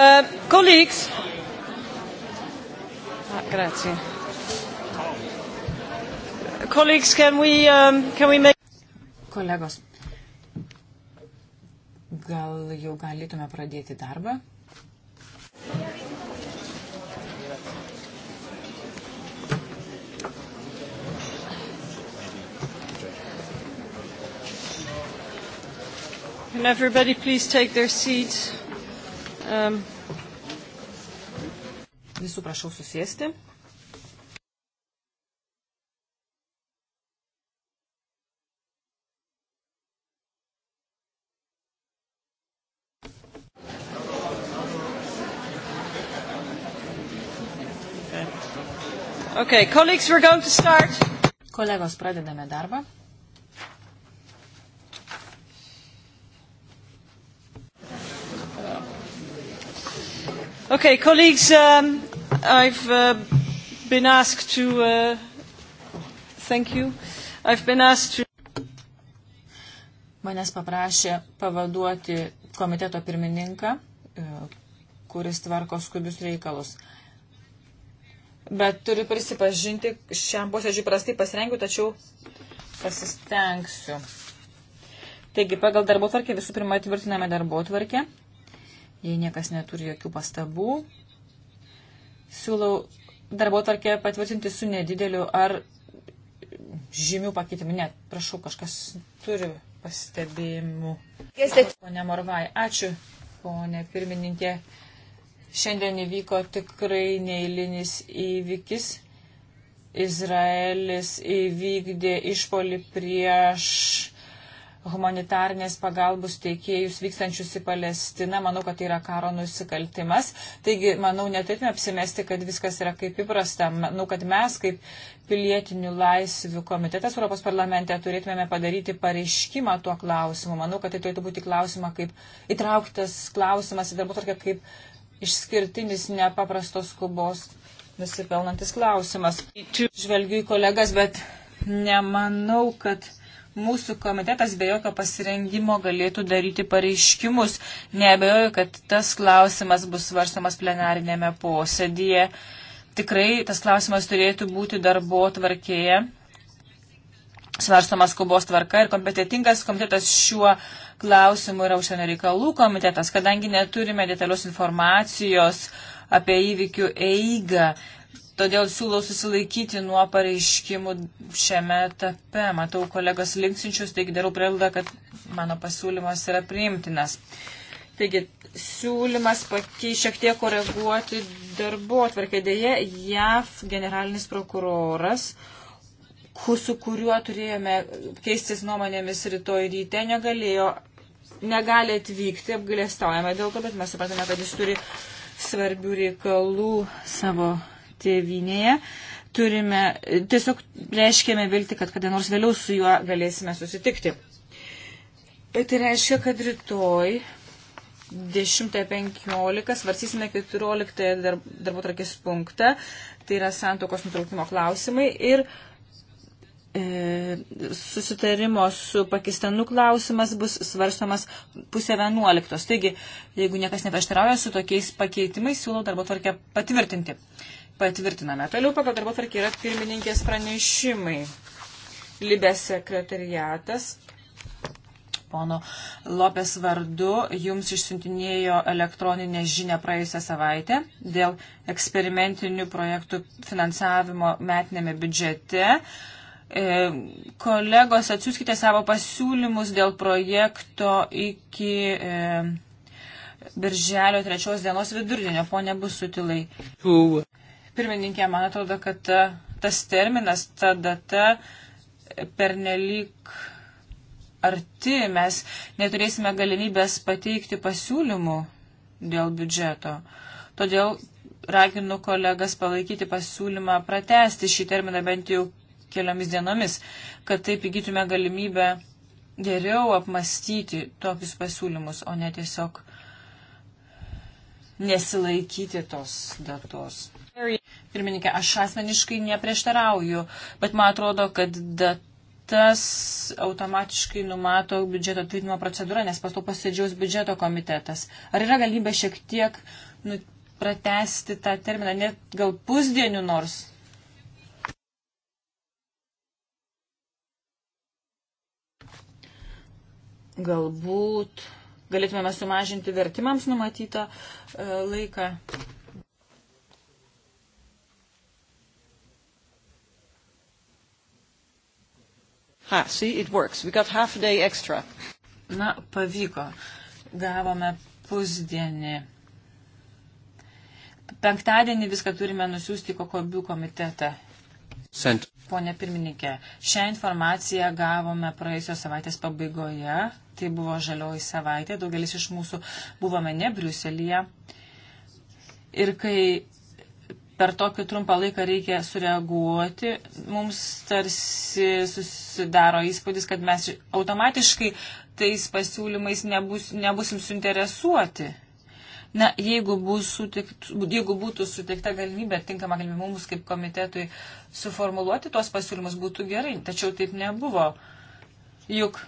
Uh, colleagues. Ah, grazie. Colleagues, can we, um, can we make... Kolegos, gal jau galėtume pradėti darbą? Can everybody please take their seats? Um. Visų prašau susėsti. Okay, colleagues, we're going to start. Kolegos, pradedame darbą. Okay, colleagues, um, I've uh, been asked to. Uh, thank you. I've been asked to. Manęs paprašė pavaduoti komiteto pirmininką, e, kuris tvarko skubius reikalus. Bet turiu prisipažinti, šiam posėdžiui prastai pasirengiu, tačiau pasistengsiu. Taigi, pagal darbo tvarkę visų pirma tvirtiname darbo tvarkę. Jei niekas neturi jokių pastabų, siūlau darbo tarkė patvirtinti su nedideliu ar žymių pakeitimu. Ne, prašau, kažkas turi pastebėjimų. Pone Morvai, ačiū, ponė pirmininkė. Šiandien įvyko tikrai neįlinis įvykis. Izraelis įvykdė išpolį prieš humanitarnės pagalbos teikėjus vykstančius į Palestiną. Manau, kad tai yra karo nusikaltimas. Taigi, manau, neturėtume apsimesti, kad viskas yra kaip įprasta. Manau, kad mes kaip pilietinių laisvių komitetas Europos parlamente turėtume padaryti pareiškimą tuo klausimu. Manau, kad tai turėtų būti klausima kaip įtrauktas klausimas į darbotvarkę kaip išskirtinis nepaprastos skubos nusipelnantis klausimas. Žvelgiu į kolegas, bet nemanau, kad mūsų komitetas be jokio pasirengimo galėtų daryti pareiškimus. Nebejoju, kad tas klausimas bus svarstamas plenarinėme posėdėje. Tikrai tas klausimas turėtų būti darbo tvarkėje, svarstamas skubos tvarka ir kompetitingas komitetas šiuo klausimu yra užsienio reikalų komitetas, kadangi neturime detalios informacijos apie įvykių eigą Todėl siūlau susilaikyti nuo pareiškimų šiame etape. Matau kolegos linksinčius, taigi darau prielaidą, kad mano pasiūlymas yra priimtinas. Taigi, siūlymas pakei šiek tiek koreguoti darbo atvarkę. Dėje, JAV generalinis prokuroras, su kuriuo turėjome keistis nuomonėmis rytoj ryte, negalėjo, negali atvykti, apgalėstaujame dėl to, bet mes supratome, kad jis turi svarbių reikalų savo tėvinėje. Turime, tiesiog reiškėme vilti, kad kada nors vėliau su juo galėsime susitikti. Bet tai reiškia, kad rytoj 10.15 svarsysime 14 darbo trakės punktą, tai yra santokos nutraukimo klausimai ir e, susitarimo su Pakistanu klausimas bus svarstomas pusė 11. Taigi, jeigu niekas neprieštarauja su tokiais pakeitimais, siūlau darbo tvarkę patvirtinti patvirtiname. Toliau pagal darbo tvarkį yra pirmininkės pranešimai. Libės sekretariatas pono Lopės vardu jums išsiuntinėjo elektroninę žinę praėjusią savaitę dėl eksperimentinių projektų finansavimo metinėme biudžete. E, kolegos, atsiųskite savo pasiūlymus dėl projekto iki e, birželio trečios dienos vidurdienio, ponė bus sutilai. Pirmininkė, man atrodo, kad ta, e, tas terminas, ta data e, pernelyg arti, mes neturėsime galimybės pateikti pasiūlymų dėl biudžeto. Todėl raginu kolegas palaikyti pasiūlymą pratesti šį terminą bent jau keliomis dienomis, kad taip įgytume galimybę geriau apmastyti tokius pasiūlymus, o ne tiesiog nesilaikyti tos datos. Pirmininkė, aš asmeniškai neprieštarauju, bet man atrodo, kad datas automatiškai numato biudžeto tvirtinimo procedūrą, nes pas to posėdžiaus biudžeto komitetas. Ar yra galimybė šiek tiek nu, pratesti tą terminą, net gal pusdienių nors? Galbūt galėtumėme sumažinti vertimams numatytą uh, laiką. Ha, see, it works. We got half a day extra. Na, pavyko. Gavome pusdienį. Penktadienį viską turime nusiųsti kokobių komitetą. Sent. Pone pirmininkė, šią informaciją gavome praėjusios savaitės pabaigoje. Tai buvo žalioji savaitė. Daugelis iš mūsų buvome ne Briuselėje. Ir kai per tokį trumpą laiką reikia sureaguoti, mums tarsi susidaro įspūdis, kad mes automatiškai tais pasiūlymais nebus, nebusim suinteresuoti. Na, jeigu, sutikt, jeigu būtų suteikta galimybė, tinkama galimybė mums kaip komitetui suformuluoti tuos pasiūlymus, būtų gerai. Tačiau taip nebuvo. Juk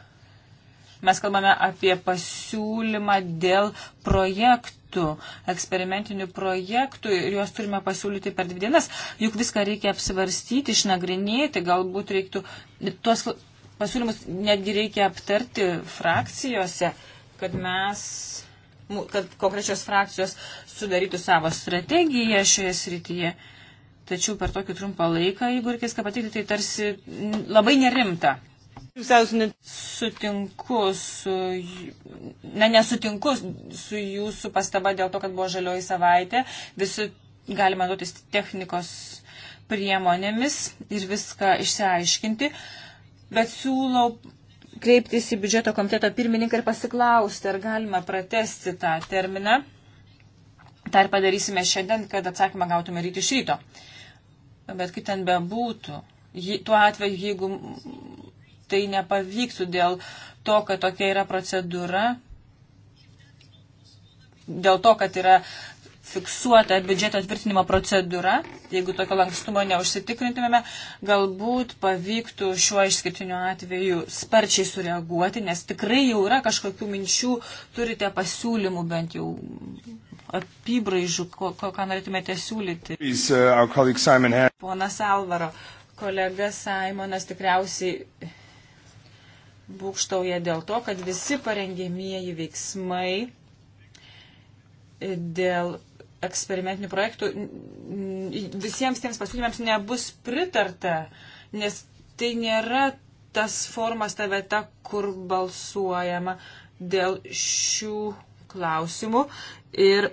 Mes kalbame apie pasiūlymą dėl projektų, eksperimentinių projektų ir juos turime pasiūlyti per dvi dienas. Juk viską reikia apsivarstyti, išnagrinėti, galbūt reiktų tuos pasiūlymus netgi reikia aptarti frakcijose, kad mes kad konkrečios frakcijos sudarytų savo strategiją šioje srityje. Tačiau per tokį trumpą laiką, jeigu reikės ką patikti, tai tarsi labai nerimta. Sutinku su, na nesutinku su jūsų pastaba dėl to, kad buvo žalioji savaitė. Visi galima duotis technikos priemonėmis ir viską išsiaiškinti, bet siūlau kreiptis į biudžeto komiteto pirmininką ir pasiklausti, ar galima pratesti tą terminą. Tai ir padarysime šiandien, kad atsakymą gautume ryte iš ryto. Bet kaip ten bebūtų, tuo atveju, jeigu tai nepavyktų dėl to, kad tokia yra procedūra, dėl to, kad yra fiksuota biudžeto tvirtinimo procedūra, jeigu tokio lankstumo neužsitikrintumėme, galbūt pavyktų šiuo išskirtiniu atveju sparčiai sureaguoti, nes tikrai jau yra kažkokių minčių, turite pasiūlymų bent jau apibraižų, ko, ko, ką norėtumėte siūlyti. Uh, Ponas Alvaro, kolega Simonas tikriausiai būkštauja dėl to, kad visi parengėmieji veiksmai e, dėl eksperimentinių projektų visiems tiems pasiūlymams nebus pritarta, nes tai nėra tas formas, ta vieta, kur balsuojama dėl šių klausimų. Ir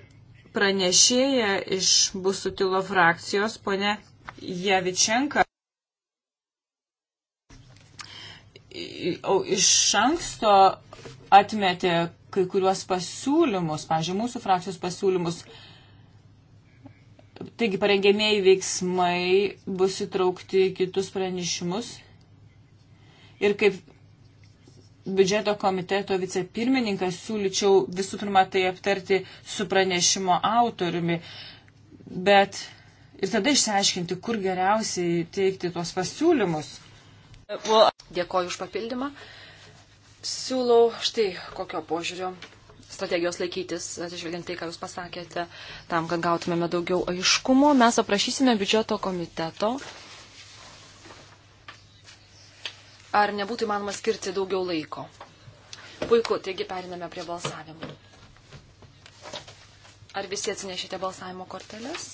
pranešėja iš Busutilo frakcijos, ponė Javičenka, iš anksto atmetė kai kuriuos pasiūlymus, pažiūrėjau, mūsų frakcijos pasiūlymus. Taigi parengėmėjai veiksmai bus įtraukti kitus pranešimus. Ir kaip biudžeto komiteto vicepirmininkas siūlyčiau visų pirma tai aptarti su pranešimo autoriumi, bet ir tada išsiaiškinti, kur geriausiai teikti tuos pasiūlymus. Dėkoju už papildymą. Siūlau štai kokio požiūrio strategijos laikytis, atsižvelgiant tai, ką Jūs pasakėte, tam, kad gautumėme daugiau aiškumo, mes aprašysime biudžeto komiteto. Ar nebūtų įmanoma skirti daugiau laiko? Puiku, taigi periname prie balsavimo. Ar visi atsinešėte balsavimo korteles?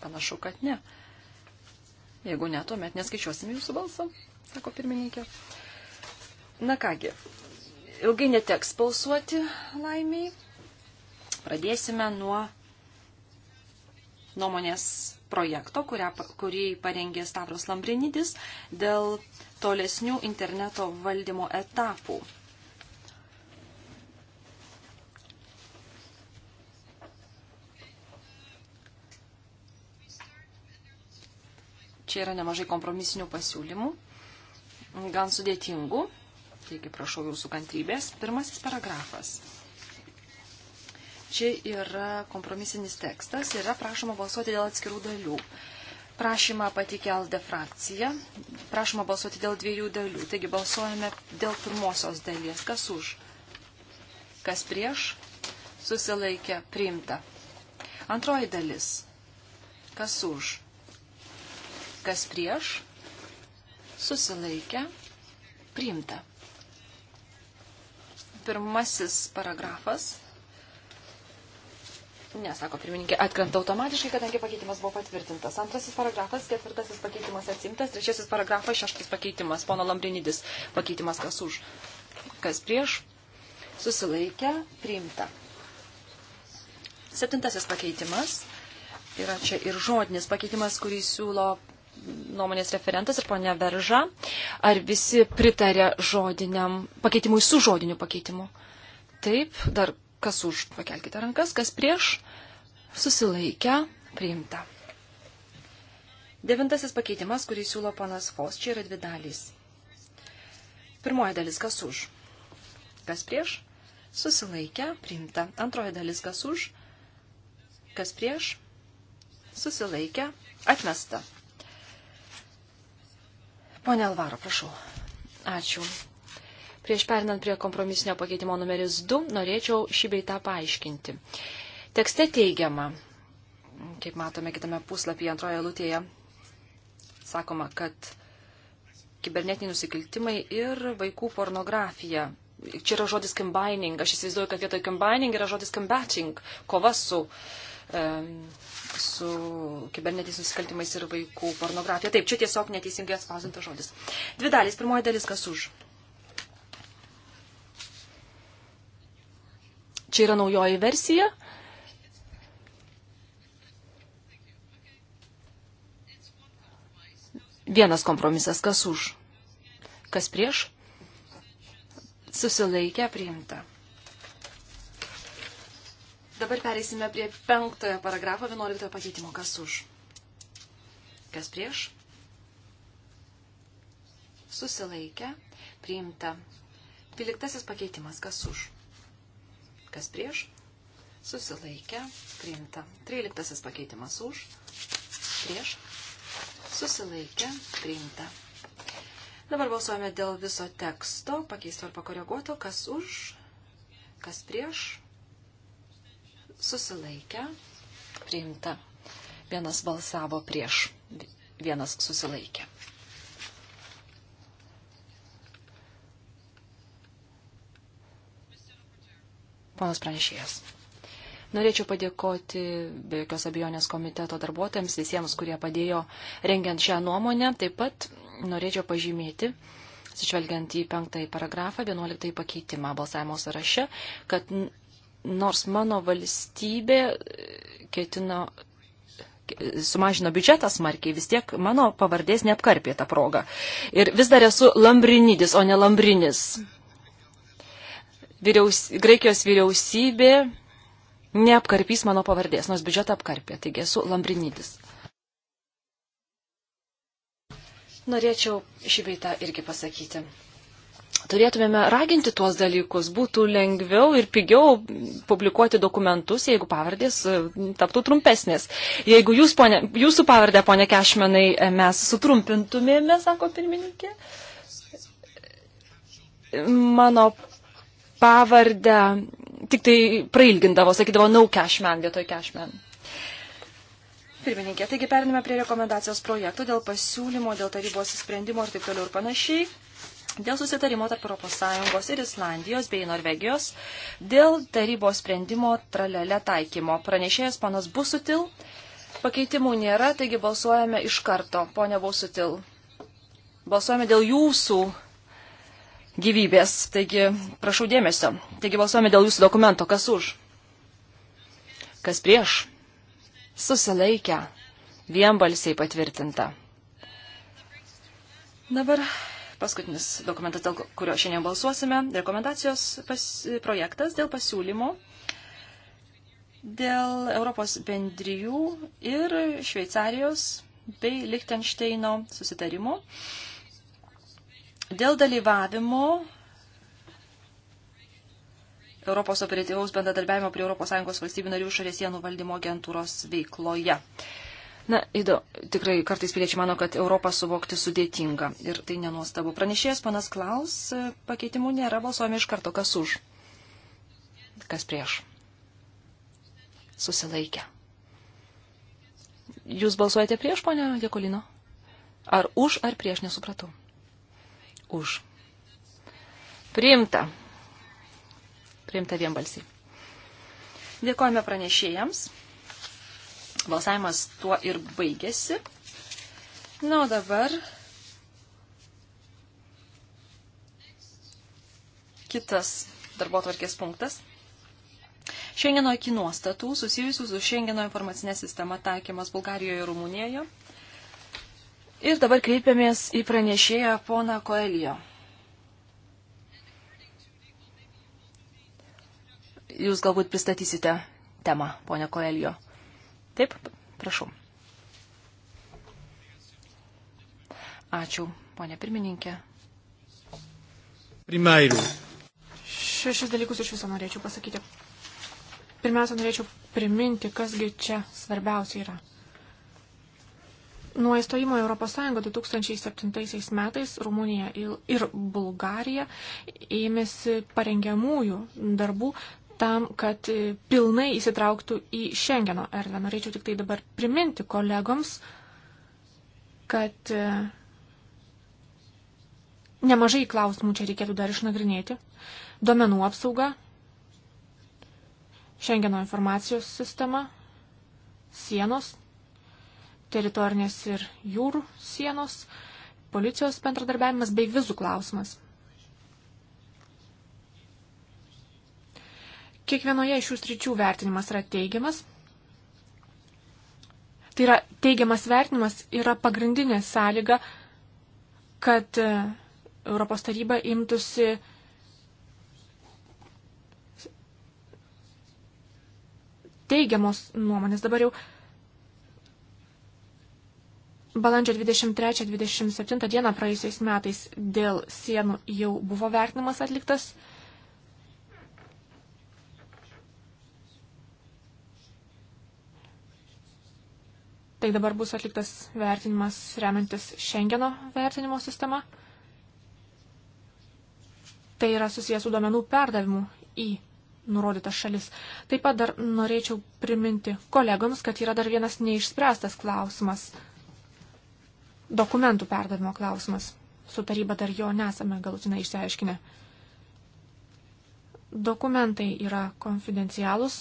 Panašu, kad ne. Jeigu ne, tuomet neskaičiuosim jūsų balsą, sako pirmininkė. Na kągi, ilgai neteks balsuoti laimiai. Pradėsime nuo nuomonės projekto, kurią, kurį parengė Stavros Lambrinidis dėl tolesnių interneto valdymo etapų Čia yra nemažai kompromisinių pasiūlymų, gan sudėtingų, taigi prašau jūsų kantrybės. Pirmasis paragrafas. Čia yra kompromisinis tekstas ir yra prašoma balsuoti dėl atskirų dalių. Prašymą patikė LD frakcija, prašoma balsuoti dėl dviejų dalių, taigi balsuojame dėl pirmosios dalies. Kas už? Kas prieš? Susilaikė, priimta. Antroji dalis. Kas už? kas prieš, susilaikę, priimta. Pirmasis paragrafas. Nesako pirmininkė, atkrenta automatiškai, kadangi pakeitimas buvo patvirtintas. Antrasis paragrafas, ketvirtasis pakeitimas atsimtas, trečiasis paragrafas, šeštas pakeitimas, pono Lambrinidis pakeitimas kas už, kas prieš, susilaikę, priimta. Septintasis pakeitimas yra čia ir žodinis pakeitimas, kurį siūlo nuomonės referentas ir ponia Verža. Ar visi pritarė žodiniam pakeitimui su žodiniu pakeitimu? Taip, dar kas už, pakelkite rankas, kas prieš, susilaikę, priimta. Devintasis pakeitimas, kurį siūlo panas Fos, čia yra dvi dalys. Pirmoji dalis, kas už, kas prieš, susilaikę, priimta. Antroji dalis, kas už, kas prieš, susilaikę, atmesta. Pone Alvaro, prašau. Ačiū. Prieš perinant prie kompromisinio pakeitimo numeris 2, norėčiau šį beitą paaiškinti. Tekste teigiama, kaip matome kitame puslapyje antroje lūtėje, sakoma, kad kibernetiniai nusikaltimai ir vaikų pornografija. Čia yra žodis combining, aš įsivaizduoju, kad vietoj combining yra žodis combating, kova su uh, su kibernetiniais nusikaltimais ir vaikų pornografija. Taip, čia tiesiog neteisingai atspausintas žodis. Dvi dalys. Pirmoji dalis, kas už. Čia yra naujoji versija. Vienas kompromisas, kas už, kas prieš, susilaikę priimta. Dabar pereisime prie penktojo paragrafo 11 pakeitimo. Kas už? Kas prieš? Susilaikę. Priimta. 12 pakeitimas. Kas už? Kas prieš? Susilaikę. Priimta. 13 pakeitimas už. Prieš. Susilaikę. Priimta. Dabar balsuojame dėl viso teksto, pakeisto ar pakoreguoto, kas už, kas prieš, susilaikę, priimta. Vienas balsavo prieš, vienas susilaikė. Ponas pranešėjas. Norėčiau padėkoti be jokios abejonės komiteto darbuotojams, visiems, kurie padėjo rengiant šią nuomonę. Taip pat norėčiau pažymėti, atsižvelgiant į penktąjį paragrafą, vienuoliktąjį pakeitimą balsavimo sąraše, kad nors mano valstybė e, ketino sumažino biudžetą smarkiai, vis tiek mano pavardės neapkarpė tą progą. Ir vis dar esu lambrinidis, o ne lambrinis. Vyriaus, Graikijos vyriausybė neapkarpys mano pavardės, nors biudžetą apkarpė, taigi esu lambrinidis. Norėčiau šį beitą irgi pasakyti turėtumėme raginti tuos dalykus. Būtų lengviau ir pigiau publikuoti dokumentus, jeigu pavardės e, taptų trumpesnės. Jeigu jūs, ponė, jūsų pavardę, ponė Kešmenai, e, mes sutrumpintumėme, sako pirmininkė, mano pavardę tik tai prailgindavo, sakydavo no Kešmen vietoj Kešmen. Pirmininkė, taigi perinime prie rekomendacijos projektų dėl pasiūlymo, dėl tarybos sprendimo ir taip toliau ir panašiai dėl susitarimo tarp ES ir Islandijos bei Norvegijos dėl tarybos sprendimo tralelė taikymo. Pranešėjas panas Busutil. Pakeitimų nėra, taigi balsuojame iš karto, ponia Busutil. Balsuojame dėl jūsų gyvybės, taigi prašau dėmesio. Taigi balsuojame dėl jūsų dokumento, kas už, kas prieš, susilaikę, vienbalsiai patvirtinta. Dabar Paskutinis dokumentas, dėl kurio šiandien balsuosime, rekomendacijos pas, projektas dėl pasiūlymo dėl Europos bendrijų ir Šveicarijos bei Lichtensteino susitarimo dėl dalyvavimo Europos operatyvaus bendradarbiavimo prie ES valstybių narių šalies sienų valdymo agentūros veikloje. Na, įdo, tikrai kartais piliečiai mano, kad Europą suvokti sudėtinga ir tai nenuostabu. Pranešėjas panas Klaus, e, pakeitimų nėra balsuojami iš karto, kas už, kas prieš. Susilaikę. Jūs balsuojate prieš, ponia Jekolino? Ar už, ar prieš, nesupratau. Už. Priimta. Priimta vienbalsiai. Dėkojame pranešėjams. Balsavimas tuo ir baigėsi. Na, o dabar kitas darbo tvarkės punktas. Šengeno iki nuostatų susijusių su Šengeno informacinė sistema taikymas Bulgarijoje ir Rumunijoje. Ir dabar kreipiamės į pranešėją poną Koelijo. Jūs galbūt pristatysite temą, ponė Koelijo. Taip, prašau. Ačiū, ponė pirmininkė. Primairių. Šešis dalykus iš viso norėčiau pasakyti. Pirmiausia, norėčiau priminti, kasgi čia svarbiausia yra. Nuo įstojimo Europos Sąjungo 2007 metais Rumunija ir Bulgarija ėmėsi parengiamųjų darbų tam, kad pilnai įsitrauktų į Šengeno erdvę. Norėčiau tik tai dabar priminti kolegoms, kad e, nemažai klausimų čia reikėtų dar išnagrinėti. Domenų apsauga, Šengeno informacijos sistema, sienos, teritorinės ir jūrų sienos, policijos bendradarbiavimas bei vizų klausimas. Kiekvienoje iš šių sričių vertinimas yra teigiamas. Tai yra teigiamas vertinimas yra pagrindinė sąlyga, kad e, Europos taryba imtųsi teigiamos nuomonės. Dabar jau balandžio 23-27 dieną praėjusiais metais dėl sienų jau buvo vertinimas atliktas Tai dabar bus atliktas vertinimas remiantis Schengeno vertinimo sistema. Tai yra susijęs su duomenų perdavimu į nurodytas šalis. Taip pat dar norėčiau priminti kolegoms, kad yra dar vienas neišspręstas klausimas. Dokumentų perdavimo klausimas. Su taryba dar jo nesame galutinai išsiaiškinę. Dokumentai yra konfidencialūs,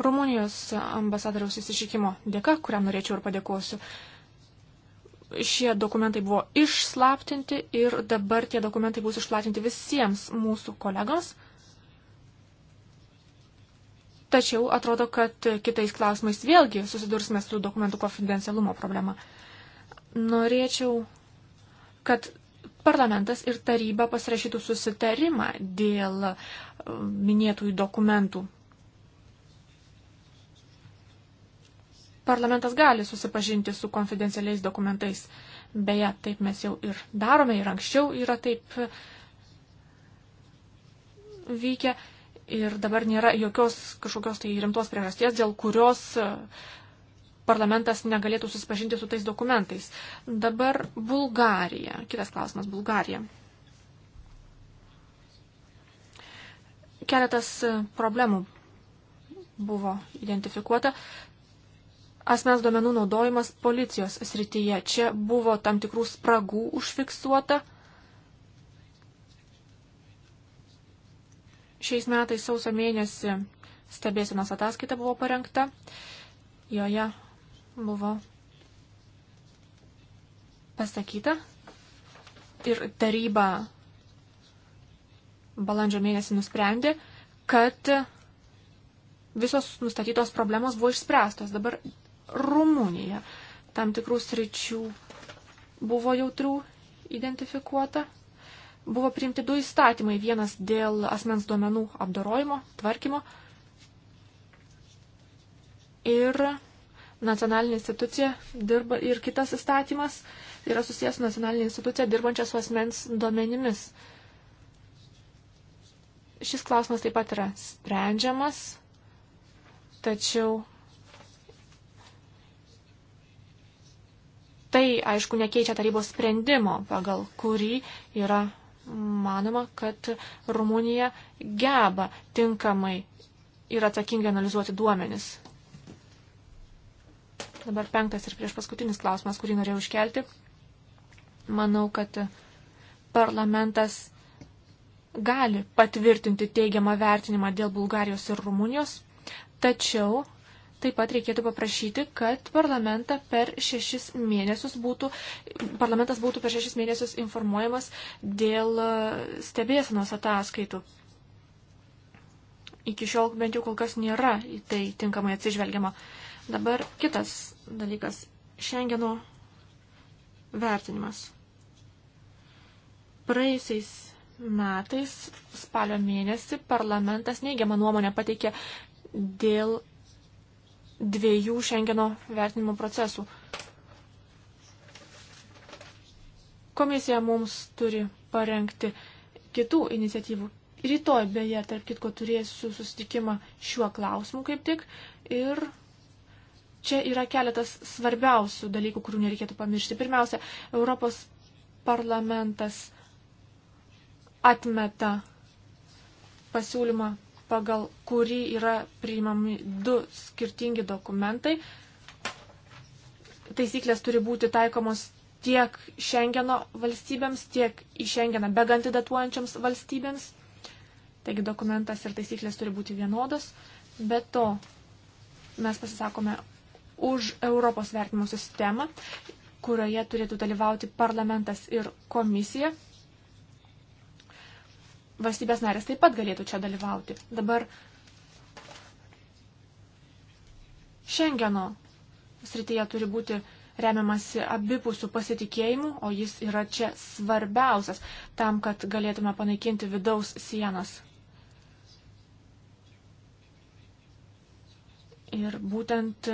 Rumunijos ambasadoriaus įsišykimo dėka, kuriam norėčiau ir padėkosiu. Šie dokumentai buvo išslaptinti ir dabar tie dokumentai bus išplatinti visiems mūsų kolegams. Tačiau atrodo, kad kitais klausimais vėlgi susidursime su dokumentų konfidencialumo problema. Norėčiau, kad parlamentas ir taryba pasirašytų susitarimą dėl um, minėtųjų dokumentų parlamentas gali susipažinti su konfidencialiais dokumentais. Beje, taip mes jau ir darome, ir anksčiau yra taip e, vykę. Ir dabar nėra jokios kažkokios tai rimtos priežasties, dėl kurios e, parlamentas negalėtų susipažinti su tais dokumentais. Dabar Bulgarija. Kitas klausimas - Bulgarija. Keletas e, problemų buvo identifikuota asmens duomenų naudojimas policijos srityje. Čia buvo tam tikrų spragų užfiksuota. Šiais metais sausio mėnesį stebėsinos ataskaita buvo parengta. Joje buvo pasakyta ir taryba balandžio mėnesį nusprendė, kad visos nustatytos problemos buvo išspręstos. Dabar Rumunija. Tam tikrų sričių buvo jautrių identifikuota. Buvo priimti du įstatymai. Vienas dėl asmens duomenų apdarojimo, tvarkymo. Ir nacionalinė institucija dirba ir kitas įstatymas yra susijęs su nacionalinė institucija dirbančia su asmens duomenimis. Šis klausimas taip pat yra sprendžiamas, tačiau tai, aišku, nekeičia tarybos sprendimo, pagal kurį yra manoma, kad Rumunija geba tinkamai ir atsakingai analizuoti duomenis. Dabar penktas ir prieš paskutinis klausimas, kurį norėjau iškelti. Manau, kad parlamentas gali patvirtinti teigiamą vertinimą dėl Bulgarijos ir Rumunijos, tačiau Taip pat reikėtų paprašyti, kad parlamentą per šešis mėnesius būtų, parlamentas būtų per šešis mėnesius informuojamas dėl e, stebėsenos ataskaitų. Iki šiol bent jau kol kas nėra į tai tinkamai atsižvelgiama. Dabar kitas dalykas - Šengeno vertinimas. Praėjusiais metais spalio mėnesį parlamentas neigiamą nuomonę pateikė dėl dviejų Šengeno vertinimo procesų. Komisija mums turi parengti kitų iniciatyvų. Rytoj, beje, tarp kitko turėsiu susitikimą šiuo klausimu kaip tik. Ir čia yra keletas svarbiausių dalykų, kurių nereikėtų pamiršti. Pirmiausia, Europos parlamentas atmeta pasiūlymą pagal kurį yra priimami du skirtingi dokumentai. Taisyklės turi būti taikomos tiek Šengeno valstybėms, tiek į Šengeną begantidatuojančiams valstybėms. Taigi dokumentas ir taisyklės turi būti vienodos. Be to, mes pasisakome už Europos vertinimo sistemą, kurioje turėtų dalyvauti parlamentas ir komisija valstybės narės taip pat galėtų čia dalyvauti. Dabar Šengeno srityje turi būti remiamasi abipusių pasitikėjimų, o jis yra čia svarbiausias tam, kad galėtume panaikinti vidaus sienas. Ir būtent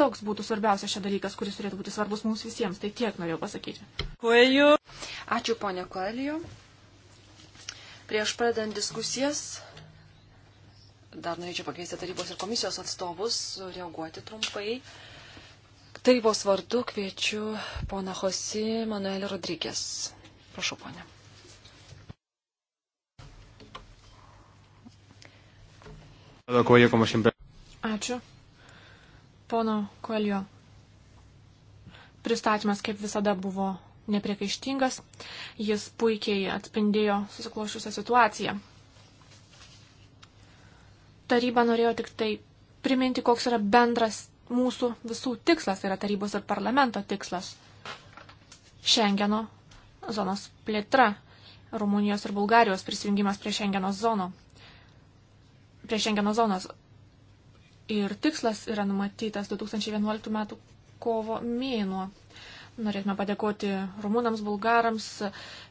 toks būtų svarbiausias šia dalykas, kuris turėtų būti svarbus mums visiems. Tai tiek norėjau pasakyti. Koelio. Ačiū, ponė Koelio. Prieš pradant diskusijas, dar norėčiau pakeisti tarybos ir komisijos atstovus, reaguoti trumpai. Tarybos vardu kviečiu poną Hosi Manuelį Rodrygės. Prašau, ponė. Ačiū pono Koelio pristatymas, kaip visada, buvo nepriekaištingas. Jis puikiai atspindėjo susiklošusią situaciją. Taryba norėjo tik tai priminti, koks yra bendras mūsų visų tikslas, tai yra tarybos ir parlamento tikslas. Šengeno zonos plėtra, Rumunijos ir Bulgarijos prisijungimas prie Šengeno zono. Prie Šengeno zonos ir tikslas yra numatytas 2011 m. kovo mėnuo. Norėtume padėkoti rumūnams, bulgarams,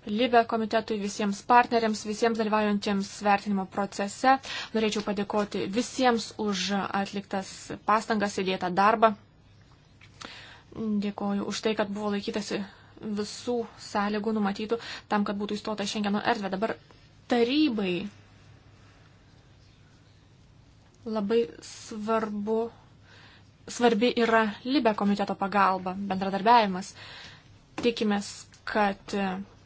Libe komitetui, visiems partneriams, visiems dalyvaujantiems vertinimo procese. Norėčiau padėkoti visiems už atliktas pastangas įdėtą darbą. Dėkoju už tai, kad buvo laikytasi visų sąlygų numatytų tam, kad būtų įstota Šengeno erdvė. Dabar tarybai labai svarbu, svarbi yra Libe komiteto pagalba, bendradarbiavimas. Tikimės, kad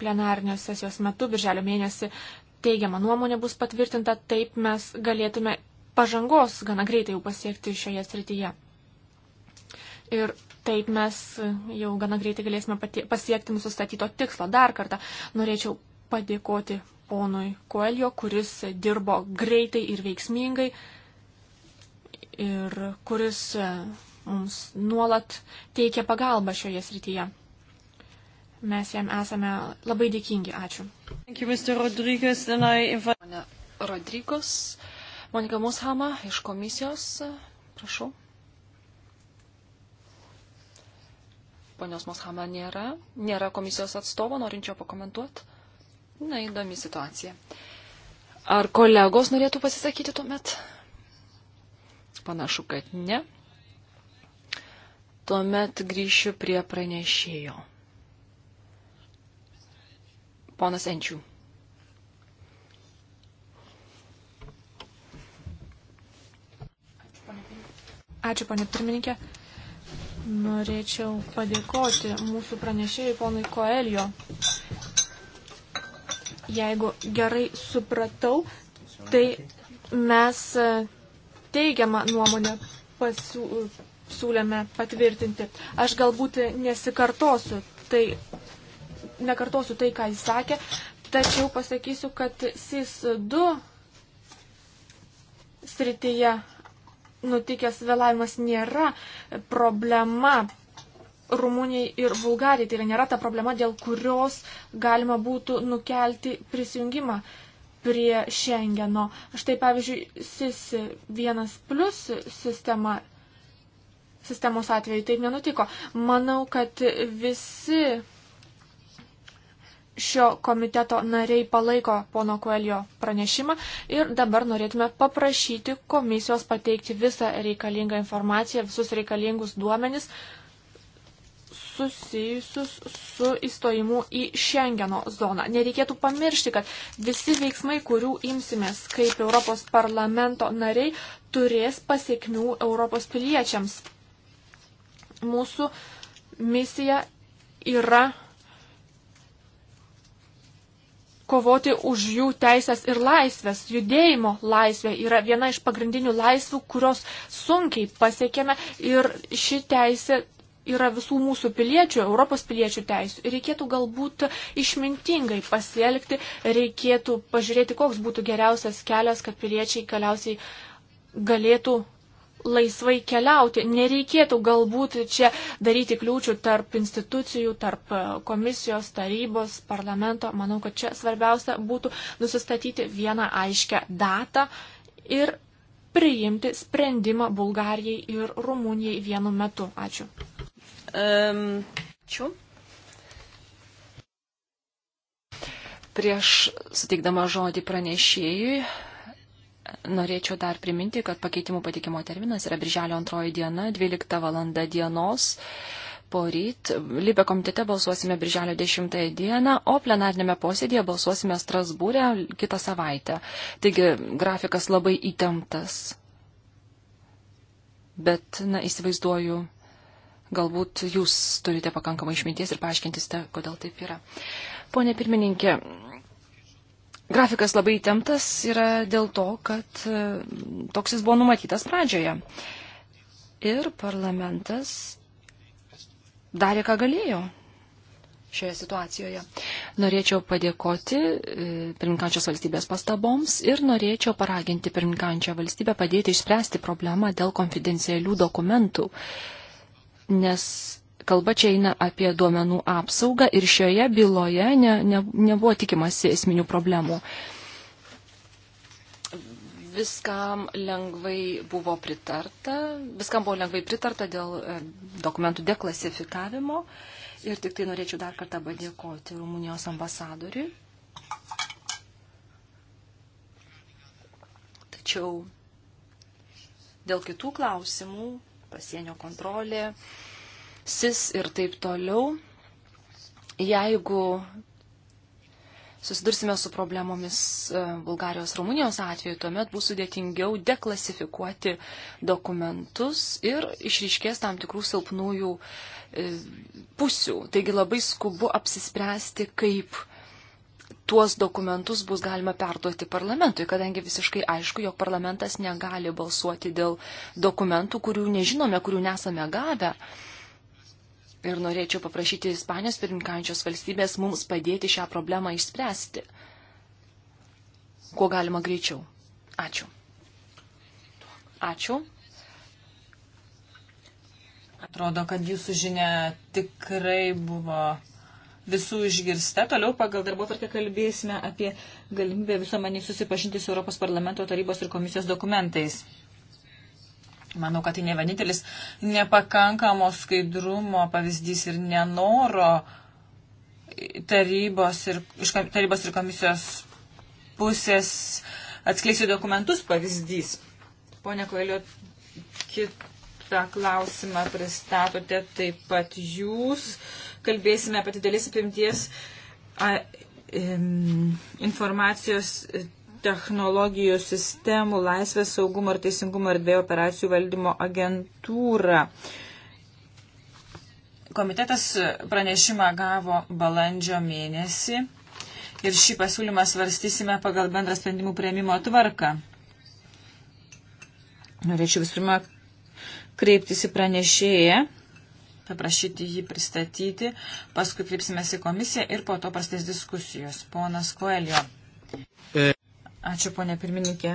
plenarnios sesijos metu, birželio mėnesį, teigiama nuomonė bus patvirtinta, taip mes galėtume pažangos gana greitai jau pasiekti šioje srityje. Ir taip mes jau gana greitai galėsime pasiekti mūsų statyto tikslo. Dar kartą norėčiau padėkoti ponui Koelio, kuris dirbo greitai ir veiksmingai ir kuris e, mums nuolat teikia pagalbą šioje srityje. Mes jam esame labai dėkingi. Ačiū. Rodrygos, Monika Mushama iš komisijos, prašau. Ponios Mushama nėra, nėra komisijos atstovo, norinčio pakomentuoti. Na, įdomi situacija. Ar kolegos norėtų pasisakyti tuomet? met? Panašu, kad ne. Tuomet grįšiu prie pranešėjo. Ponas Enčių. Ačiū, ponė pirmininkė. Norėčiau padėkoti mūsų pranešėjai ponui Koelio. Jeigu gerai supratau, tai mes teigiamą nuomonę pasiūlėme patvirtinti. Aš galbūt nesikartosiu tai, nekartosiu tai, ką jis sakė, tačiau pasakysiu, kad SIS 2 srityje nutikęs vėlavimas nėra problema Rumunijai ir Bulgarijai. Tai yra nėra ta problema, dėl kurios galima būtų nukelti prisijungimą prie Schengeno. Štai pavyzdžiui, SIS 1 plus sistema, sistemos atveju taip nenutiko. Manau, kad visi šio komiteto nariai palaiko pono Koelio pranešimą ir dabar norėtume paprašyti komisijos pateikti visą reikalingą informaciją, visus reikalingus duomenis, susijusius su įstojimu į Schengeno zoną. Nereikėtų pamiršti, kad visi veiksmai, kurių imsimės kaip Europos parlamento nariai, turės pasiekmių Europos piliečiams. Mūsų misija yra kovoti už jų teisės ir laisvės. Judėjimo laisvė yra viena iš pagrindinių laisvių, kurios sunkiai pasiekėme ir ši teisė yra visų mūsų piliečių, Europos piliečių teisų. Ir reikėtų galbūt išmintingai pasielgti, reikėtų pažiūrėti, koks būtų geriausias kelias, kad piliečiai galiausiai galėtų laisvai keliauti. Nereikėtų galbūt čia daryti kliūčių tarp institucijų, tarp e, komisijos, tarybos, parlamento. Manau, kad čia svarbiausia būtų nusistatyti vieną aiškę datą ir priimti sprendimą Bulgarijai ir Rumunijai vienu metu. Ačiū. Um, Ačiū. Prieš suteikdama žodį pranešėjui, norėčiau dar priminti, kad pakeitimų patikimo terminas yra birželio antroji diena, 12 valanda dienos. Poryt Libė komitete balsuosime birželio 10 dieną, o plenarnėme posėdėje balsuosime Strasbūrę kitą savaitę. Taigi grafikas labai įtemptas. Bet, na, įsivaizduoju, Galbūt jūs turite pakankamai išminties ir paaiškintiste, kodėl taip yra. Pone pirmininkė, grafikas labai temtas yra dėl to, kad e, toks jis buvo numatytas pradžioje. Ir parlamentas darė, ką galėjo šioje situacijoje. Norėčiau padėkoti e, pirminkančios valstybės pastaboms ir norėčiau paraginti pirminkančią valstybę padėti išspręsti problemą dėl konfidencialių dokumentų nes kalba čia eina apie duomenų apsaugą ir šioje byloje ne, ne, nebuvo tikimasi esminių problemų. Viskam lengvai buvo pritarta, viskam buvo lengvai pritarta dėl e, dokumentų deklasifikavimo ir tik tai norėčiau dar kartą padėkoti Rumunijos ambasadoriui. Tačiau dėl kitų klausimų pasienio kontrolė, SIS ir taip toliau. Jeigu susidursime su problemomis e, Bulgarijos Rumunijos atveju, tuomet bus sudėtingiau deklasifikuoti dokumentus ir išryškės tam tikrų silpnųjų e, pusių. Taigi labai skubu apsispręsti, kaip tuos dokumentus bus galima perduoti parlamentui, kadangi visiškai aišku, jog parlamentas negali balsuoti dėl dokumentų, kurių nežinome, kurių nesame gavę. Ir norėčiau paprašyti Ispanijos pirminkančios valstybės mums padėti šią problemą išspręsti. Kuo galima greičiau. Ačiū. Ačiū. Atrodo, kad jūsų žinia tikrai buvo visų išgirsta. Toliau pagal darbo tvarkę kalbėsime apie galimybę visuomenį susipažinti su Europos parlamento tarybos ir komisijos dokumentais. Manau, kad tai ne vienintelis nepakankamo skaidrumo pavyzdys ir nenoro tarybos ir, iš tarybos ir komisijos pusės atskleisiu dokumentus pavyzdys. Pone Koelio, kitą klausimą pristatote taip pat jūs. Uh, kalbėsime apie didelės apimties informacijos e, technologijų sistemų, laisvės saugumo ir teisingumo ir dviejų operacijų valdymo agentūrą. Komitetas pranešimą gavo balandžio mėnesį ir šį pasiūlymą svarstysime pagal bendrą sprendimų prieimimo tvarką. Norėčiau visų pirma kreiptis į pranešėją paprašyti jį pristatyti, paskui kreipsimės į komisiją ir po to prasidės diskusijos. Ponas Koelio. E. Ačiū, ponė pirmininkė.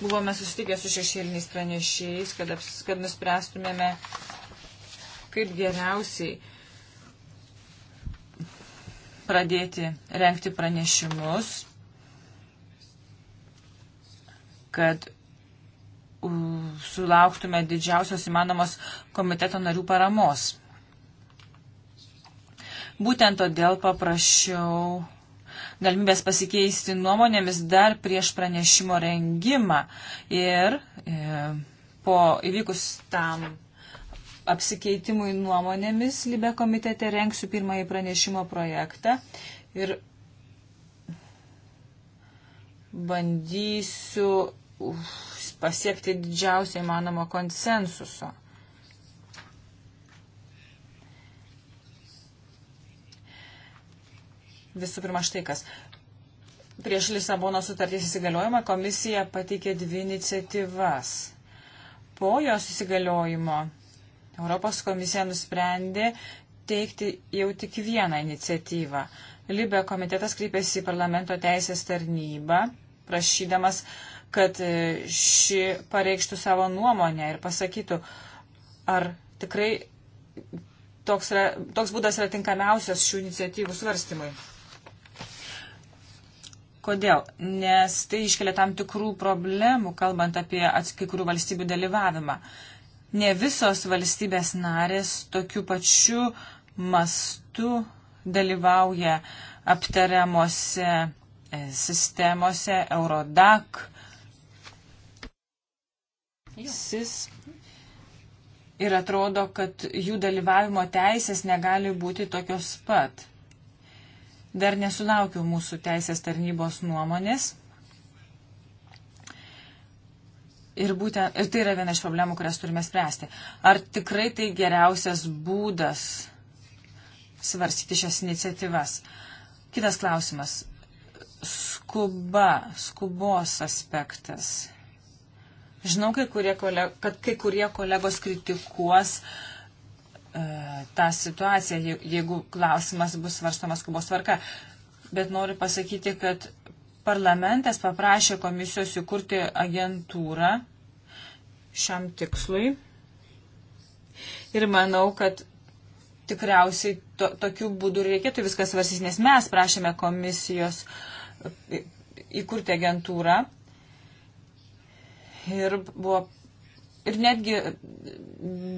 Buvome susitikę su šešėliniais pranešėjais, kad, aps, kad nuspręstumėme, kaip geriausiai pradėti renkti pranešimus, kad sulauktume didžiausios įmanomos komiteto narių paramos. Būtent todėl paprašiau galimybės pasikeisti nuomonėmis dar prieš pranešimo rengimą ir e, po įvykus tam apsikeitimui nuomonėmis Libe komitete renksiu pirmąjį pranešimo projektą ir bandysiu. Uf, pasiekti didžiausiai manomo konsensuso. Visų pirma, štai kas. Prieš Lisabono sutarties įsigaliojimą komisija pateikė dvi iniciatyvas. Po jos įsigaliojimo Europos komisija nusprendė teikti jau tik vieną iniciatyvą. Libė komitetas kreipėsi į parlamento teisės tarnybą, prašydamas uh, kad e, ši pareikštų savo nuomonę ir pasakytų, ar tikrai toks, yra, toks būdas yra tinkamiausias šių iniciatyvų svarstymui. Kodėl? Nes tai iškelia tam tikrų problemų, kalbant apie kai kurių valstybių dalyvavimą. Ne visos valstybės narės tokiu pačiu mastu dalyvauja aptariamuose e, sistemose Eurodac, SIS ir atrodo, kad jų dalyvavimo teisės negali būti tokios pat. Dar nesulaukiu mūsų teisės tarnybos nuomonės. Ir, būtent, ir tai yra viena iš problemų, kurias turime spręsti. Ar tikrai tai geriausias būdas svarstyti šias iniciatyvas? Kitas klausimas. Skuba, skubos aspektas Žinau, kai kurie koleg... kad kai kurie kolegos kritikuos e, tą situaciją, jeigu klausimas bus svarstamas kubos tvarka. Bet noriu pasakyti, kad parlamentas paprašė komisijos įkurti agentūrą šiam tikslui. Ir manau, kad tikriausiai to, tokiu būdu reikėtų viskas svarsys, nes mes prašėme komisijos e, įkurti agentūrą ir buvo. Ir netgi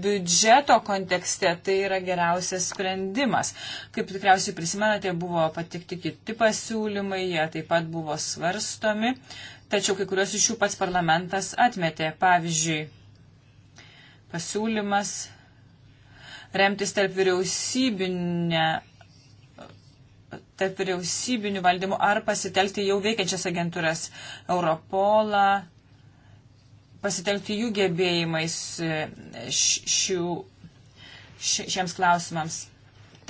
biudžeto kontekste tai yra geriausias sprendimas. Kaip tikriausiai prisimenate, buvo patikti kiti pasiūlymai, jie taip pat buvo svarstomi, tačiau kai kurios iš jų pats parlamentas atmetė. Pavyzdžiui, pasiūlymas remtis tarp vyriausybinę tarp vyriausybinių valdymų ar pasitelkti jau veikiančias agentūras Europolą, pasitelkti jų gebėjimais e, šių, šiems klausimams.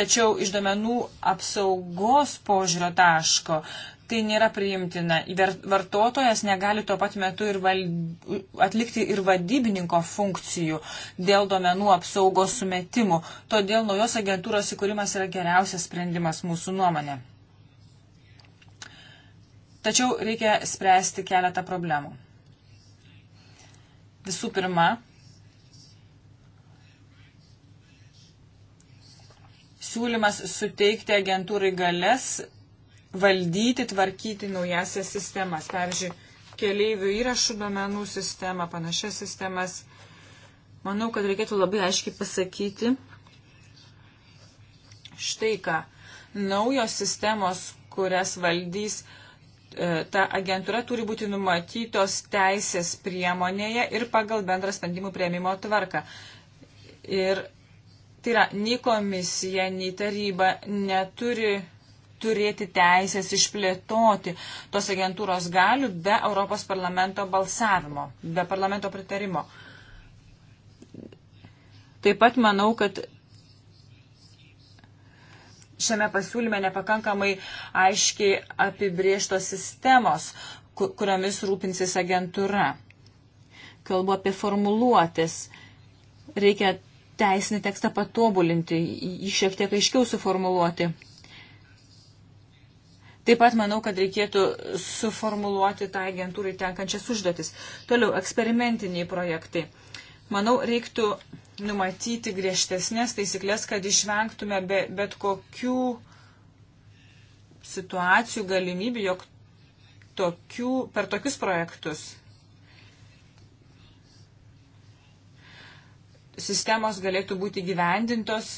Tačiau iš domenų apsaugos požiūrio taško tai nėra priimtina. Vartotojas negali tuo pat metu ir val... atlikti ir vadybininko funkcijų dėl domenų apsaugos sumetimų. Todėl naujos agentūros įkūrimas yra geriausias sprendimas mūsų nuomonė. Tačiau reikia spręsti keletą problemų. Visų pirma, siūlymas suteikti agentūrai galės valdyti, tvarkyti naujasias sistemas. Pavyzdžiui, keleivių įrašų domenų sistemą, panašias sistemas. Manau, kad reikėtų labai aiškiai pasakyti štai ką. Naujos sistemos, kurias valdys E, ta agentūra turi būti numatytos teisės priemonėje ir pagal bendrą sprendimų prieimimo tvarką. Ir tai yra, nei komisija, nei taryba neturi turėti teisės išplėtoti tos agentūros galių be Europos parlamento balsavimo, be parlamento pritarimo. Taip pat manau, kad šiame pasiūlyme nepakankamai aiškiai apibrieštos sistemos, kuriomis rūpinsis agentūra. Kalbu apie formuluotis. Reikia teisinį tekstą patobulinti, jį šiek tiek aiškiau suformuluoti. Taip pat manau, kad reikėtų suformuluoti tą tai agentūrai tenkančias užduotis. Toliau, eksperimentiniai projektai. Manau, reiktų numatyti griežtesnės taisyklės, kad išvengtume be, bet kokių situacijų galimybių, jog tokių, per tokius projektus sistemos galėtų būti gyvendintos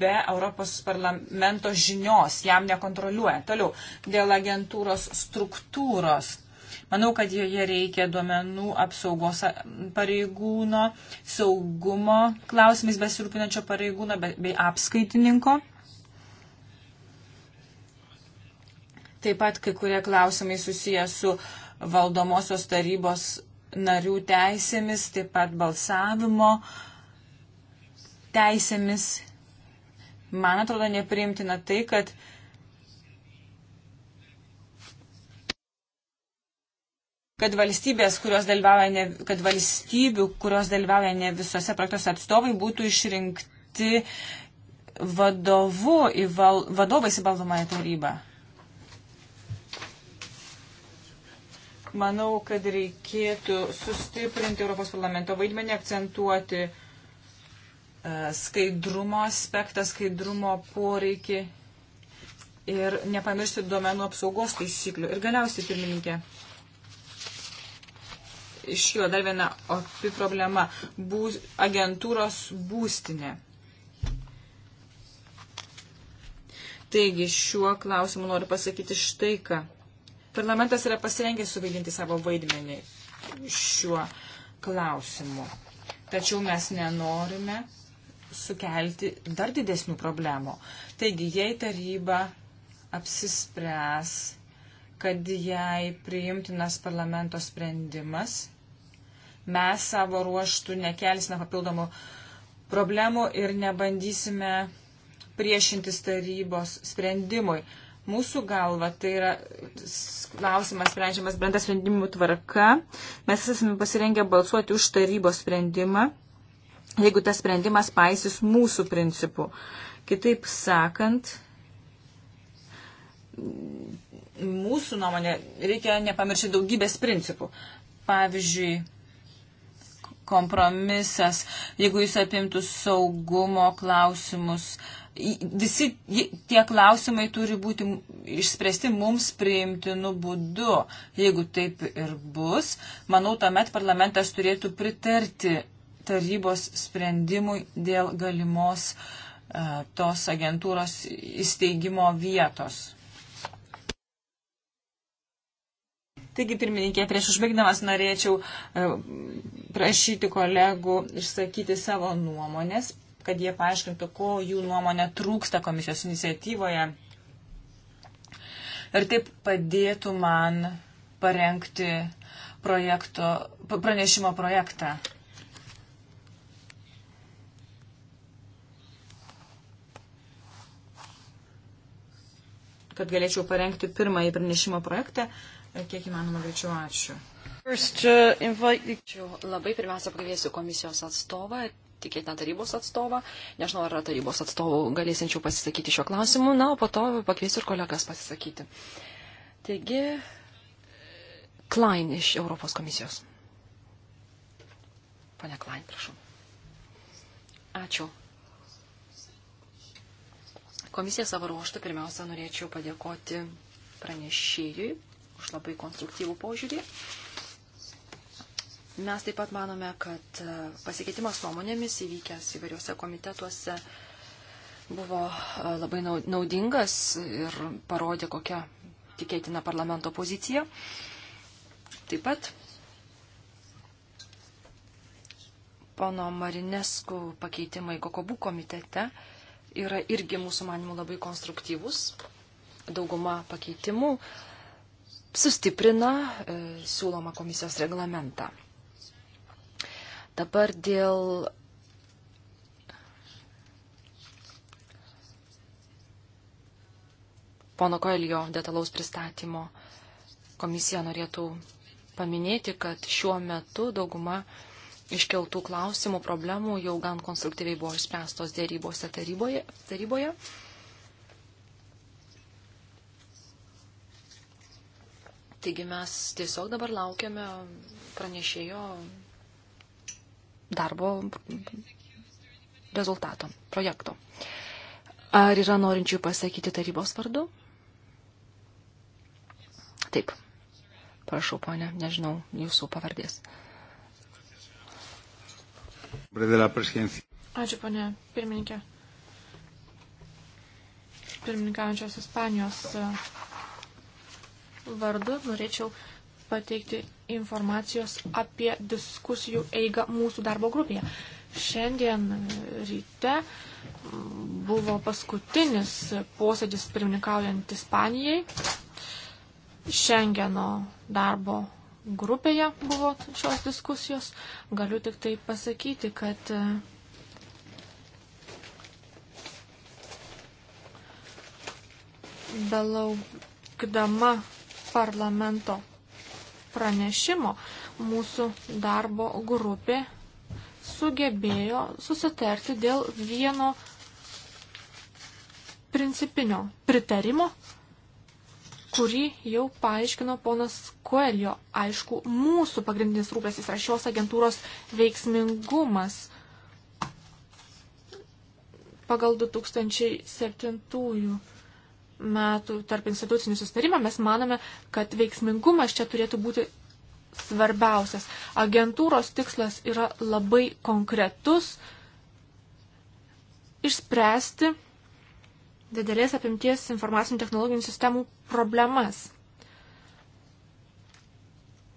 be Europos parlamento žinios, jam nekontroliuojant. Toliau, dėl agentūros struktūros Manau, kad joje reikia duomenų apsaugos pareigūno, saugumo klausimais besirūpinančio pareigūno bei apskaitininko. Taip pat kai kurie klausimai susiję su valdomosios tarybos narių teisėmis, taip pat balsavimo teisėmis. Man atrodo nepriimtina tai, kad kad valstybės, kurios dalyvauja ne, kad valstybių, kurios dalyvauja ne visose projektuose atstovai, būtų išrinkti vadovu į val, vadovais į valdomąją tarybą. Manau, kad reikėtų sustiprinti Europos parlamento vaidmenį, akcentuoti e, skaidrumo aspektą, skaidrumo poreikį ir nepamiršti duomenų apsaugos taisyklių. Ir galiausiai, pirmininkė, iškyla dar viena opi problema būs, - agentūros būstinė. Taigi šiuo klausimu noriu pasakyti štai ką. Parlamentas yra pasirengęs suvaidinti savo vaidmenį šiuo klausimu. Tačiau mes nenorime sukelti dar didesnių problemų. Taigi, jei taryba apsispręs, kad jai priimtinas parlamento sprendimas, mes savo ruoštų nekelsime papildomų problemų ir nebandysime priešintis tarybos sprendimui. Mūsų galva tai yra klausimas sprendžiamas bendra sprendimų tvarka. Mes esame pasirengę balsuoti už tarybos sprendimą, jeigu tas sprendimas paisys mūsų principų. Kitaip sakant, mūsų nuomonė reikia nepamiršti daugybės principų. Pavyzdžiui, kompromisas, jeigu jis apimtų saugumo klausimus. Visi tie klausimai turi būti išspręsti mums priimtinu būdu. Jeigu taip ir bus, manau, tuomet parlamentas turėtų pritarti tarybos sprendimui dėl galimos uh, tos agentūros įsteigimo vietos. Taigi, pirmininkė, prieš užbaigdamas norėčiau e, prašyti kolegų išsakyti savo nuomonės, kad jie paaiškintų, ko jų nuomonė trūksta komisijos iniciatyvoje. Ir taip padėtų man parengti projekto, pranešimo projektą. kad galėčiau parengti pirmąjį pranešimo projektą, kiek įmanoma greičiau. Ačiū. First, uh, invite... Ačiū. Labai pirmiausia pakviesiu komisijos atstovą, tikėtina tarybos atstovą. Nežinau, ar tarybos atstovų galėsinčių pasisakyti šiuo klausimu. Na, o po to pakviesiu ir kolegas pasisakyti. Taigi, Klein iš Europos komisijos. Pane Klein, prašau. Ačiū. Komisija savo ruoštų pirmiausia norėčiau padėkoti pranešėjui už labai konstruktyvų požiūrį. Mes taip pat manome, kad e, pasikeitimas nuomonėmis įvykęs įvairiuose komitetuose buvo e, labai naudingas ir parodė, kokia tikėtina parlamento pozicija. Taip pat pono Marinesku pakeitimai Kokobų komitete yra irgi mūsų manimų labai konstruktyvus. Dauguma pakeitimų uh, sustiprina e, siūloma komisijos reglamentą. Dabar dėl pono Koelio detalaus pristatymo komisija norėtų paminėti, kad šiuo metu dauguma iškeltų klausimų, problemų jau gan konstruktyviai buvo išspręstos dėrybose taryboje, taryboje. Taigi mes tiesiog dabar laukiame pranešėjo darbo rezultato, projekto. Ar yra norinčių pasakyti tarybos vardu? Taip. Prašau, ponė, nežinau jūsų pavardės. Ačiū, ponė pirmininkė. Pirmininkaujančios Ispanijos vardu norėčiau pateikti informacijos apie diskusijų eigą mūsų darbo grupėje. Šiandien ryte buvo paskutinis posėdis pirmininkaujant Ispanijai. Šengeno darbo grupėje buvo šios diskusijos. Galiu tik tai pasakyti, kad e, belaukdama parlamento pranešimo mūsų darbo grupė sugebėjo susitarti dėl vieno principinio pritarimo, kurį jau paaiškino ponas Koelio. Aišku, mūsų pagrindinis rūpestis yra šios agentūros veiksmingumas. Pagal 2007 metų tarp institucinių sustarimą, mes manome, kad veiksmingumas čia turėtų būti svarbiausias. Agentūros tikslas yra labai konkretus išspręsti didelės apimties informacinių technologinių sistemų problemas.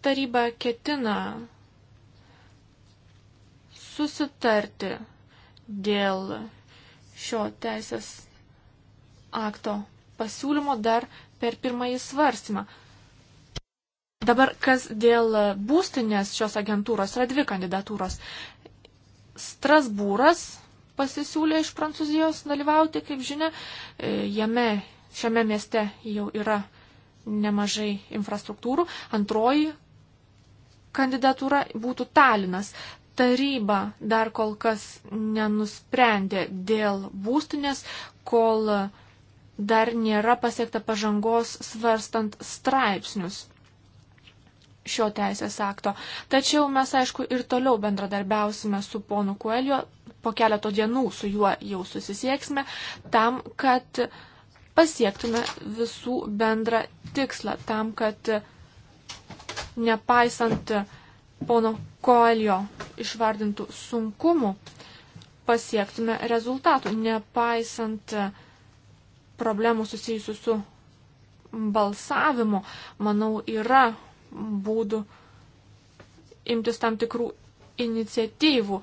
Taryba ketina susitarti dėl šio teisės akto pasiūlymo dar per pirmąjį svarstymą. Dabar, kas dėl būstinės šios agentūros, yra dvi kandidatūros. Strasbūras pasisiūlė iš Prancūzijos dalyvauti, kaip žinia, e, jame, šiame mieste jau yra nemažai infrastruktūrų. Antroji kandidatūra būtų Talinas. Taryba dar kol kas nenusprendė dėl būstinės, kol uh, dar nėra pasiekta pažangos svarstant straipsnius šio teisės akto. Tačiau mes, aišku, ir toliau bendradarbiausime su ponu Kuelio, po keleto dienų su juo jau susisieksime, tam, kad pasiektume visų bendrą tikslą, tam, kad nepaisant pono Koelio išvardintų sunkumų, pasiektume rezultatų, nepaisant uh, problemų susijusių su balsavimu, manau, yra būdų imtis tam tikrų iniciatyvų,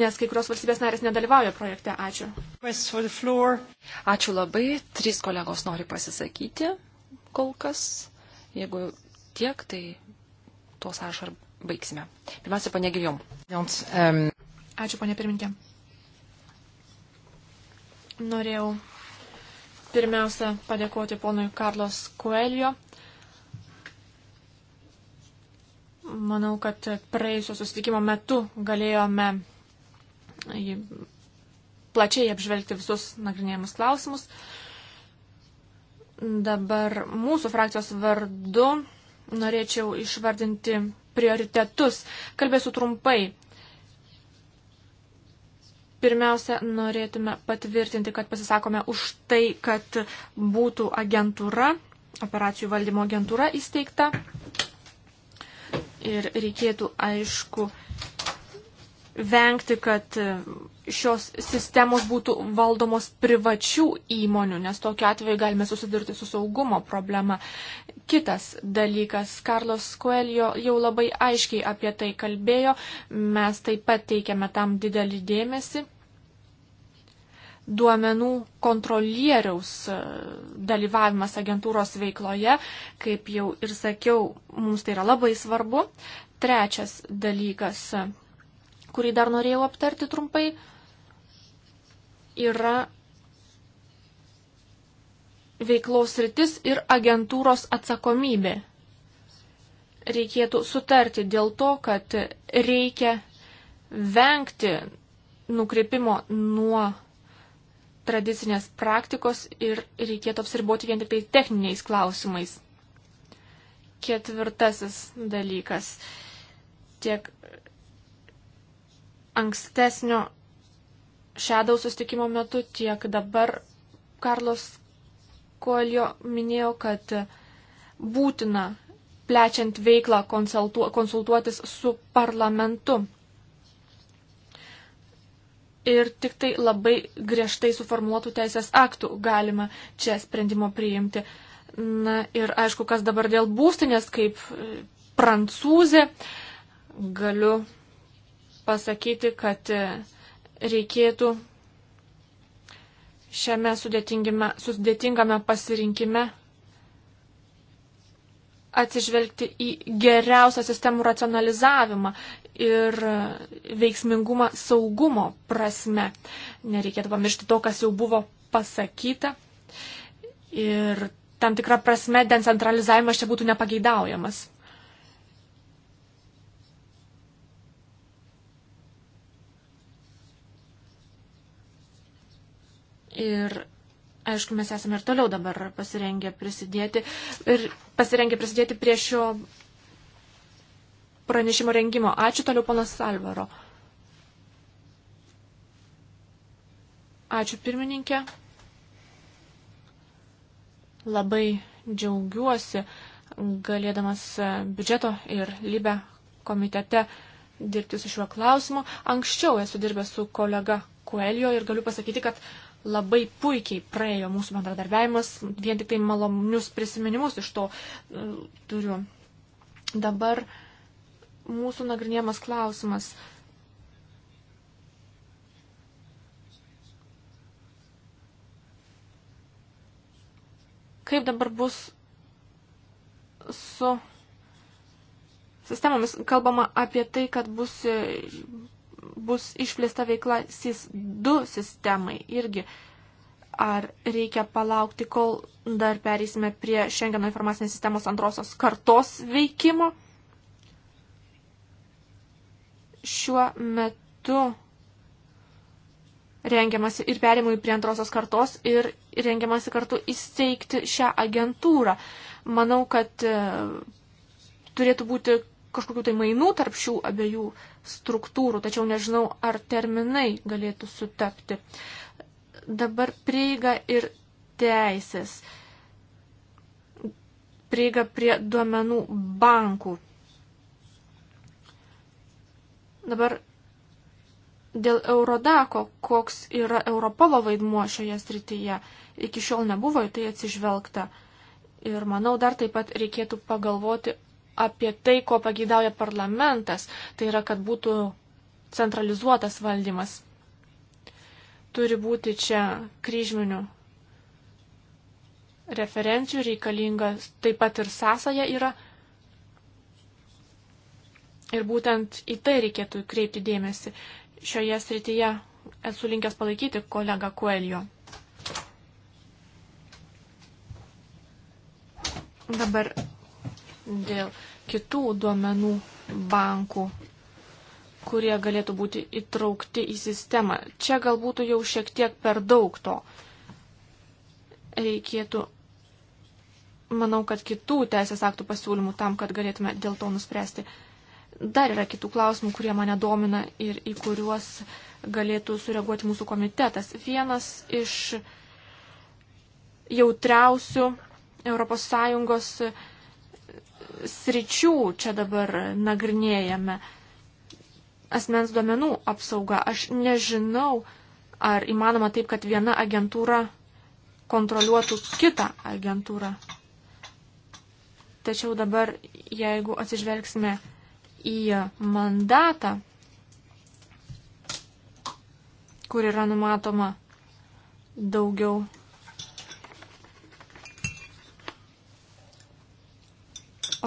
nes kai kurios valstybės narės nedalyvauja projekte. Ačiū. Ačiū labai. Trys kolegos nori pasisakyti kol kas. Jeigu tiek, tai tuos aš ar baigsime. Pirmiausia, ponė Giljom. Ačiū, ponė pirmininkė. Norėjau pirmiausia padėkoti ponui Karlos Koelio. Manau, kad praėjusio susitikimo metu galėjome plačiai apžvelgti visus nagrinėjimus klausimus. Dabar mūsų frakcijos vardu norėčiau išvardinti prioritetus. Kalbėsiu trumpai. Pirmiausia, norėtume patvirtinti, kad pasisakome už tai, kad būtų agentūra, operacijų valdymo agentūra įsteigta. Ir reikėtų, aišku, vengti, kad šios sistemos būtų valdomos privačių įmonių, nes tokiu atveju galime susidurti su saugumo problema. Kitas dalykas, Karlos Koelio jau labai aiškiai apie tai kalbėjo, mes taip pat teikiame tam didelį dėmesį duomenų kontrolieriaus e, dalyvavimas agentūros veikloje, kaip jau ir sakiau, mums tai yra labai svarbu. Trečias dalykas, kurį dar norėjau aptarti trumpai, yra veiklos rytis ir agentūros atsakomybė. Reikėtų sutarti dėl to, kad reikia vengti nukreipimo nuo tradicinės praktikos ir reikėtų apsiriboti vien tik tai techniniais klausimais. Ketvirtasis dalykas. Tiek ankstesnio šedaus sustikimo metu, tiek dabar Karlos Kolio minėjo, kad būtina plečiant veiklą konsultuotis su parlamentu ir tik tai labai griežtai suformuotų teisės aktų galima čia sprendimo priimti. Na ir aišku, kas dabar dėl būstinės, kaip prancūzė, galiu pasakyti, kad reikėtų šiame sudėtingame pasirinkime atsižvelgti į geriausią sistemų racionalizavimą ir veiksmingumą saugumo prasme. Nereikėtų pamiršti to, kas jau buvo pasakyta. Ir tam tikrą prasme decentralizavimas čia būtų nepageidaujamas. Ir Aišku, mes esame ir toliau dabar pasirengę prisidėti, ir pasirengę prisidėti prie šio pranešimo rengimo. Ačiū toliau, ponas Salvaro. Ačiū pirmininkė. Labai džiaugiuosi galėdamas biudžeto ir lybę komitete dirbti su šiuo klausimu. Anksčiau esu dirbęs su kolega Koelio ir galiu pasakyti, kad labai puikiai praėjo mūsų bendradarbiavimas, vien tik tai malonius prisiminimus iš to e, turiu. Dabar mūsų nagrinėjamas klausimas. Kaip dabar bus su sistemomis? Kalbama apie tai, kad bus e, bus išplėsta veikla SIS-2 sistemai irgi. Ar reikia palaukti, kol dar pereisime prie Schengeno informacinės sistemos antrosios kartos veikimo? Šiuo metu rengiamasi ir perimui prie antrosios kartos ir rengiamasi kartu įsteigti šią agentūrą. Manau, kad e, turėtų būti kažkokių tai mainų tarp šių abiejų struktūrų, tačiau nežinau, ar terminai galėtų sutapti. Dabar prieiga ir teisės. Prieiga prie duomenų bankų. Dabar dėl Eurodako, koks yra Europolo vaidmuo šioje srityje, iki šiol nebuvo į tai atsižvelgta. Ir manau, dar taip pat reikėtų pagalvoti apie tai, ko pageidauja parlamentas, tai yra, kad būtų centralizuotas valdymas. Turi būti čia kryžminių referencijų reikalingas, taip pat ir sąsaja yra. Ir būtent į tai reikėtų kreipti dėmesį. Šioje srityje esu linkęs palaikyti kolegą Koelio. Dabar dėl kitų duomenų bankų, kurie galėtų būti įtraukti į sistemą. Čia galbūt jau šiek tiek per daug to. Reikėtų, manau, kad kitų teisės aktų pasiūlymų tam, kad galėtume dėl to nuspręsti. Dar yra kitų klausimų, kurie mane domina ir į kuriuos galėtų sureaguoti mūsų komitetas. Vienas iš jautriausių ES sričių čia dabar nagrinėjame. Asmens duomenų apsauga. Aš nežinau, ar įmanoma taip, kad viena agentūra kontroliuotų kitą agentūrą. Tačiau dabar, jeigu atsižvelgsime į mandatą, kur yra numatoma daugiau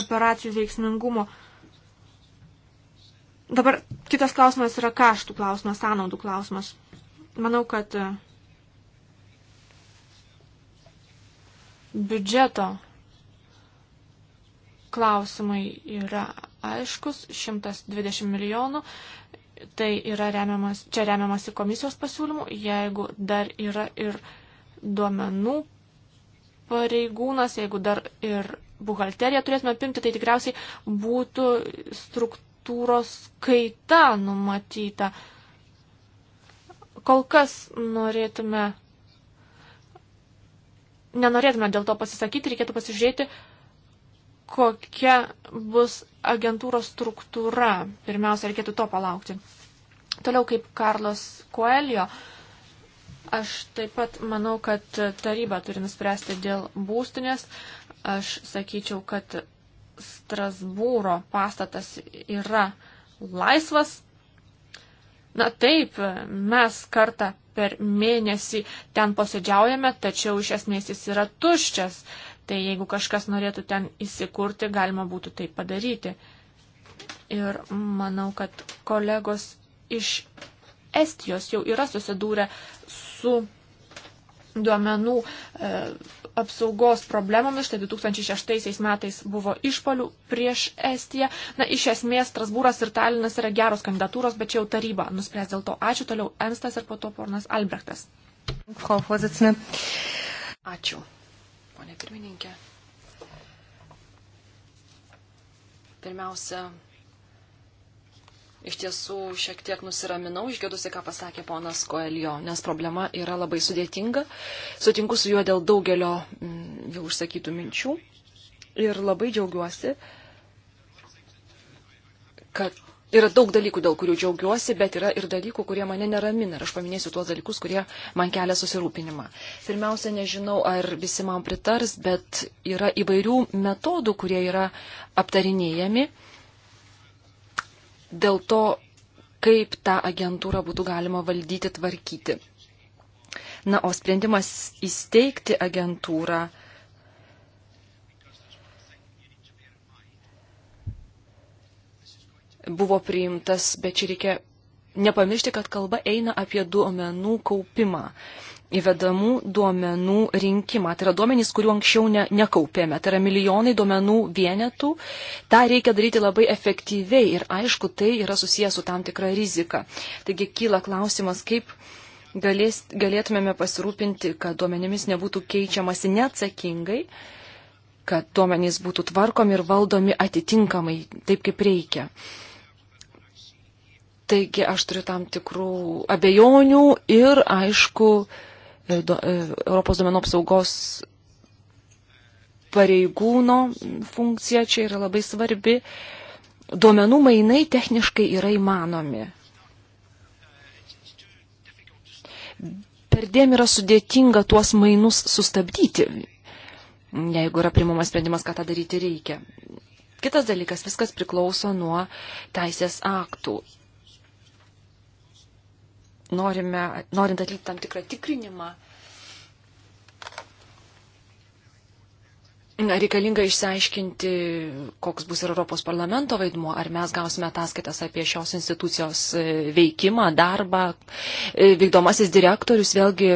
operacijų veiksmingumo. Dabar kitas klausimas yra kaštų klausimas, sąnaudų klausimas. Manau, kad e, biudžeto klausimai yra aiškus, 120 milijonų, tai yra remiamas, čia remiamasi komisijos pasiūlymų, jeigu dar yra ir duomenų pareigūnas, jeigu dar ir buhalteriją turėtume apimti, tai tikriausiai būtų struktūros kaita numatyta. Kol kas norėtume, nenorėtume dėl to pasisakyti, reikėtų pasižiūrėti, kokia bus agentūros struktūra. Pirmiausia, reikėtų to palaukti. Toliau kaip Karlos Koelio. Aš taip pat manau, kad taryba turi nuspręsti dėl būstinės. Uh, Aš sakyčiau, kad Strasbūro pastatas yra laisvas. Na taip, mes kartą per mėnesį ten posėdžiaujame, tačiau iš esmės jis yra tuščias. Tai jeigu kažkas norėtų ten įsikurti, galima būtų tai padaryti. Ir manau, kad kolegos iš Estijos jau yra susidūrę su duomenų e, apsaugos problemomis. Štai 2006 metais buvo išpolių prieš Estiją. Na, iš esmės, Strasbūras ir Talinas yra geros kandidatūros, bet čia jau taryba nuspręs dėl to. Ačiū toliau Enstas ir po to pornas Albrechtas. Ačiū, ponė pirmininkė. Pirmiausia, Iš tiesų, šiek tiek nusiraminau, išgirdusi, ką pasakė ponas Koelio, nes problema yra labai sudėtinga. Sutinku su juo dėl daugelio m, mm, jau užsakytų minčių ir labai džiaugiuosi, kad yra daug dalykų, dėl kurių džiaugiuosi, bet yra ir dalykų, kurie mane neramina. Ir aš paminėsiu tuos dalykus, kurie man kelia susirūpinimą. Pirmiausia, nežinau, ar visi man pritars, bet yra įvairių metodų, kurie yra aptarinėjami dėl to, kaip tą agentūrą būtų galima valdyti, tvarkyti. Na, o sprendimas įsteigti agentūrą buvo priimtas, bet čia reikia nepamiršti, kad kalba eina apie duomenų kaupimą įvedamų duomenų rinkimą. Tai yra duomenys, kurių anksčiau ne, nekaupėme. Tai yra milijonai duomenų vienetų. Ta reikia daryti labai efektyviai ir aišku, tai yra susijęs su tam tikra rizika. Taigi kyla klausimas, kaip galės, galėtumėme pasirūpinti, kad duomenimis nebūtų keičiamasi neatsakingai kad duomenys būtų tvarkomi ir valdomi atitinkamai, taip kaip reikia. Taigi aš turiu tam tikrų abejonių ir, aišku, E, e, Europos domenų apsaugos pareigūno funkcija čia yra labai svarbi. Duomenų mainai techniškai yra įmanomi. Perdėm yra sudėtinga tuos mainus sustabdyti, jeigu yra primamas sprendimas, ką tą daryti reikia. Kitas dalykas, viskas priklauso nuo teisės aktų norime, norint atlikti tam tikrą tikrinimą, Na, reikalinga išsiaiškinti, koks bus ir Europos parlamento vaidmuo, ar mes gausime ataskaitas apie šios institucijos e, veikimą, darbą, e, vykdomasis direktorius, vėlgi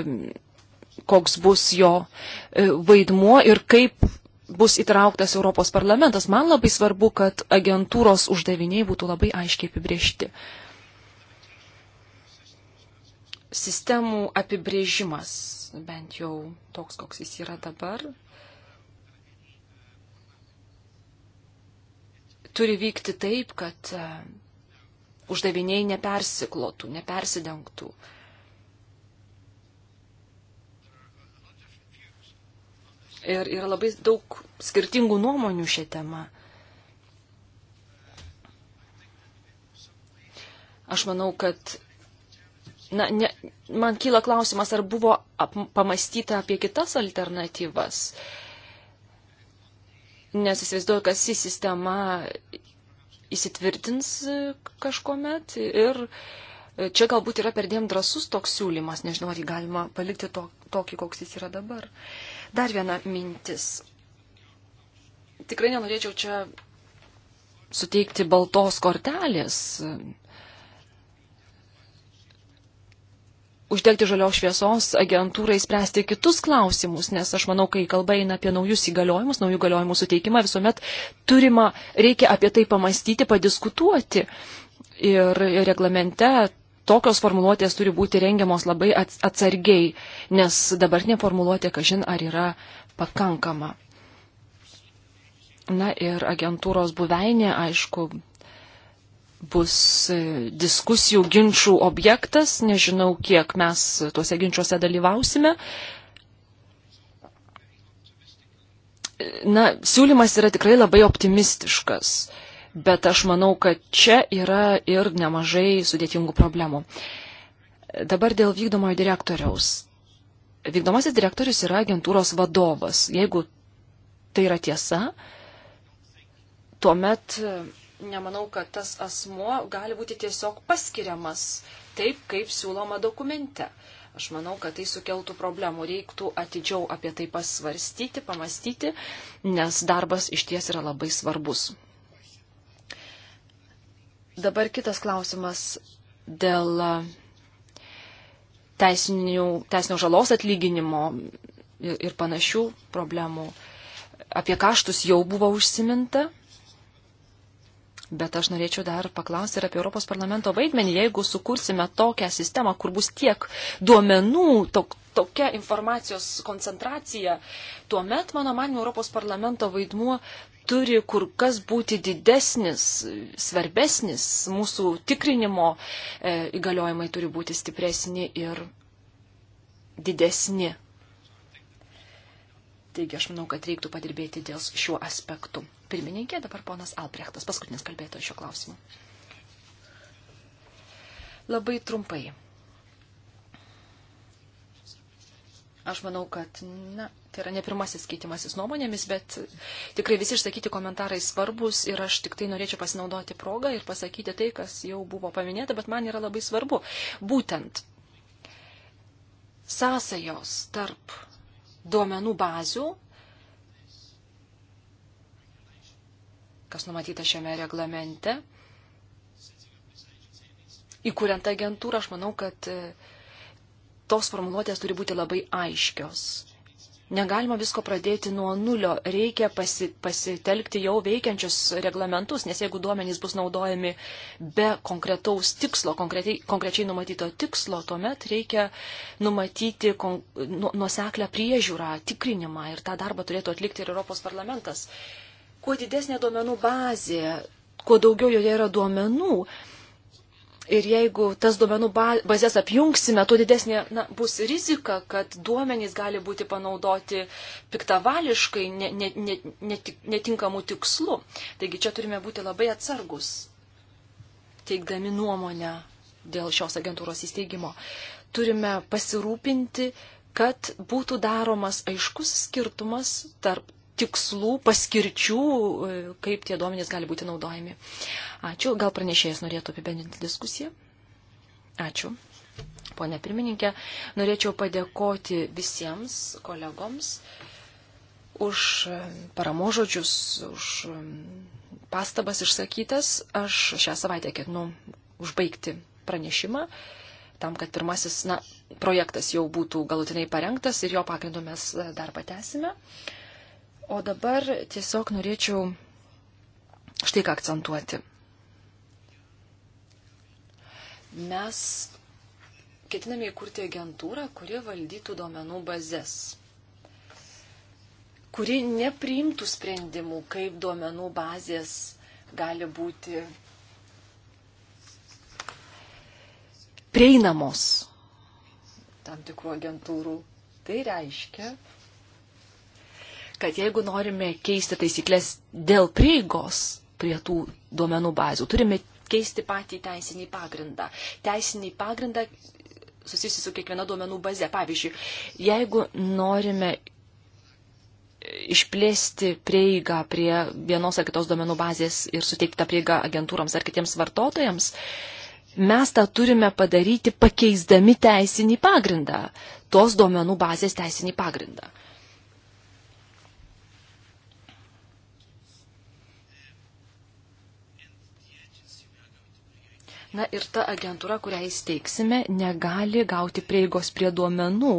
koks bus jo e, vaidmuo ir kaip bus įtrauktas Europos parlamentas. Man labai svarbu, kad agentūros uždaviniai būtų labai aiškiai apibriešti. Uh, sistemų apibrėžimas, bent jau toks, koks jis yra dabar, turi vykti taip, kad e, uždaviniai nepersiklotų, nepersidengtų. Ir yra labai daug skirtingų nuomonių šią temą. Aš manau, kad na, ne, man kyla klausimas, ar buvo ap, pamastyta apie kitas alternatyvas. Nes įsivaizduoju, kad ši sistema įsitvirtins kažkuomet ir čia galbūt yra perdėm drasus toks siūlymas, nežinau, ar jį galima palikti to, tokį, koks jis yra dabar. Dar viena mintis. Tikrai nenorėčiau čia suteikti baltos kortelės uždegti žalios šviesos agentūrai spręsti kitus klausimus, nes aš manau, kai kalba eina apie naujus įgaliojimus, naujų įgaliojimų suteikimą, visuomet turima, reikia apie tai pamastyti, padiskutuoti. Ir reglamente tokios formuluotės turi būti rengiamos labai atsargiai, nes dabartinė formuluotė, kažin, ar yra pakankama. Na ir agentūros buveinė, aišku, bus e, diskusijų ginčių objektas, nežinau, kiek mes tuose ginčiuose dalyvausime. Na, siūlymas yra tikrai labai optimistiškas, bet aš manau, kad čia yra ir nemažai sudėtingų problemų. Dabar dėl vykdomojo direktoriaus. Vykdomasis direktorius yra agentūros vadovas. Jeigu tai yra tiesa, tuomet nemanau, kad tas asmuo gali būti tiesiog paskiriamas taip, kaip siūloma dokumente. Aš manau, kad tai sukeltų problemų. Reiktų atidžiau apie tai pasvarstyti, pamastyti, nes darbas iš ties yra labai svarbus. Dabar kitas klausimas dėl teisinių, teisinio žalos atlyginimo ir panašių problemų. Apie kaštus jau buvo užsiminta. Bet aš norėčiau dar paklausti ir apie Europos parlamento vaidmenį, jeigu sukursime tokią sistemą, kur bus tiek duomenų, tok, tokia informacijos koncentracija, tuomet, mano manimo, Europos parlamento vaidmuo turi kur kas būti didesnis, svarbesnis, mūsų tikrinimo e, įgaliojimai turi būti stipresni ir didesni Taigi aš manau, kad reiktų padirbėti dėl šiuo aspektu. Pirmininkė, dabar ponas Albrechtas, paskutinis kalbėtojas šiuo klausimu. Labai trumpai. Aš manau, kad, na, tai yra ne pirmasis keitimasis nuomonėmis, bet tikrai visi išsakyti komentarai svarbus ir aš tik tai norėčiau pasinaudoti progą ir pasakyti tai, kas jau buvo paminėta, bet man yra labai svarbu. Būtent sąsajos tarp duomenų bazių, kas numatyta šiame reglamente. Įkuriant agentūrą, aš manau, kad e, tos formuluotės turi būti labai aiškios negalima visko pradėti nuo nulio, reikia pasi, pasitelkti jau veikiančius reglamentus, nes jeigu duomenys bus naudojami be konkretaus tikslo, konkrečiai numatyto tikslo, tuomet reikia numatyti kon, nu, nuoseklę priežiūrą, tikrinimą ir tą darbą turėtų atlikti ir Europos parlamentas. Kuo didesnė duomenų bazė, kuo daugiau joje yra duomenų, Ir jeigu tas duomenų bazės apjungsime, tuo didesnė na, bus rizika, kad duomenys gali būti panaudoti piktavališkai, ne, ne, ne, netik, netinkamų tikslų. Taigi čia turime būti labai atsargus, teikdami nuomonę dėl šios agentūros įsteigimo. Turime pasirūpinti, kad būtų daromas aiškus skirtumas tarp tikslų, paskirčių, e, kaip tie duomenys gali būti naudojami. Ačiū. Gal pranešėjas norėtų apibendinti diskusiją? Ačiū. Pone pirmininkė, norėčiau padėkoti visiems kolegoms už e, paramožodžius, už e, pastabas išsakytas. Aš šią savaitę ketinu užbaigti pranešimą tam, kad pirmasis na, projektas jau būtų galutinai parengtas ir jo pagrindu mes darbą tęsime. Uh, O dabar tiesiog norėčiau štai ką akcentuoti. Mes ketiname įkurti agentūrą, kuri valdytų duomenų bazės, kuri nepriimtų sprendimų, kaip duomenų bazės gali būti prieinamos tam tikrų agentūrų. Tai reiškia, kad jeigu norime keisti taisyklės dėl prieigos prie tų duomenų bazių, turime keisti patį teisinį pagrindą. Teisinį pagrindą susijusi su kiekviena duomenų baze. Pavyzdžiui, jeigu norime išplėsti prieigą prie vienos ar kitos duomenų bazės ir suteikti tą prieigą agentūrams ar kitiems vartotojams, mes tą turime padaryti pakeisdami teisinį pagrindą, tos duomenų bazės teisinį pagrindą. Na ir ta agentūra, kurią įsteigsime, negali gauti prieigos prie duomenų.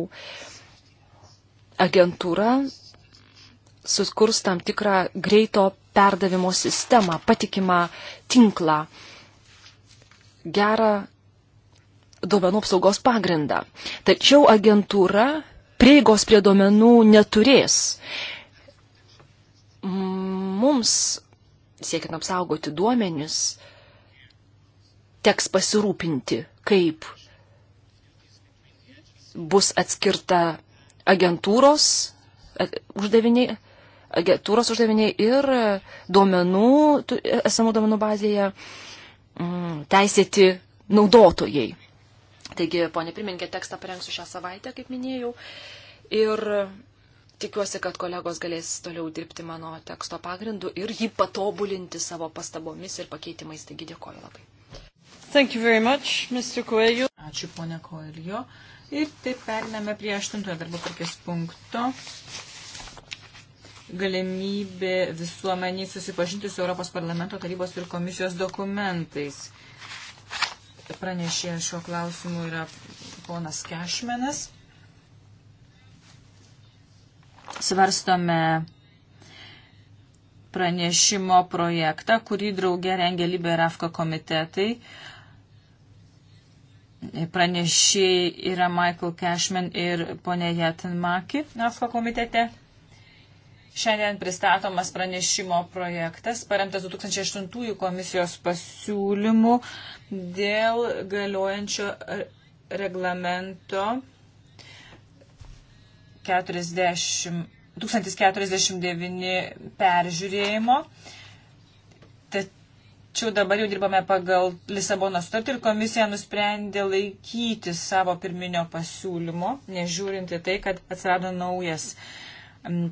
Agentūra suskurs tam tikrą greito perdavimo sistemą, patikimą tinklą, gerą duomenų apsaugos pagrindą. Tačiau agentūra prieigos prie duomenų neturės. Mums, siekiant apsaugoti duomenis, teks pasirūpinti, kaip bus atskirta agentūros e, uždaviniai, agentūros uždaviniai ir duomenų, e, esamų duomenų bazėje mm, teisėti naudotojai. Taigi, ponė pirmininkė, tekstą parengsiu šią savaitę, kaip minėjau. Ir tikiuosi, kad kolegos galės toliau dirbti mano teksto pagrindu ir jį patobulinti savo pastabomis ir pakeitimais. Taigi, dėkoju labai. Thank you very much, Mr. Coelho. Ačiū, ponia Coelho. Ir taip periname prie aštuntojo darbo tvarkės punkto. Galimybė visuomeniai susipažinti su Europos parlamento tarybos ir komisijos dokumentais. Pranešė šiuo klausimu yra ponas Kešmenas. Svarstome pranešimo projektą, kurį draugė rengė Liberafko komitetai Pranešėjai yra Michael Cashman ir ponė Jatinmaki NAFKO komitete. Šiandien pristatomas pranešimo projektas, paremtas 2008 komisijos pasiūlymu dėl galiojančio reglamento 40, 1049 peržiūrėjimo. Tad Tačiau dabar jau dirbame pagal Lisabono sutartį ir komisija nusprendė laikyti savo pirminio pasiūlymo, nežiūrinti tai, kad atsirado naujas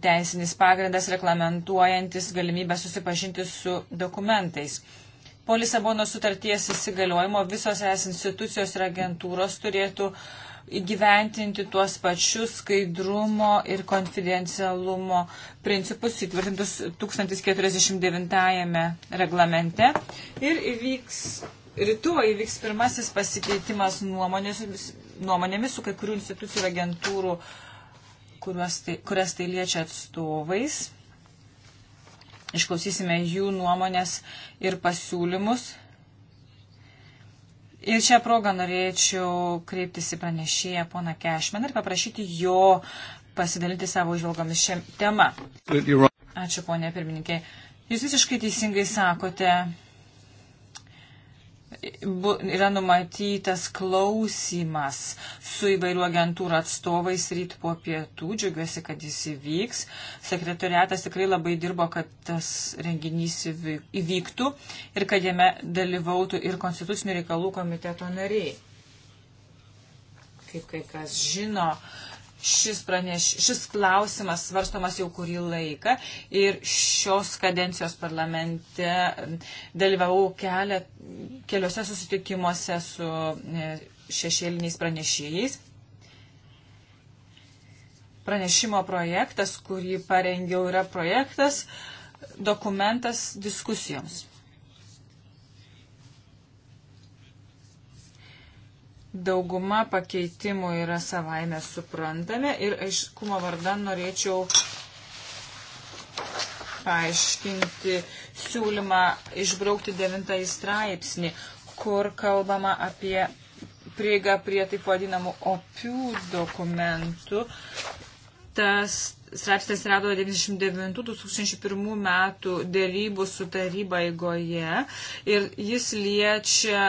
teisinis pagrindas reglamentuojantis galimybę susipažinti su dokumentais. Po Lisabono sutarties įsigaliojimo visos es institucijos ir agentūros turėtų uh, įgyventinti tuos pačius skaidrumo ir konfidencialumo principus įtvirtintus 1049 reglamente. Ir įvyks, rytoj įvyks pirmasis pasikeitimas nuomonės, nuomonėmis su kai kurių institucijų ir agentūrų, tai, kurias tai liečia atstovais. Išklausysime jų nuomonės ir pasiūlymus Ir šią progą norėčiau kreiptis į pranešėją poną Kešmeną ir paprašyti jo pasidalinti savo žvilgomis šią temą. Ačiū, ponė pirmininkė. Jūs visiškai teisingai sakote, bu, yra numatytas klausimas su įvairių agentūrų atstovais ryt po pietų. Džiugiuosi, kad jis įvyks. Sekretariatas tikrai labai dirbo, kad tas renginys įvyktų ir kad jame dalyvautų ir konstitucinių reikalų komiteto nariai. Kaip kai kas žino, uh, šis, praneš, šis klausimas svarstomas jau kurį laiką ir šios kadencijos parlamente dalyvavau kelia, keliose susitikimuose su e, šešėliniais pranešėjais. Pranešimo projektas, kurį parengiau, yra projektas, dokumentas diskusijoms. Dauguma pakeitimų yra savaime suprantame ir aiškumo vardan norėčiau paaiškinti siūlymą išbraukti devintąjį straipsnį, kur kalbama apie prieigą prie taip vadinamų opių dokumentų. Tas straipsnis rado 99-2001 metų dėrybų su taryba eigoje ir jis liečia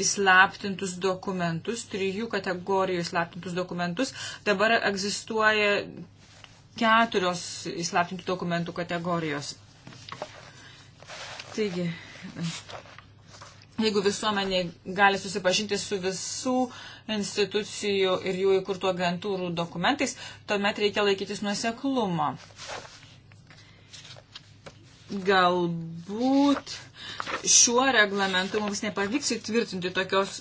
įslaptintus dokumentus, trijų kategorijų įslaptintus dokumentus. Dabar egzistuoja keturios įslaptintų dokumentų kategorijos. Taigi, jeigu visuomenė gali susipažinti su visų uh, institucijų ir jų įkurtų agentūrų dokumentais, tuomet reikia laikytis nuoseklumo. Galbūt šiuo reglamentu mums nepavyks įtvirtinti tokios,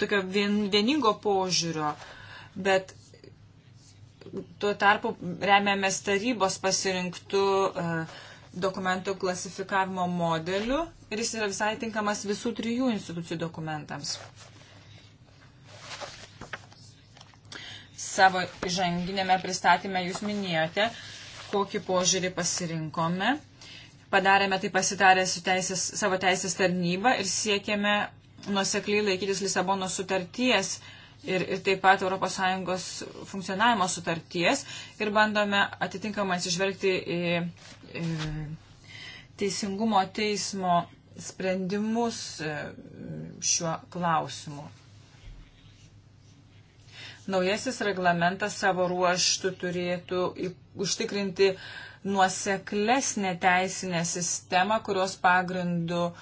tokio vien, vieningo požiūrio, bet tuo tarpu remiamės tarybos pasirinktų uh, dokumentų klasifikavimo modeliu ir jis yra visai tinkamas visų trijų institucijų dokumentams. savo įžanginėme pristatymę jūs minėjote, kokį požiūrį pasirinkome. Padarėme tai pasitarę su teisės, savo teisės tarnyba ir siekėme nusekliai laikytis Lisabono sutarties ir, ir taip pat ES funkcionavimo sutarties ir bandome atitinkamai atsižvelgti į, į teisingumo teismo sprendimus e, šiuo klausimu. Naujasis reglamentas savo ruoštų turėtų užtikrinti nuoseklesnę teisinę sistemą, kurios pagrindu e,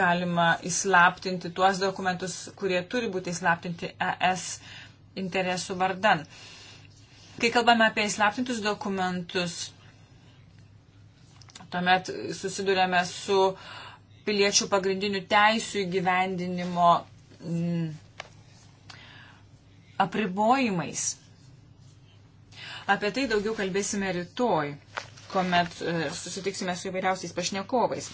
galima įslaptinti tuos dokumentus, kurie turi būti įslaptinti ES interesų vardan. Kai kalbame apie įslaptintus dokumentus, tuomet susidurėme su piliečių pagrindinių teisų įgyvendinimo m, apribojimais. Apie tai daugiau kalbėsime rytoj, kuomet e, susitiksime su įvairiausiais pašnekovais.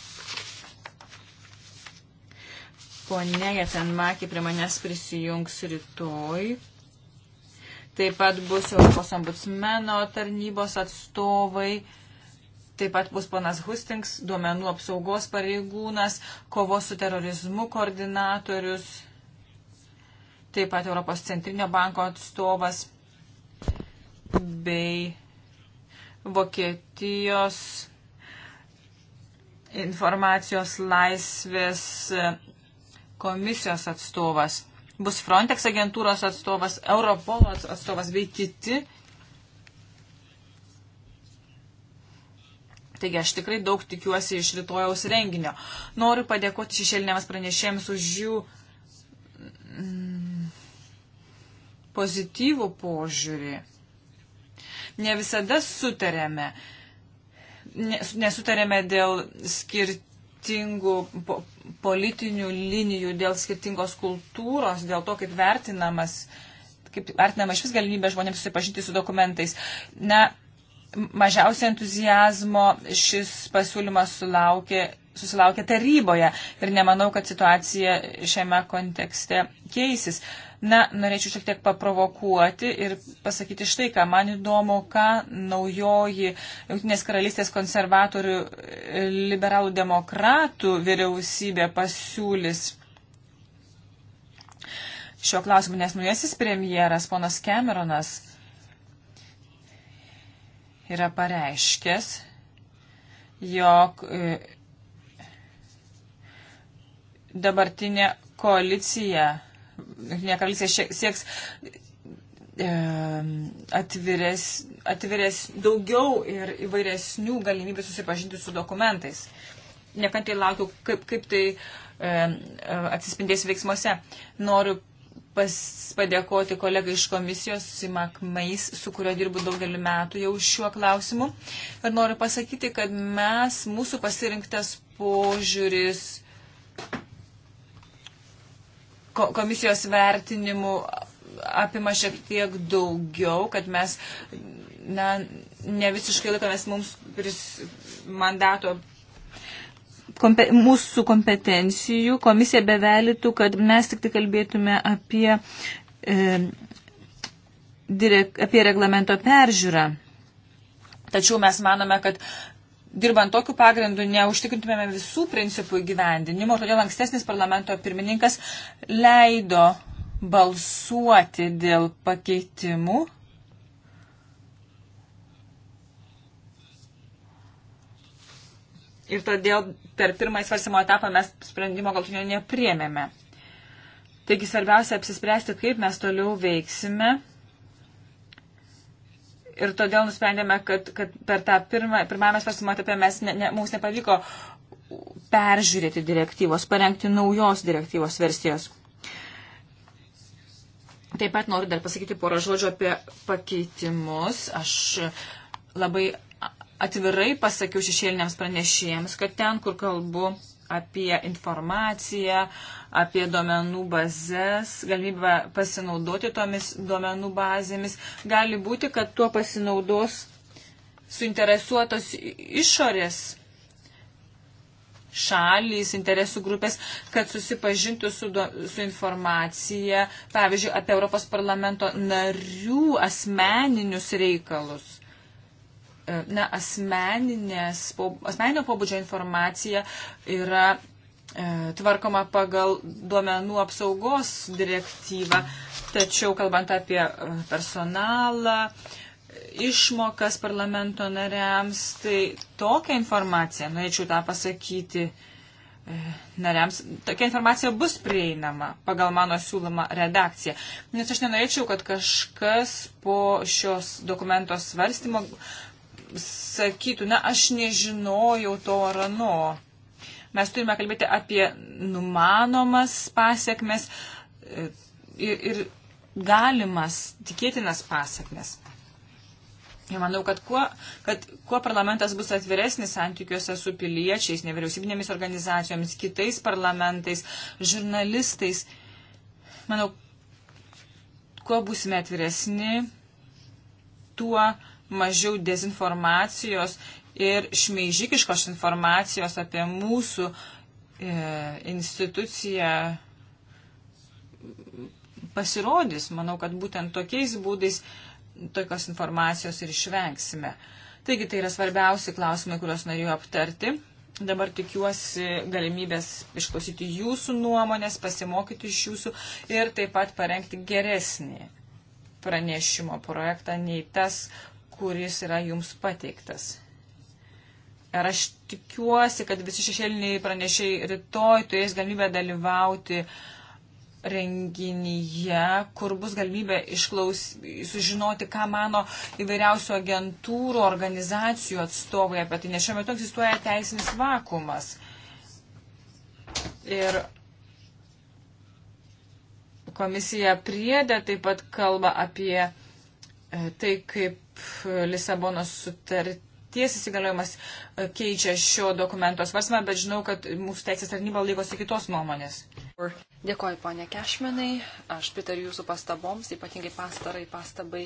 Pone Jatenmakė prie manęs prisijungs rytoj. Taip pat bus Europos ombudsmeno tarnybos atstovai. Taip pat bus ponas Hustings, duomenų apsaugos pareigūnas, kovos su terorizmu koordinatorius taip pat Europos centrinio banko atstovas bei Vokietijos informacijos laisvės komisijos atstovas. Bus Frontex agentūros atstovas, Europolo atstovas bei kiti. Taigi aš tikrai daug tikiuosi iš rytojaus renginio. Noriu padėkoti šešėlinėms pranešėjams už jų pozityvų požiūrį. Ne visada sutarėme, nesutarėme dėl skirtingų politinių linijų, dėl skirtingos kultūros, dėl to, kaip vertinamas, kaip vertinama iš vis galimybė žmonėms susipažinti su dokumentais. Na, mažiausia entuzijazmo šis pasiūlymas sulaukė susilaukė taryboje ir nemanau, kad situacija šiame kontekste keisis. Na, norėčiau šiek tiek paprovokuoti ir pasakyti štai, ką man įdomu, ką naujoji Junktinės karalystės konservatorių e, liberalų demokratų vyriausybė pasiūlys. Šiuo klausimu, nes naujasis premjeras, ponas Cameronas, yra pareiškęs, jog e, dabartinė koalicija Jungtinė karalystė sieks e, atvirės, atvirės daugiau ir įvairesnių galimybių susipažinti su dokumentais. Nekantriai laukiu, kaip, kaip tai e, e atsispindės veiksmuose. Noriu pas, padėkoti kolegai iš komisijos, Simak Mais, su kurio dirbu daugelį metų jau šiuo klausimu. Ir noriu pasakyti, kad mes, mūsų pasirinktas požiūris, komisijos vertinimų apima šiek tiek daugiau, kad mes na, ne visiškai laikomės mums pris, mandato kompe, mūsų kompetencijų. Komisija bevelytų, kad mes tik tai kalbėtume apie, e, direk, apie reglamento peržiūrą. Tačiau mes manome, kad dirbant tokiu pagrindu neužtikrintumėme visų principų įgyvendinimo, todėl ankstesnis parlamento pirmininkas leido balsuoti dėl pakeitimų. Ir todėl per pirmąjį svarstymo etapą mes sprendimo galtinio nepriemėme. Taigi svarbiausia apsispręsti, kaip mes toliau veiksime ir todėl nusprendėme, kad, kad per tą pirmą, pirmame svarstymo etape mes ne, ne, mums nepavyko peržiūrėti direktyvos, parengti naujos direktyvos versijos. Taip pat noriu dar pasakyti porą žodžių apie pakeitimus. Aš labai atvirai pasakiau šešėliniams pranešėjams, kad ten, kur kalbu apie informaciją, apie duomenų bazės, galimybę pasinaudoti tomis duomenų bazėmis. Gali būti, kad tuo pasinaudos suinteresuotos išorės šalys, interesų grupės, kad susipažintų su, do, su informacija, pavyzdžiui, apie Europos parlamento narių asmeninius reikalus na, asmeninio pobūdžio informacija yra e, tvarkoma pagal duomenų apsaugos direktyvą, tačiau kalbant apie e, personalą, išmokas parlamento nariams, tai tokia informacija, norėčiau tą pasakyti, e, nariams tokia informacija bus prieinama pagal mano siūlomą redakciją. Nes aš nenorėčiau, kad kažkas po šios dokumento svarstymo sakytų, na, aš nežinojau to ar ano. Mes turime kalbėti apie numanomas pasiekmes e, ir, ir galimas, tikėtinas pasiekmes. Ir manau, kad kuo, kad kuo parlamentas bus atviresnis santykiuose su piliečiais, nevyriausybinėmis organizacijomis, kitais parlamentais, žurnalistais, manau, kuo būsime atviresni, tuo mažiau dezinformacijos ir šmeižikiškos informacijos apie mūsų e, instituciją pasirodys. Manau, kad būtent tokiais būdais tokios informacijos ir išvengsime. Taigi tai yra svarbiausi klausimai, kuriuos norėjau aptarti. Dabar tikiuosi galimybės išklausyti jūsų nuomonės, pasimokyti iš jūsų ir taip pat parengti geresnį pranešimo projektą nei tas, kuris yra jums pateiktas. Ir aš tikiuosi, kad visi šešėliniai pranešiai rytoj turės galimybę dalyvauti renginyje, kur bus galimybė išklaus, sužinoti, ką mano įvairiausių agentūrų, organizacijų atstovai apie tai, nes šiuo metu egzistuoja teisinis vakumas. Ir komisija priedė taip pat kalba apie e, tai, kaip Lisabonos sutarties įsigaliojimas keičia šio dokumento svarstymą, bet žinau, kad mūsų teisės tarnyba laikosi kitos nuomonės. Dėkoju, ponė Kešmenai. Aš pritariu jūsų pastaboms, ypatingai pastarai pastabai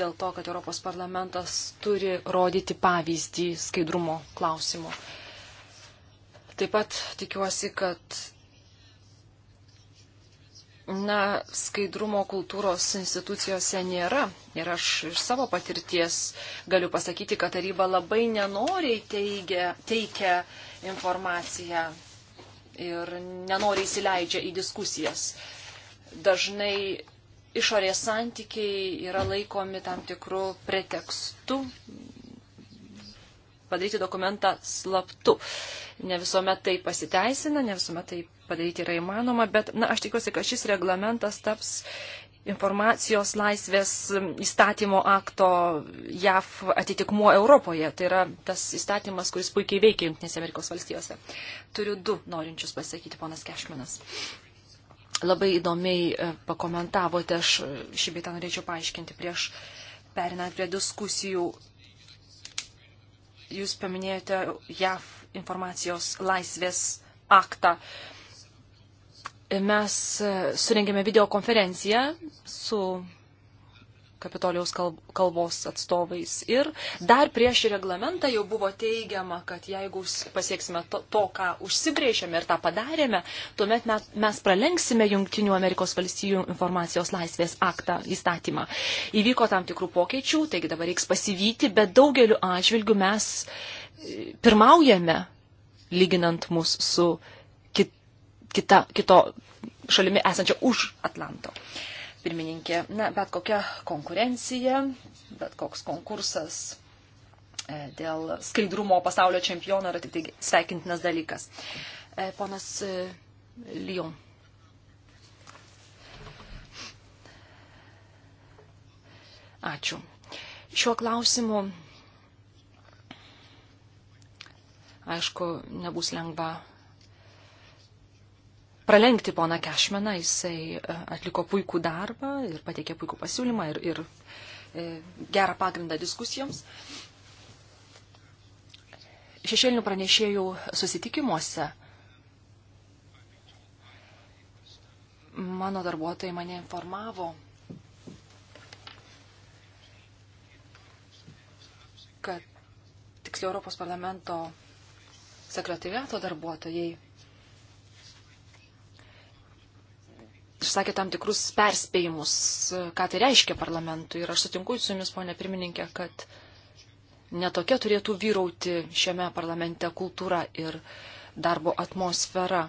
dėl to, kad Europos parlamentas turi rodyti pavyzdį skaidrumo klausimu. Taip pat tikiuosi, kad na, skaidrumo kultūros institucijose nėra. Ir aš iš savo patirties galiu pasakyti, kad taryba labai nenoriai teigia, teikia informaciją ir nenoriai įsileidžia į diskusijas. Dažnai išorės santykiai yra laikomi tam tikrų pretekstų padaryti dokumentą slaptu. Ne visuomet tai pasiteisina, ne visuomet tai padaryti yra įmanoma, bet na, aš tikiuosi, kad šis reglamentas taps informacijos laisvės įstatymo akto JAF atitikmuo Europoje. Tai yra tas įstatymas, kuris puikiai veikia Junktinėse Amerikos valstijose. Turiu du norinčius pasakyti, ponas Kešminas. Labai įdomiai e, pakomentavote, aš e, šį beitą norėčiau paaiškinti prieš perinant prie diskusijų jūs paminėjote JAV informacijos laisvės aktą, mes e, surengėme videokonferenciją su Kapitolijos kalbos atstovais. Ir dar prieš reglamentą jau buvo teigiama, kad jeigu pasieksime to, to ką užsibrėžėme ir tą padarėme, tuomet mes, mes pralenksime Junktinių Amerikos valstybių informacijos laisvės aktą įstatymą. Įvyko tam tikrų pokyčių, taigi dabar reiks pasivyti, bet daugeliu atžvilgių mes e, pirmaujame, lyginant mus su kita, kito šalimi esančia už Atlanto. Pirmininkė, na, bet kokia konkurencija, bet koks konkursas e, dėl skaidrumo pasaulio čempiono yra tik tai sveikintinas dalykas. E, ponas e, Lyon. Ačiū. Šiuo klausimu, aišku, nebus lengva pralenkti poną Kešmeną. Jisai e, atliko puikų darbą ir pateikė puikų pasiūlymą ir, ir e, gerą pagrindą diskusijoms. Šešėlinių pranešėjų susitikimuose mano darbuotojai mane informavo, kad tiksliau Europos parlamento sekretariato darbuotojai išsakė tam tikrus perspėjimus, ką tai reiškia parlamentui. Ir aš sutinku su jumis, ponė pirmininkė, kad netokia turėtų vyrauti šiame parlamente kultūra ir darbo atmosfera.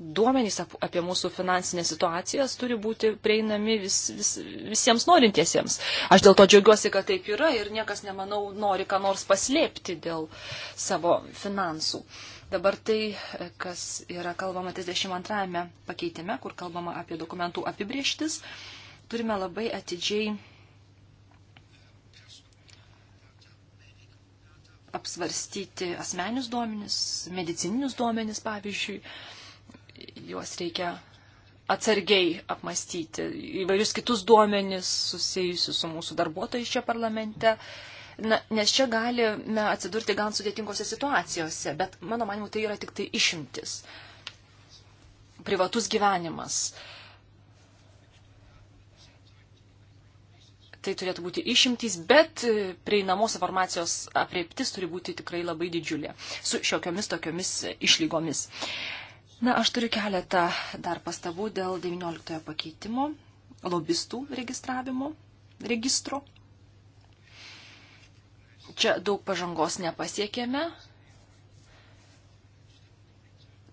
Duomenys apie mūsų finansinę situaciją turi būti prieinami vis, vis, visiems norintiesiems. Aš dėl to džiaugiuosi, kad taip yra ir niekas, nemanau, nori ką nors paslėpti dėl savo finansų. Uh, Dabar tai, kas yra kalbama 32 pakeitime, kur kalbama apie dokumentų apibrieštis, turime labai atidžiai apsvarstyti asmenius duomenis, medicininius duomenis, pavyzdžiui, juos reikia atsargiai apmastyti, įvairius kitus duomenis susijusius su mūsų darbuotojais čia parlamente. Uh, Na, nes čia galime atsidurti gan sudėtingose situacijose, bet mano manimu tai yra tik tai išimtis. Privatus gyvenimas. Tai turėtų būti išimtys, bet prieinamos informacijos apreiptis turi būti tikrai labai didžiulė su šiokiomis tokiomis išlygomis. Na, aš turiu keletą dar pastabų dėl 19 pakeitimo, lobistų registravimo registro. Čia daug pažangos nepasiekėme.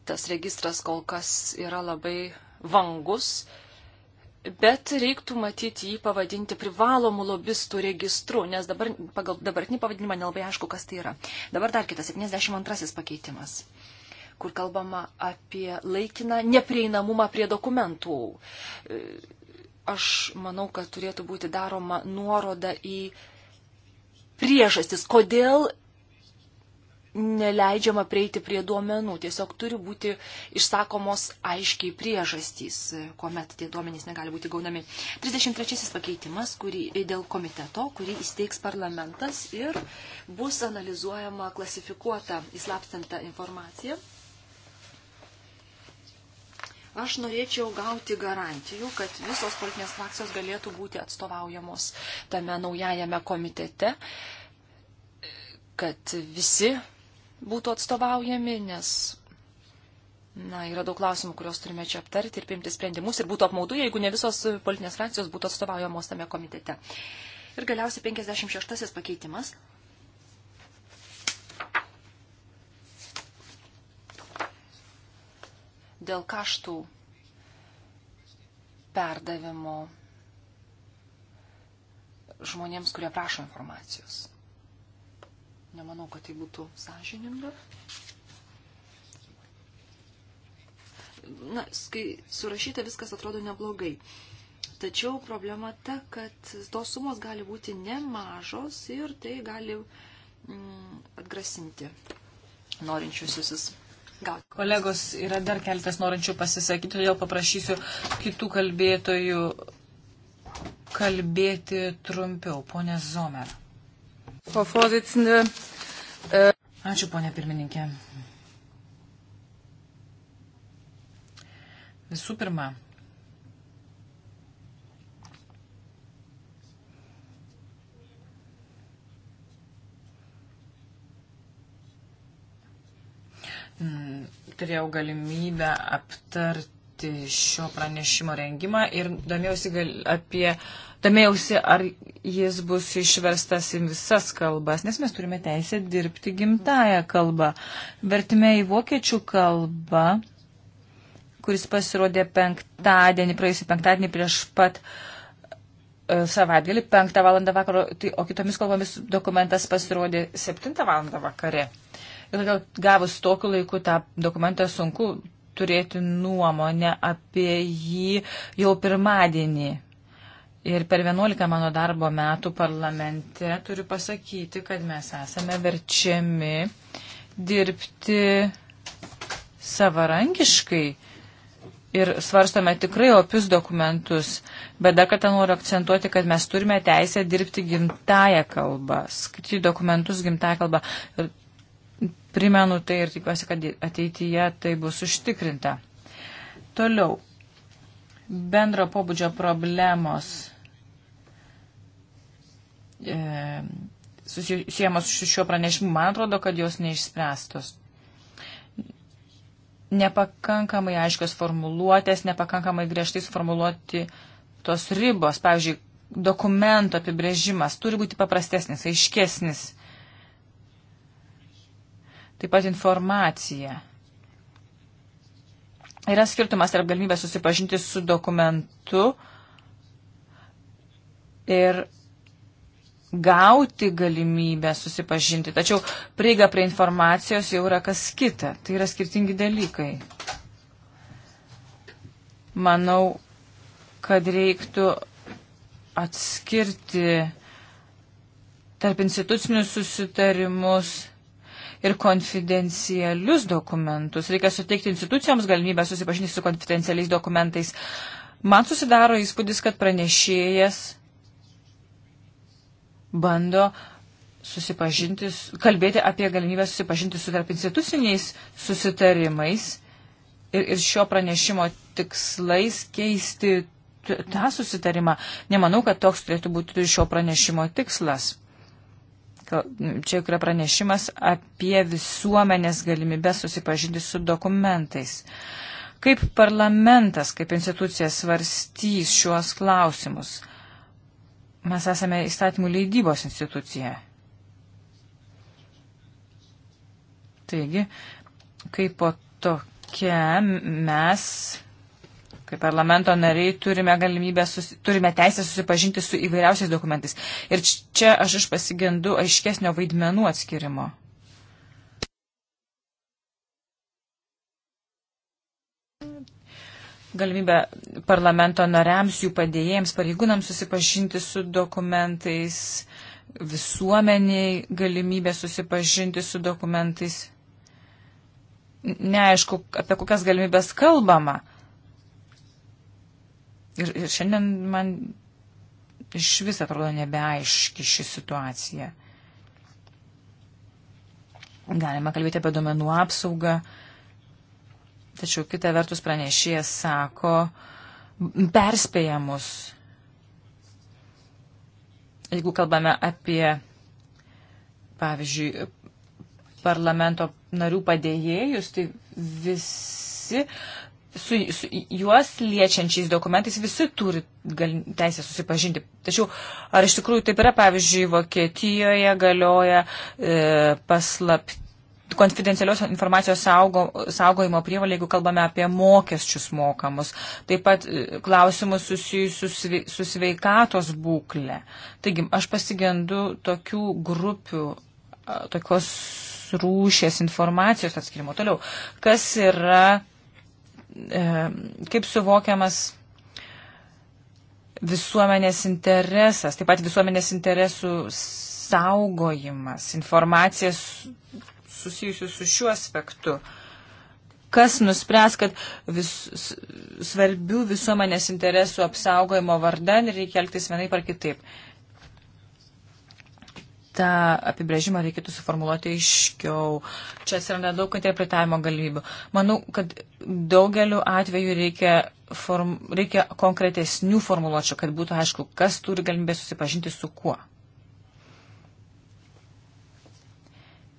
Tas registras kol kas yra labai vangus, bet reiktų matyti jį pavadinti privalomų lobistų registru, nes dabar, pagal dabartinį pavadinimą nelabai aišku, kas tai yra. Dabar dar kitas 72 pakeitimas kur kalbama apie laikiną neprieinamumą prie dokumentų. E, aš manau, kad turėtų būti daroma nuoroda į priežastis, kodėl neleidžiama prieiti prie duomenų. Tiesiog turi būti išsakomos aiškiai priežastys, kuomet tie duomenys negali būti gaunami. 33 pakeitimas kurį, dėl komiteto, kurį įsteigs parlamentas ir bus analizuojama klasifikuota įslaptinta informacija. Aš norėčiau gauti garantijų, kad visos politinės frakcijos galėtų būti atstovaujamos tame naujajame komitete, kad visi būtų atstovaujami, nes na, yra daug klausimų, kuriuos turime čia aptarti ir priimti sprendimus ir būtų apmaudu, jeigu ne visos politinės frakcijos būtų atstovaujamos tame komitete. Ir galiausiai 56 pakeitimas. dėl kaštų perdavimo žmonėms, kurie prašo informacijos. Nemanau, kad tai būtų sąžininga. Na, kai surašyta viskas atrodo neblogai. Tačiau problema ta, kad tos sumos gali būti nemažos ir tai gali mm, atgrasinti norinčiusius Gal. Kolegos, yra dar keletas norinčių pasisakyti, todėl paprašysiu kitų kalbėtojų kalbėti trumpiau. Pone Zomer. Äh, Ačiū, ponė pirmininkė. Visų pirma, Mm, turėjau galimybę aptarti šio pranešimo rengimą ir domėjausi gal, apie, domėjausi, ar jis bus išverstas į visas kalbas, nes mes turime teisę dirbti gimtają kalbą. Vertime į vokiečių kalbą, kuris pasirodė penktadienį, praėjusį penktadienį prieš pat e, savaitgalį, penktą valandą vakaro, tai, o kitomis kalbomis dokumentas pasirodė septintą valandą vakare. Ir todėl gavus tokiu laiku tą dokumentą sunku turėti nuomonę apie jį jau pirmadienį. Ir per 11 mano darbo metų parlamente turiu pasakyti, kad mes esame verčiami dirbti savarankiškai ir svarstome tikrai opius dokumentus, bet dar kartą noriu akcentuoti, kad mes turime teisę dirbti gimtają kalbą, skaityti dokumentus gimtają kalbą. Ir Primenu tai ir tikiuosi, kad ateityje tai bus užtikrinta. Toliau. Bendro pobūdžio problemos e, susijęmas su šiuo pranešimu, man atrodo, kad jos neišspręstos nepakankamai aiškios formuluotės, nepakankamai griežtai suformuluoti tos ribos. Pavyzdžiui, dokumento apibrėžimas turi būti paprastesnis, aiškesnis taip pat informacija. Yra skirtumas tarp galimybės susipažinti su dokumentu ir gauti galimybę susipažinti. Tačiau prieiga prie informacijos jau yra kas kita. Tai yra skirtingi dalykai. Manau, kad reiktų atskirti tarp institucinius susitarimus ir konfidencialius dokumentus. Reikia suteikti institucijoms galimybę susipažinti su konfidencialiais dokumentais. Man susidaro įspūdis, kad pranešėjas bando susipažinti, kalbėti apie galimybę susipažinti su tarp instituciniais susitarimais ir, ir šio pranešimo tikslais keisti tą susitarimą. Nemanau, kad toks turėtų būti šio pranešimo tikslas. Čia yra pranešimas apie visuomenės galimybę susipažinti su dokumentais. Kaip parlamentas, kaip institucija svarstys šiuos klausimus? Mes esame įstatymų leidybos institucija. Taigi, kaip po tokia mes kaip parlamento nariai, turime galimybę, susi, turime teisę susipažinti su įvairiausiais dokumentais. Ir čia aš iš pasigendu aiškesnio vaidmenų atskirimo. galimybę parlamento nariams, jų padėjėjams, pareigūnams susipažinti su dokumentais, visuomeniai galimybę susipažinti su dokumentais. Neaišku, apie kokias galimybės kalbama. Ir, ir šiandien man iš vis atrodo nebeaiški ši situacija. Galima kalbėti apie domenų apsaugą, tačiau kita vertus pranešėjas sako, perspėjamus. Jeigu kalbame apie, pavyzdžiui, parlamento narių padėjėjus, tai visi su, su juos liečiančiais dokumentais visi turi gal, teisę susipažinti. Tačiau ar iš tikrųjų taip yra, pavyzdžiui, Vokietijoje galioja e, paslapti konfidencialios informacijos saugo, saugojimo prievalė, jeigu kalbame apie mokesčius mokamus, taip pat e, klausimus susijusius su sveikatos būklė. Taigi, aš pasigendu tokių grupių, tokios rūšės informacijos atskirimo. Toliau, kas yra E, kaip suvokiamas visuomenės interesas, taip pat visuomenės interesų saugojimas, informacija susijusiu su šiuo aspektu. Kas nuspręs, kad vis, svarbių visuomenės interesų apsaugojimo vardan reikia elgtis vienaip ar kitaip tą apibrėžimą reikėtų suformuoluoti aiškiau. Čia atsiranda daug interpretavimo galimybių. Manau, kad daugeliu atveju reikia, form, reikia konkretesnių formuluočių, kad būtų aišku, kas turi galimybę susipažinti su kuo.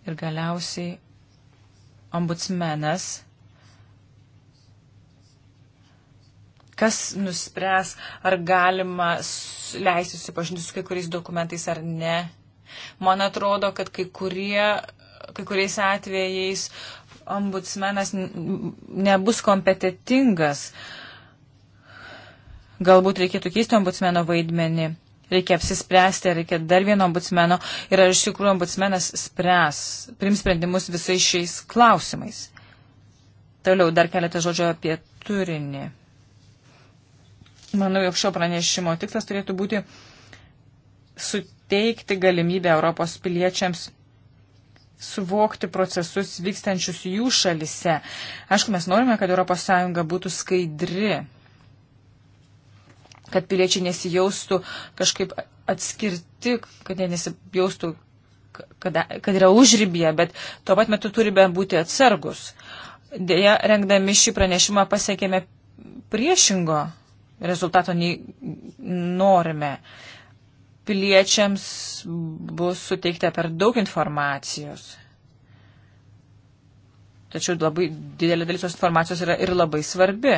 Ir galiausiai ombudsmenas. Kas nuspręs, ar galima leisti susipažinti su kai kuriais dokumentais ar ne? Man atrodo, kad kai, kurie, kai kuriais atvejais ombudsmenas nebus kompetitingas. Galbūt reikėtų keisti ombudsmeno vaidmenį. Reikia apsispręsti, reikia dar vieno ombudsmeno ir ar iš tikrųjų ombudsmenas spręs, prims sprendimus visais šiais klausimais. Toliau dar keletą žodžių apie turinį. Manau, jog šio pranešimo tikslas turėtų būti su, suteikti galimybę Europos piliečiams suvokti procesus vykstančius jų šalise. Aišku, mes norime, kad ES būtų skaidri, kad piliečiai nesijaustų kažkaip atskirti, kad jie nesijaustų, kad, kad yra užrybėje, bet tuo pat metu turime būti atsargus. Deja, rengdami šį pranešimą pasiekėme priešingo rezultato nei norime piliečiams bus suteikta per daug informacijos. Tačiau labai didelė dalis tos informacijos yra ir labai svarbi.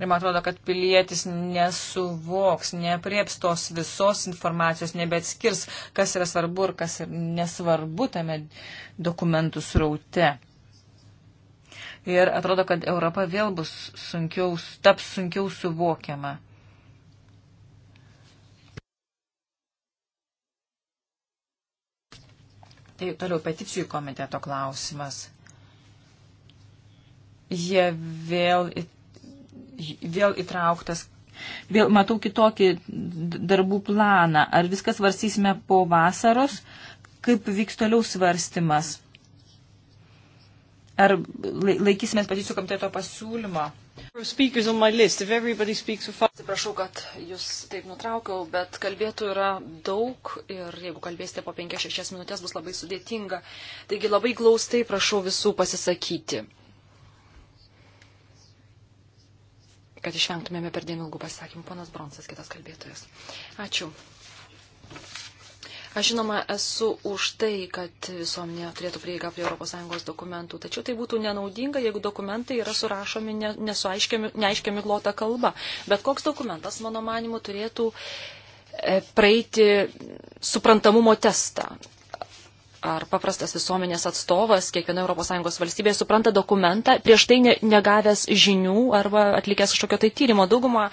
Ir man atrodo, kad pilietis nesuvoks, neprieps tos visos informacijos, nebetskirs, kas yra svarbu ir kas nesvarbu tame dokumentų sraute ir atrodo, kad Europa vėl bus sunkiau, taps sunkiau suvokiama. Tai toliau peticijų komiteto klausimas. Jie vėl, vėl įtrauktas vėl matau kitokį darbų planą. Ar viskas svarstysime po vasaros, kaip vyks toliau svarstymas? Ar laikysimės patyčių komiteto pasiūlymo? Atsiprašau, kad jūs taip nutraukiau, bet kalbėtų yra daug ir jeigu kalbėsite po 5-6 minutės bus labai sudėtinga. Taigi labai glaustai prašau visų pasisakyti, kad išvengtumėme per dėm ilgų pasisakymų. Ponas Bronsas, kitas kalbėtojas. Ačiū. Aš žinoma esu už tai, kad visuomenė turėtų prieigą prie ES dokumentų, tačiau tai būtų nenaudinga, jeigu dokumentai yra surašomi neaiškiami glota kalba. Bet koks dokumentas, mano manimu, turėtų e, praeiti suprantamumo testą. Ar paprastas visuomenės atstovas kiekviena ES valstybė supranta dokumentą prieš tai ne, negavęs žinių arba atlikęs kažkokio tai tyrimo. Daugumą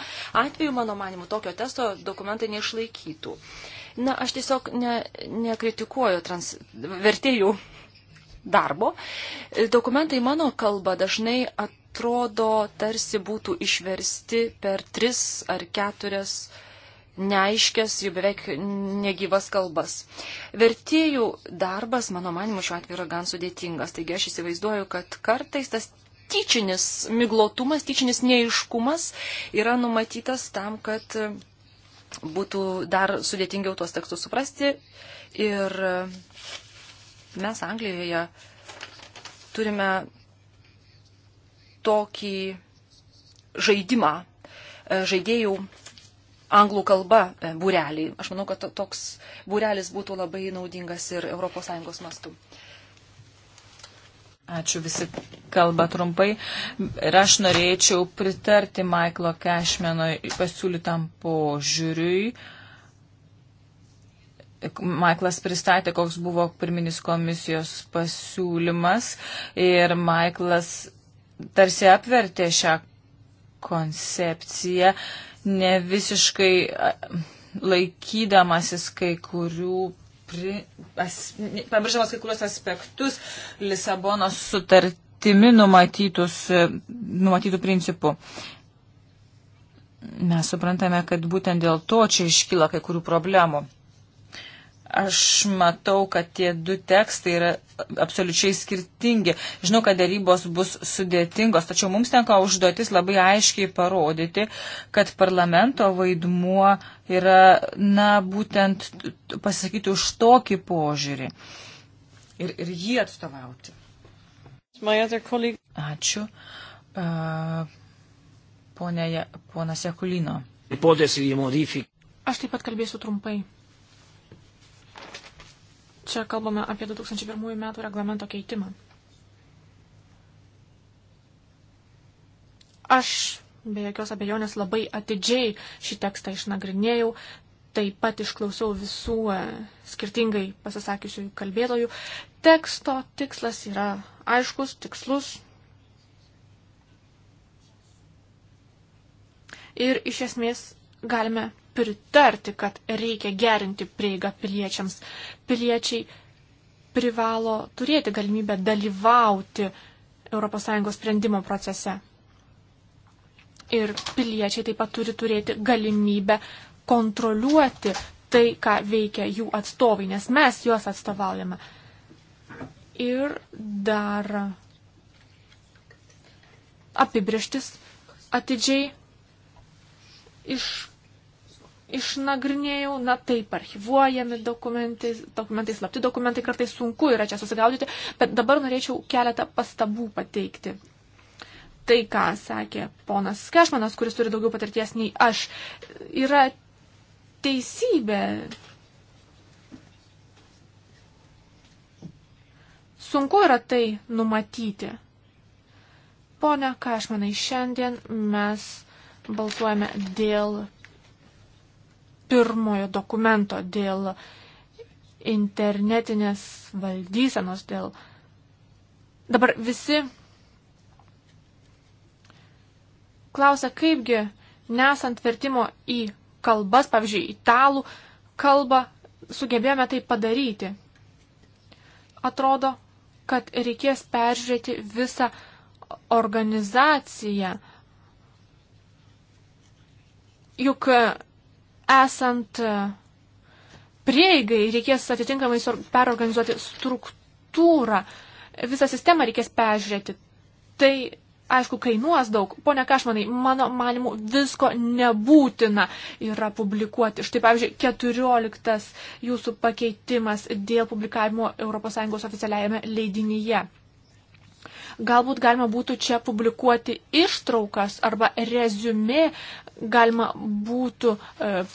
atvejų, mano manimu, tokio testo dokumentai neišlaikytų. Uh, Na, aš tiesiog ne, nekritikuoju trans, vertėjų darbo. Dokumentai mano kalba dažnai atrodo tarsi būtų išversti per tris ar keturias neaiškės, jų beveik negyvas kalbas. Vertėjų darbas, mano manimu, šiuo atveju yra gan sudėtingas. Taigi aš įsivaizduoju, kad kartais tas tyčinis miglotumas, tyčinis neiškumas yra numatytas tam, kad būtų dar sudėtingiau tuos tekstus suprasti. Ir mes Anglijoje turime tokį žaidimą, e, žaidėjų anglų kalba e, būrelį. Aš manau, kad toks būrelis būtų labai naudingas ir ES mastu. Ačiū visi kalba trumpai. Ir aš norėčiau pritarti Maiklo Kešmeno pasiūlytam požiūriui. Maiklas pristatė, koks buvo pirminis komisijos pasiūlymas ir Maiklas tarsi apvertė šią koncepciją, ne visiškai laikydamasis kai kurių pri, as, pamiršamas kai kurios aspektus Lisabonos sutartimi numatytus, e, numatytų principų. Mes suprantame, kad būtent dėl to čia iškyla kai kurių problemų. Aš matau, kad tie du tekstai yra absoliučiai skirtingi. Žinau, kad darybos bus sudėtingos, tačiau mums tenka užduotis labai aiškiai parodyti, kad parlamento vaidmuo yra, na, būtent pasakyti už tokį požiūrį ir, ir jį atstovauti. Ačiū. Uh, Pone, ponas Jekulino. Aš taip pat kalbėsiu trumpai. Čia kalbame apie 2001 metų reglamento keitimą. Aš be jokios abejonės labai atidžiai šį tekstą išnagrinėjau, taip pat išklausiau visų e, skirtingai pasisakiusių kalbėtojų. Teksto tikslas yra aiškus, tikslus. Ir iš esmės galime pritarti, kad reikia gerinti prieigą piliečiams. Piliečiai privalo turėti galimybę dalyvauti ES sprendimo procese. Ir piliečiai taip pat turi turėti galimybę kontroliuoti tai, ką veikia jų atstovai, nes mes juos atstovaujame. Ir dar apibrieštis atidžiai iš išnagrinėjau, na taip, archivuojami dokumentai, dokumentai, slapti dokumentai, kartais sunku yra čia susigaudyti, bet dabar norėčiau keletą pastabų pateikti. Tai, ką sakė ponas Kešmanas, kuris turi daugiau patirties nei aš, yra teisybė. Sunku yra tai numatyti. Pone Kašmanai, šiandien mes balsuojame dėl pirmojo dokumento dėl internetinės valdysenos, dėl. Dabar visi klausia, kaipgi, nesant vertimo į kalbas, pavyzdžiui, italų kalbą, sugebėjome tai padaryti. Atrodo, kad reikės peržiūrėti visą organizaciją. Juk esant e, prieigai reikės atitinkamai perorganizuoti struktūrą, visą sistemą reikės peržiūrėti. Tai, aišku, kainuos daug. Pone Kašmanai, mano manimu, visko nebūtina yra publikuoti. Štai, pavyzdžiui, 14 jūsų pakeitimas dėl publikavimo ES oficialiajame leidinyje. Galbūt galima būtų čia publikuoti ištraukas arba rezumė, galima būtų e,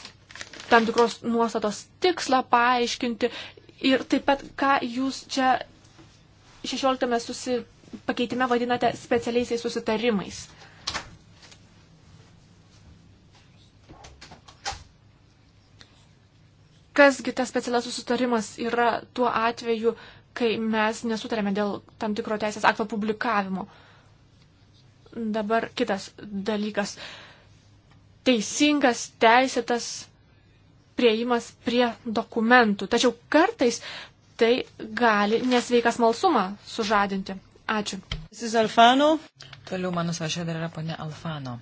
tam tikros nuostatos tikslą paaiškinti ir taip pat, ką jūs čia 16 susi, pakeitime vadinate specialiaisiais susitarimais. Kasgi tas specialas susitarimas yra tuo atveju, kai mes nesutarėme dėl tam tikro teisės akto publikavimo. Dabar kitas dalykas. Teisingas, teisėtas prieimas prie dokumentų. Tačiau kartais tai gali nesveikas malsumą sužadinti. Ačiū. Sis Alfano. Toliau mano sąraše dar yra ponia Alfano.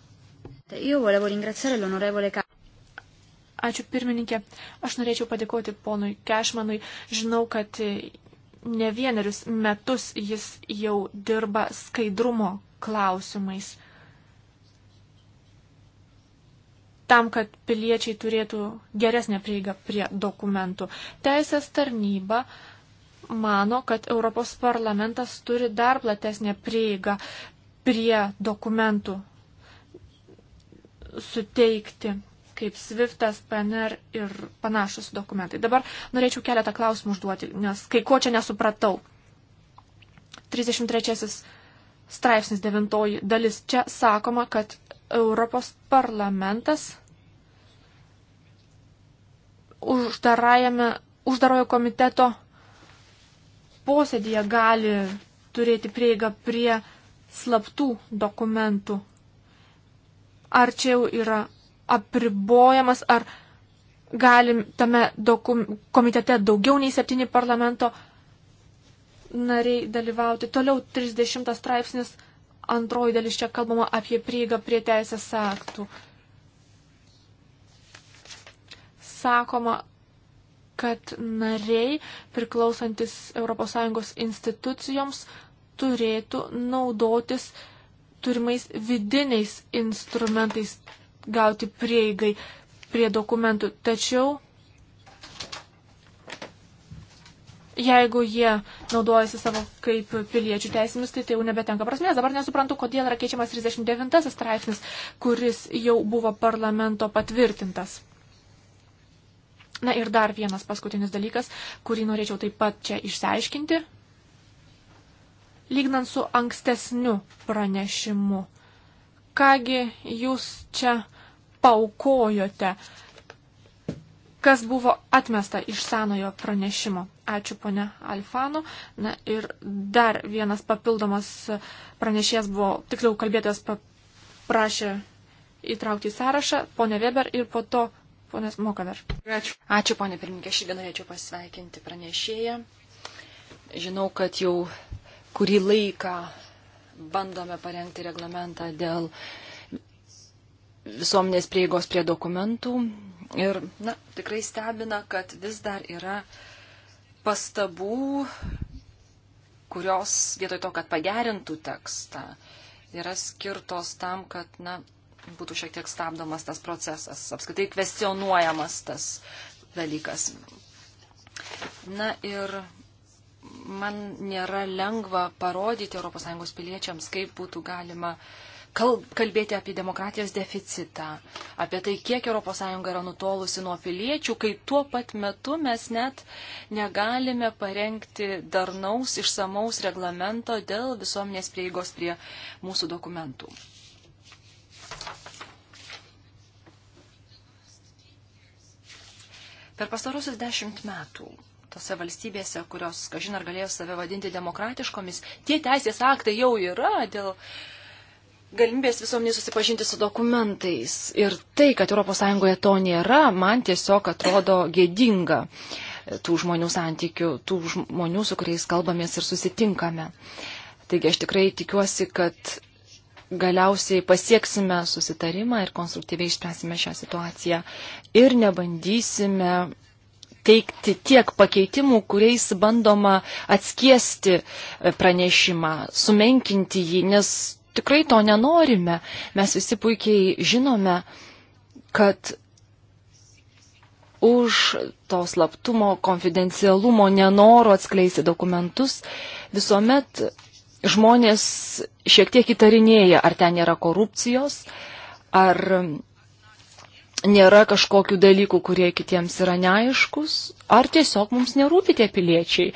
Ačiū pirmininkė. Aš norėčiau padėkoti ponui Kešmanui. Žinau, kad ne vienerius metus jis jau dirba skaidrumo klausimais. Tam, kad piliečiai turėtų geresnę prieigą prie dokumentų. Teisės tarnyba mano, kad Europos parlamentas turi dar platesnę prieigą prie dokumentų suteikti kaip Swiftas, PNR ir panašus dokumentai. Dabar norėčiau keletą klausimų užduoti, nes kai ko čia nesupratau. 33 straipsnis 9 dalis. Čia sakoma, kad Europos parlamentas uždarajame, uždarojo komiteto posėdėje gali turėti prieigą prie slaptų dokumentų. Ar čia jau yra apribojamas, ar galim tame dokum, komitete daugiau nei septyni parlamento nariai dalyvauti. Toliau 30 straipsnis, antroji dalis čia kalbama apie prieigą prie teisės aktų. Sakoma, kad nariai priklausantis ES institucijoms turėtų naudotis turimais vidiniais instrumentais gauti prieigai prie dokumentų. Tačiau jeigu jie naudojasi savo kaip piliečių teisėmis, tai tai jau nebetenka prasmės. Dabar nesuprantu, kodėl yra keičiamas 39 straipsnis, kuris jau buvo parlamento patvirtintas. Na ir dar vienas paskutinis dalykas, kurį norėčiau taip pat čia išsiaiškinti. Lygnant su ankstesniu pranešimu. Kągi jūs čia paukojote, kas buvo atmesta iš senojo pranešimo. Ačiū, ponė Alfano. Na ir dar vienas papildomas pranešėjas buvo, tiksliau kalbėtojas paprašė įtraukti į sąrašą, ponė Weber ir po to ponės Mokaver. Ačiū. Ačiū, ponė pirmininkė, aš irgi norėčiau pasveikinti pranešėją. Žinau, kad jau kurį laiką bandome parengti reglamentą dėl uh, visuomenės prieigos prie dokumentų. Ir, na, tikrai stebina, kad vis dar yra pastabų, kurios vietoj to, kad pagerintų tekstą, yra skirtos tam, kad, na, būtų šiek tiek stabdomas tas procesas, apskaitai kvestionuojamas tas dalykas. Na ir man nėra lengva parodyti ES piliečiams, kaip būtų galima uh, kalbėti apie demokratijos deficitą, apie tai, kiek ES yra nutolusi nuo piliečių, kai tuo pat metu mes net negalime parengti darnaus išsamaus reglamento dėl visuomenės prieigos prie mūsų dokumentų. Per pastarosius dešimt metų tose valstybėse, kurios, kažin ar galėjo save vadinti demokratiškomis, tie teisės aktai jau yra dėl galimybės visuomenė susipažinti su dokumentais. Ir tai, kad ES to nėra, man tiesiog atrodo gėdinga tų žmonių santykių, tų žmonių, su kuriais kalbamės ir susitinkame. Taigi aš tikrai tikiuosi, kad galiausiai pasieksime susitarimą ir konstruktyviai išspręsime šią situaciją ir nebandysime teikti tiek pakeitimų, kuriais bandoma atskiesti pranešimą, sumenkinti jį, nes tikrai to nenorime. Mes visi puikiai žinome, kad už to slaptumo, konfidencialumo, nenoro atskleisti dokumentus visuomet žmonės šiek tiek įtarinėja, ar ten nėra korupcijos, ar nėra kažkokių dalykų, kurie kitiems yra neaiškus, ar tiesiog mums nerūpi tie piliečiai.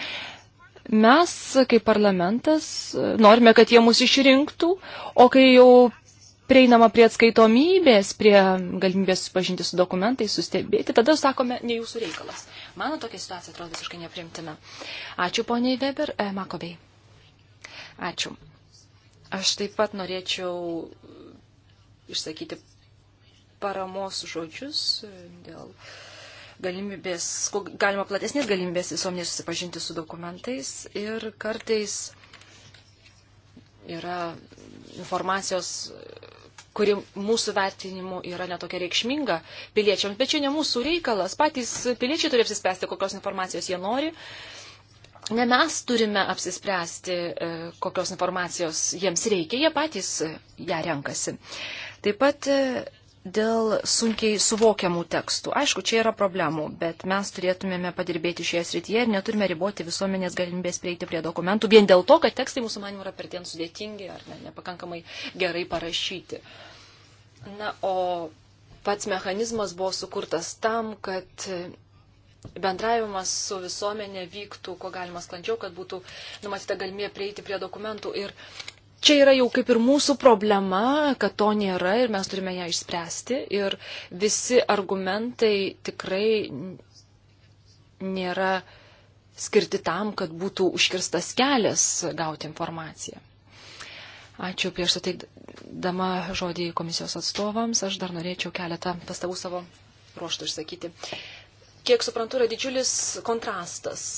Mes, kaip parlamentas, norime, kad jie mus išrinktų, o kai jau prieinama prie atskaitomybės, prie galimybės susipažinti su dokumentais, sustebėti, tada sakome, ne jūsų reikalas. Mano tokia situacija atrodo visiškai neprimtina. Ačiū poniai Weber, e, Makovei. Ačiū. Aš taip pat norėčiau išsakyti paramos žodžius e, dėl uh, galimybės, galima platesnės galimybės visuomenės susipažinti su dokumentais ir kartais yra informacijos kuri mūsų vertinimu yra netokia reikšminga piliečiams, bet čia ne mūsų reikalas, patys piliečiai turi apsispręsti, kokios informacijos jie nori. Ne mes turime apsispręsti, e, kokios informacijos jiems reikia, jie patys e, ją renkasi. Taip pat e, dėl sunkiai suvokiamų tekstų. Aišku, čia yra problemų, bet mes turėtumėme padirbėti šioje srityje ir neturime riboti visuomenės galimybės prieiti prie dokumentų vien dėl to, kad tekstai mūsų manimo yra pertien sudėtingi ar ne, nepakankamai gerai parašyti. Na, o pats mechanizmas buvo sukurtas tam, kad bendravimas su visuomenė vyktų, ko galima sklandžiau, kad būtų numatyta galimybė prieiti prie dokumentų. Ir čia yra jau kaip ir mūsų problema, kad to nėra ir mes turime ją išspręsti. Ir visi argumentai tikrai nėra skirti tam, kad būtų užkirstas kelias gauti informaciją. Ačiū prieš suteikdama žodį komisijos atstovams. Aš dar norėčiau keletą pastabų savo ruoštų išsakyti. Kiek suprantu, yra didžiulis kontrastas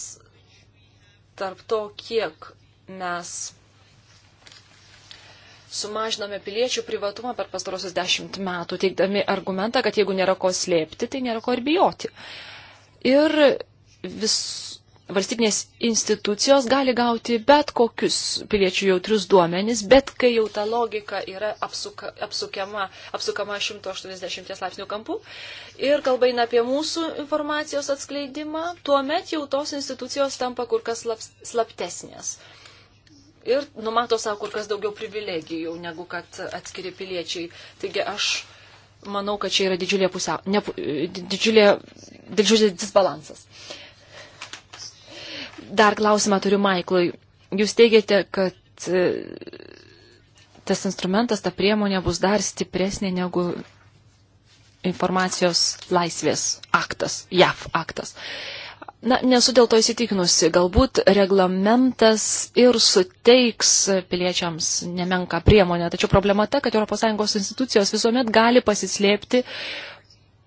tarp to, kiek mes sumažinome piliečių privatumą per pastarosius dešimt metų, teikdami argumentą, kad jeigu nėra ko slėpti, tai nėra ko ir bijoti. Ir vis, valstybinės institucijos gali gauti bet kokius piliečių jautrius duomenis, bet kai jau ta logika yra apsuka, apsukama, apsukama 180 laipsnių kampų ir kalba eina apie mūsų informacijos atskleidimą, tuomet jau tos institucijos tampa kur kas slap, slaptesnės. Slap ir numato savo kur kas daugiau privilegijų negu kad atskiri piliečiai. Taigi aš manau, kad čia yra didžiulė, pusiau, ne, didžiulė, didžiulė disbalansas. Dar klausimą turiu Maiklui. Jūs teigiate, kad e, tas instrumentas, ta priemonė bus dar stipresnė negu informacijos laisvės aktas, JAF aktas. Uh, Na, nesu dėl to įsitikinusi. Galbūt reglamentas ir suteiks piliečiams nemenka priemonė. Tačiau problema ta, kad ES institucijos visuomet gali pasislėpti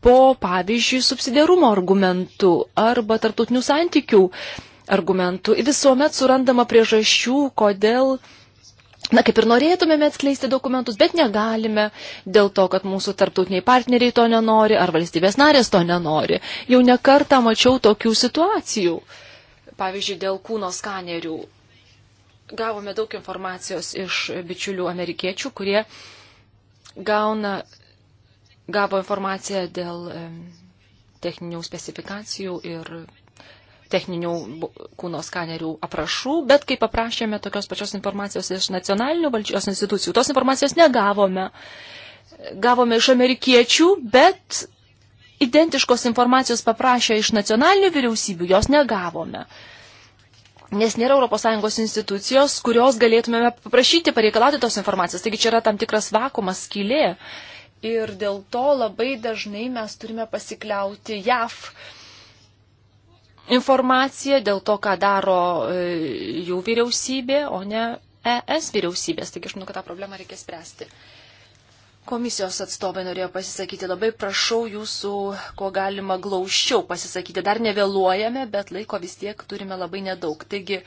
po, pavyzdžiui, subsidiarumo argumentų arba tartutinių santykių argumentų. Visuomet surandama priežasčių, kodėl uh, Na, kaip ir norėtumėme atskleisti dokumentus, bet negalime dėl to, kad mūsų tarptautiniai partneriai to nenori ar valstybės narės to nenori. Jau nekartą mačiau tokių situacijų. Pavyzdžiui, dėl kūno skanerių. Gavome daug informacijos iš bičiulių amerikiečių, kurie gauna, gavo informaciją dėl techninių specifikacijų ir techninių kūno skanerių aprašų, bet kai paprašėme tokios pačios informacijos iš nacionalinių valdžios institucijų, tos informacijos negavome. Gavome iš amerikiečių, bet identiškos informacijos paprašė iš nacionalinių vyriausybių, jos negavome. Nes nėra ES institucijos, kurios galėtumėme paprašyti, pareikalauti tos informacijos. Taigi čia yra tam tikras vakumas, skylė. Ir dėl to labai dažnai mes turime pasikliauti JAF uh, informaciją dėl to, ką daro e, jų vyriausybė, o ne ES vyriausybės. Taigi aš manau, kad tą problemą reikia spręsti. Komisijos atstovai norėjo pasisakyti. Labai prašau jūsų, ko galima glaušiau pasisakyti. Dar nevėluojame, bet laiko vis tiek turime labai nedaug. Taigi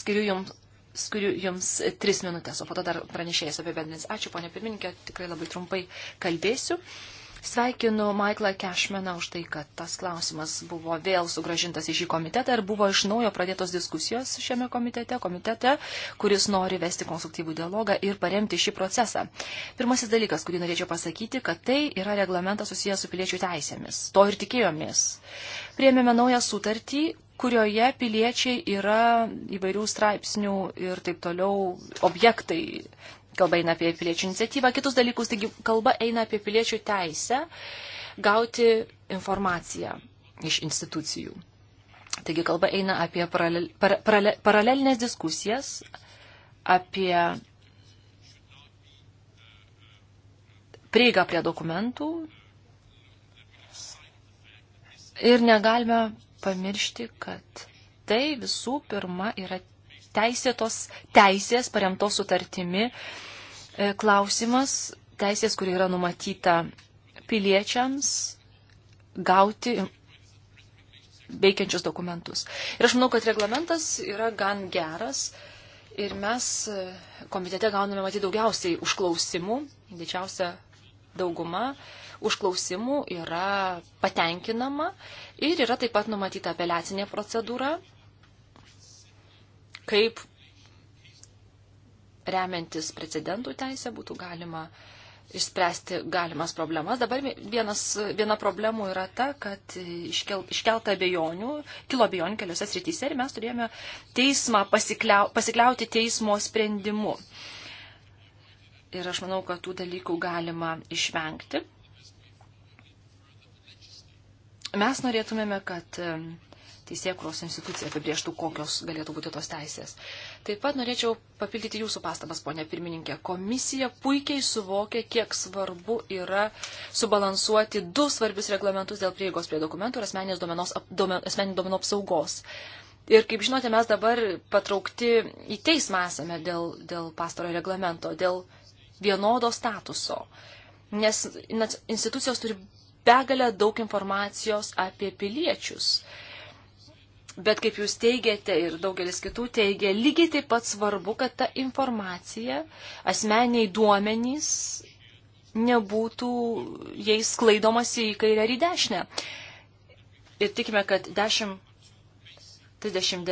skiriu jums, skiriu jums tris minutės, o po to dar pranešėjas apie bendrins. Ačiū, ponė pirmininkė, tikrai labai trumpai kalbėsiu. Uh, Sveikinu Michaelą Cashmaną už tai, kad tas klausimas buvo vėl sugražintas į šį komitetą ir buvo iš naujo pradėtos diskusijos šiame komitete, komitete, kuris nori vesti konstruktyvų dialogą ir paremti šį procesą. Pirmasis dalykas, kurį norėčiau pasakyti, kad tai yra reglamentas susijęs su piliečių teisėmis. To ir tikėjomės. Priėmėme naują sutartį, kurioje piliečiai yra įvairių straipsnių ir taip toliau objektai kalba eina apie piliečių iniciatyvą, kitus dalykus, taigi kalba eina apie piliečių teisę gauti informaciją iš institucijų. Taigi kalba eina apie paralel, par, paralel, paralelinės diskusijas, apie prieigą prie dokumentų ir negalime pamiršti, kad tai visų pirma yra teisėtos teisės paremtos sutartimi E, klausimas, teisės, kuri yra numatyta piliečiams gauti veikiančius dokumentus. Ir aš manau, kad reglamentas yra gan geras ir mes e, komitete gauname matyti daugiausiai užklausimų, didžiausia dauguma užklausimų yra patenkinama ir yra taip pat numatyta apeliacinė procedūra, kaip remiantis precedentų teisę būtų galima išspręsti galimas problemas. Dabar vienas, viena problemų yra ta, kad iškel, iškelta abejonių, kilo abejonių keliose srityse ir mes turėjome teismą pasikliau, pasikliauti teismo sprendimu. Ir aš manau, kad tų dalykų galima išvengti. Mes norėtumėme, kad e, teisėkuros institucija apibrieštų, kokios galėtų būti tos teisės. Taip pat norėčiau papildyti jūsų pastabas, ponė pirmininkė. Komisija puikiai suvokia, kiek svarbu yra subalansuoti du svarbius reglamentus dėl prieigos prie dokumentų ir asmeninės duomenos, duomen, asmeninių duomenų apsaugos. Ir kaip žinote, mes dabar patraukti į teismą esame dėl, dėl pastaro reglamento, dėl vienodo statuso. Nes institucijos turi begalę daug informacijos apie piliečius. Uh, Bet kaip jūs teigiate ir daugelis kitų teigia, lygiai taip pat svarbu, kad ta informacija, asmeniai duomenys nebūtų jais klaidomas į kairę ar į dešinę. Ir tikime, kad 1039 10,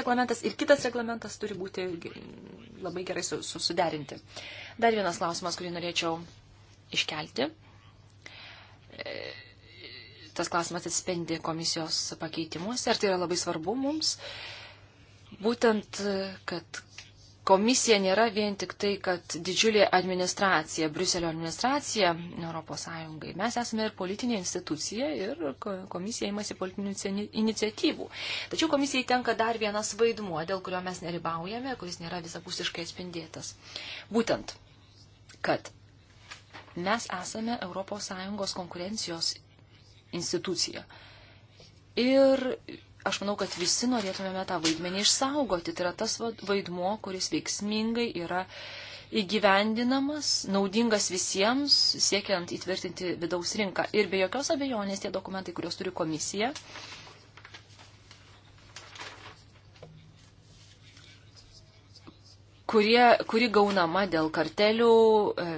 reglamentas ir kitas reglamentas turi būti labai gerai su, su, suderinti. Dar vienas klausimas, kurį norėčiau iškelti. E tas klausimas atsispindi komisijos pakeitimuose ir tai yra labai svarbu mums. Būtent, kad komisija nėra vien tik tai, kad didžiulė administracija, Bruselio administracija ES. Mes esame ir politinė institucija ir komisija imasi politinių iniciatyvų. Tačiau komisijai tenka dar vienas vaidmuo, dėl kurio mes neribaujame, kuris nėra visapusiškai atspindėtas. Būtent, kad mes esame ES konkurencijos institucija. Ir aš manau, kad visi norėtumėme tą vaidmenį išsaugoti. Tai yra tas vaidmuo, kuris veiksmingai yra įgyvendinamas, naudingas visiems, siekiant įtvirtinti vidaus rinką. Ir be jokios abejonės tie dokumentai, kuriuos turi komisija, kurie, kuri gaunama dėl kartelių, e,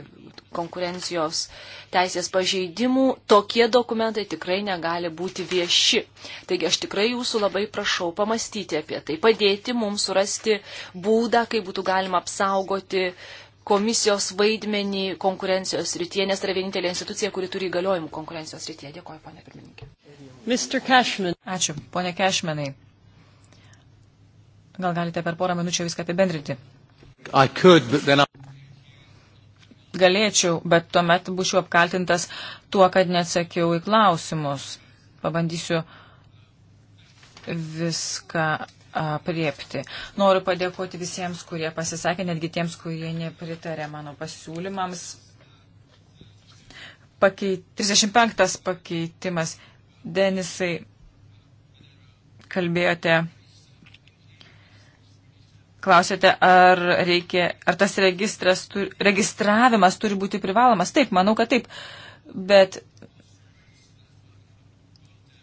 konkurencijos teisės pažeidimų, tokie dokumentai tikrai negali būti vieši. Taigi aš tikrai jūsų labai prašau pamastyti apie tai, padėti mums surasti būdą, kaip būtų galima apsaugoti komisijos vaidmenį konkurencijos rytyje, nes tai yra vienintelė institucija, kuri turi įgaliojimų konkurencijos rytyje. Dėkoju, ponė pirmininkė. Mr. Cashman. Ačiū, ponė Cashmanai. Gal galite per porą minučių viską apibendrinti? I could, I galėčiau, bet tuomet būčiau apkaltintas tuo, kad neatsakiau į klausimus. Pabandysiu viską apriepti. Noriu padėkoti visiems, kurie pasisakė, netgi tiems, kurie nepritarė mano pasiūlymams. Pakeit, 35 pakeitimas. Denisai, kalbėjote Klausėte, ar, reikia, ar tas tu, registravimas turi būti privalomas? Taip, manau, kad taip. Bet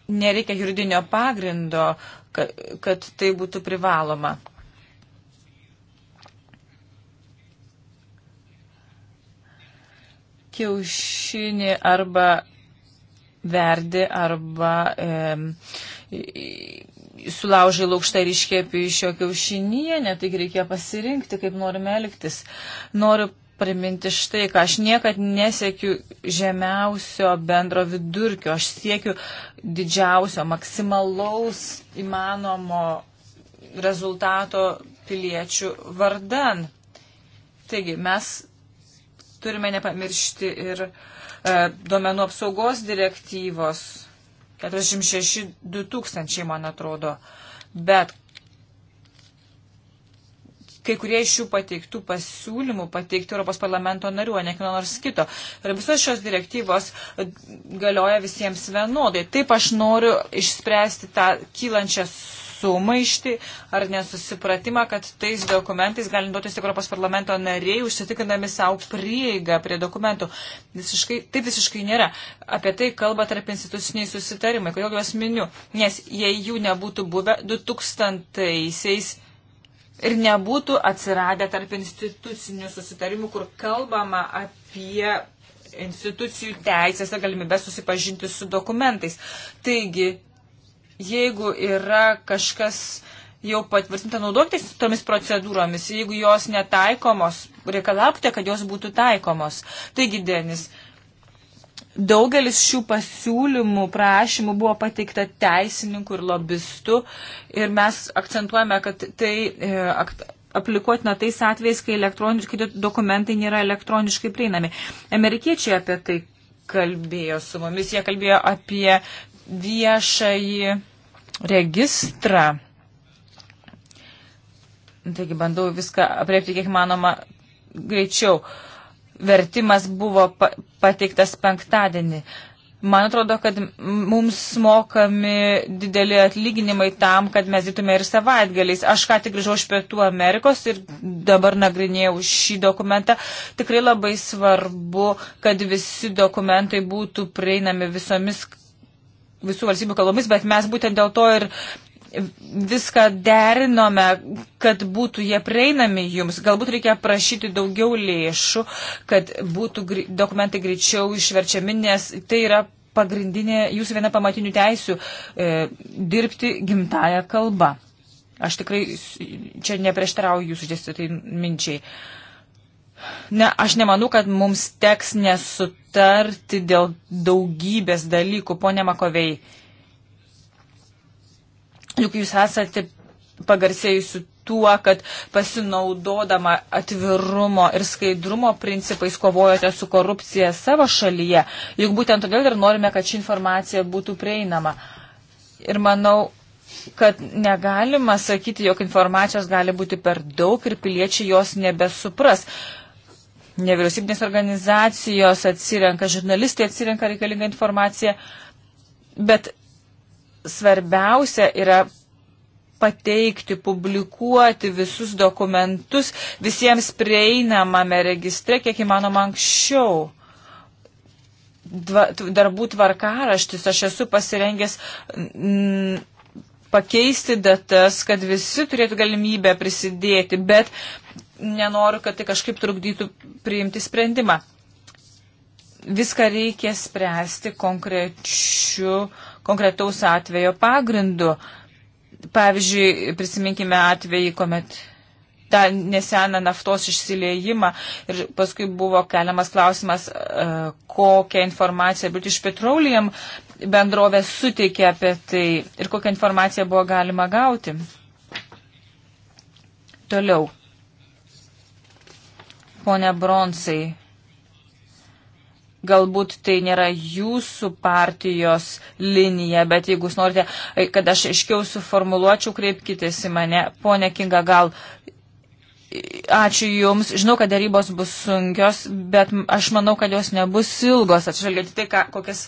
nereikia juridinio pagrindo, kad, kad tai būtų privaloma. Kiaušinį arba verdi arba e, sulaužai laukštą ir iškėpi iš jo kiaušinienę, taigi reikia pasirinkti, kaip norime elgtis. Noriu priminti štai, ką aš niekad nesiekiu žemiausio bendro vidurkio, aš siekiu didžiausio, maksimalaus įmanomo rezultato piliečių vardan. Taigi mes turime nepamiršti ir e, duomenų apsaugos direktyvos 46 2000, man atrodo. Bet kai kurie iš šių pateiktų pasiūlymų pateikti Europos parlamento narių, o ne kino nors kito. Ir visos šios direktyvos galioja visiems vienodai. Taip aš noriu išspręsti tą kylančią sumaištį ar nesusipratimą, kad tais dokumentais gali duotis Europos parlamento nariai, užsitikrinami savo prieigą prie dokumentų. Visiškai, taip visiškai nėra. Apie tai kalba tarp instituciniai susitarimai. Kodėl juos miniu? Nes jei jų nebūtų buvę 2000-aisiais. Ir nebūtų atsiradę tarp institucinių susitarimų, kur kalbama apie institucijų teisės ir galimybę susipažinti su dokumentais. Taigi, jeigu yra kažkas jau patvirtinta naudotis tomis procedūromis, jeigu jos netaikomos, reikalaukite, kad jos būtų taikomos. Taigi, Denis, daugelis šių pasiūlymų, prašymų buvo pateikta teisininkų ir lobistų ir mes akcentuojame, kad tai e, aplikuotina tais atvejais, kai, kai dokumentai nėra elektroniškai prieinami. Amerikiečiai apie tai kalbėjo su mumis, jie kalbėjo apie viešąjį registrą. Taigi bandau viską apriepti kiek manoma greičiau. Vertimas buvo pateiktas penktadienį. Man atrodo, kad mums mokami dideli atlyginimai tam, kad mes dėtume ir savaitgaliais. Aš ką tik grįžau iš Pietų Amerikos ir dabar nagrinėjau šį dokumentą. Tikrai labai svarbu, kad visi dokumentai būtų prieinami visomis visų valstybių kalbomis, bet mes būtent dėl to ir viską derinome, kad būtų jie prieinami jums. Galbūt reikia prašyti daugiau lėšų, kad būtų gri dokumentai greičiau išverčiami, nes tai yra pagrindinė, jūsų viena pamatinių teisių e, dirbti gimtają kalbą. Aš tikrai čia neprieštarauju jūsų dėstytai minčiai. E, Ne, aš nemanau, kad mums teks nesutarti dėl daugybės dalykų, ponė Makovei. Juk jūs esate pagarsėjusi tuo, kad pasinaudodama atvirumo ir skaidrumo principais kovojate su korupcija savo šalyje. Juk būtent todėl ir norime, kad ši informacija būtų prieinama. Ir manau, kad negalima sakyti, jog informacijos gali būti per daug ir piliečiai jos nebesupras. Uh, nevyriausybinės organizacijos atsirenka, žurnalistai atsirenka reikalingą informaciją, bet svarbiausia yra pateikti, publikuoti visus dokumentus visiems prieinamame registre, kiek įmanoma anksčiau. Dva, darbų tvarkaraštis aš esu pasirengęs m, pakeisti datas, kad visi turėtų galimybę prisidėti, bet nenoriu, kad tai kažkaip trukdytų priimti sprendimą. Viską reikia spręsti konkrečiu, konkretaus atvejo pagrindu. Pavyzdžiui, prisiminkime atvejį, kuomet tą neseną naftos išsiliejimą ir paskui buvo keliamas klausimas, e, kokią informaciją British Petroleum bendrovė suteikė apie tai ir kokią informaciją buvo galima gauti. Toliau ponia Bronsai, galbūt tai nėra jūsų partijos linija, bet jeigu jūs norite, kad aš aiškiau suformuluočiau, kreipkitės į mane. Pone Kinga, gal ačiū Jums. Žinau, kad darybos bus sunkios, bet aš manau, kad jos nebus ilgos. Atšvelgiant tai, ką, kokias,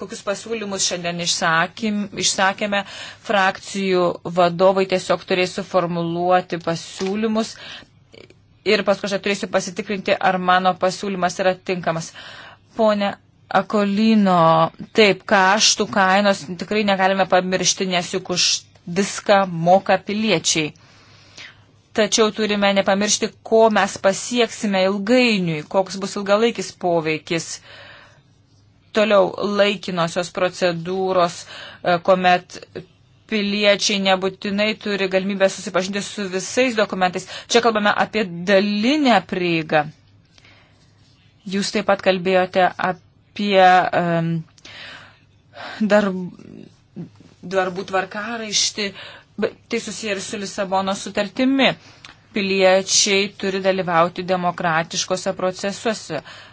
kokius pasiūlymus šiandien išsakym, išsakėme, frakcijų vadovai tiesiog turės suformuluoti pasiūlymus ir paskui aš turėsiu pasitikrinti, ar mano pasiūlymas yra tinkamas. Pone Akolino, taip, kaštų kainos tikrai negalime pamiršti, nes juk už viską moka piliečiai. Tačiau turime nepamiršti, ko mes pasieksime ilgainiui, koks bus ilgalaikis poveikis. Toliau laikinosios procedūros, e, kuomet piliečiai nebūtinai turi galimybę susipažinti su visais dokumentais. Čia kalbame apie dalinę prieigą. Jūs taip pat kalbėjote apie um, darb, darbų tvarkaraišti, tai susiję ir su Lisabono sutartimi. Piliečiai turi dalyvauti demokratiškose procesuose. Uh,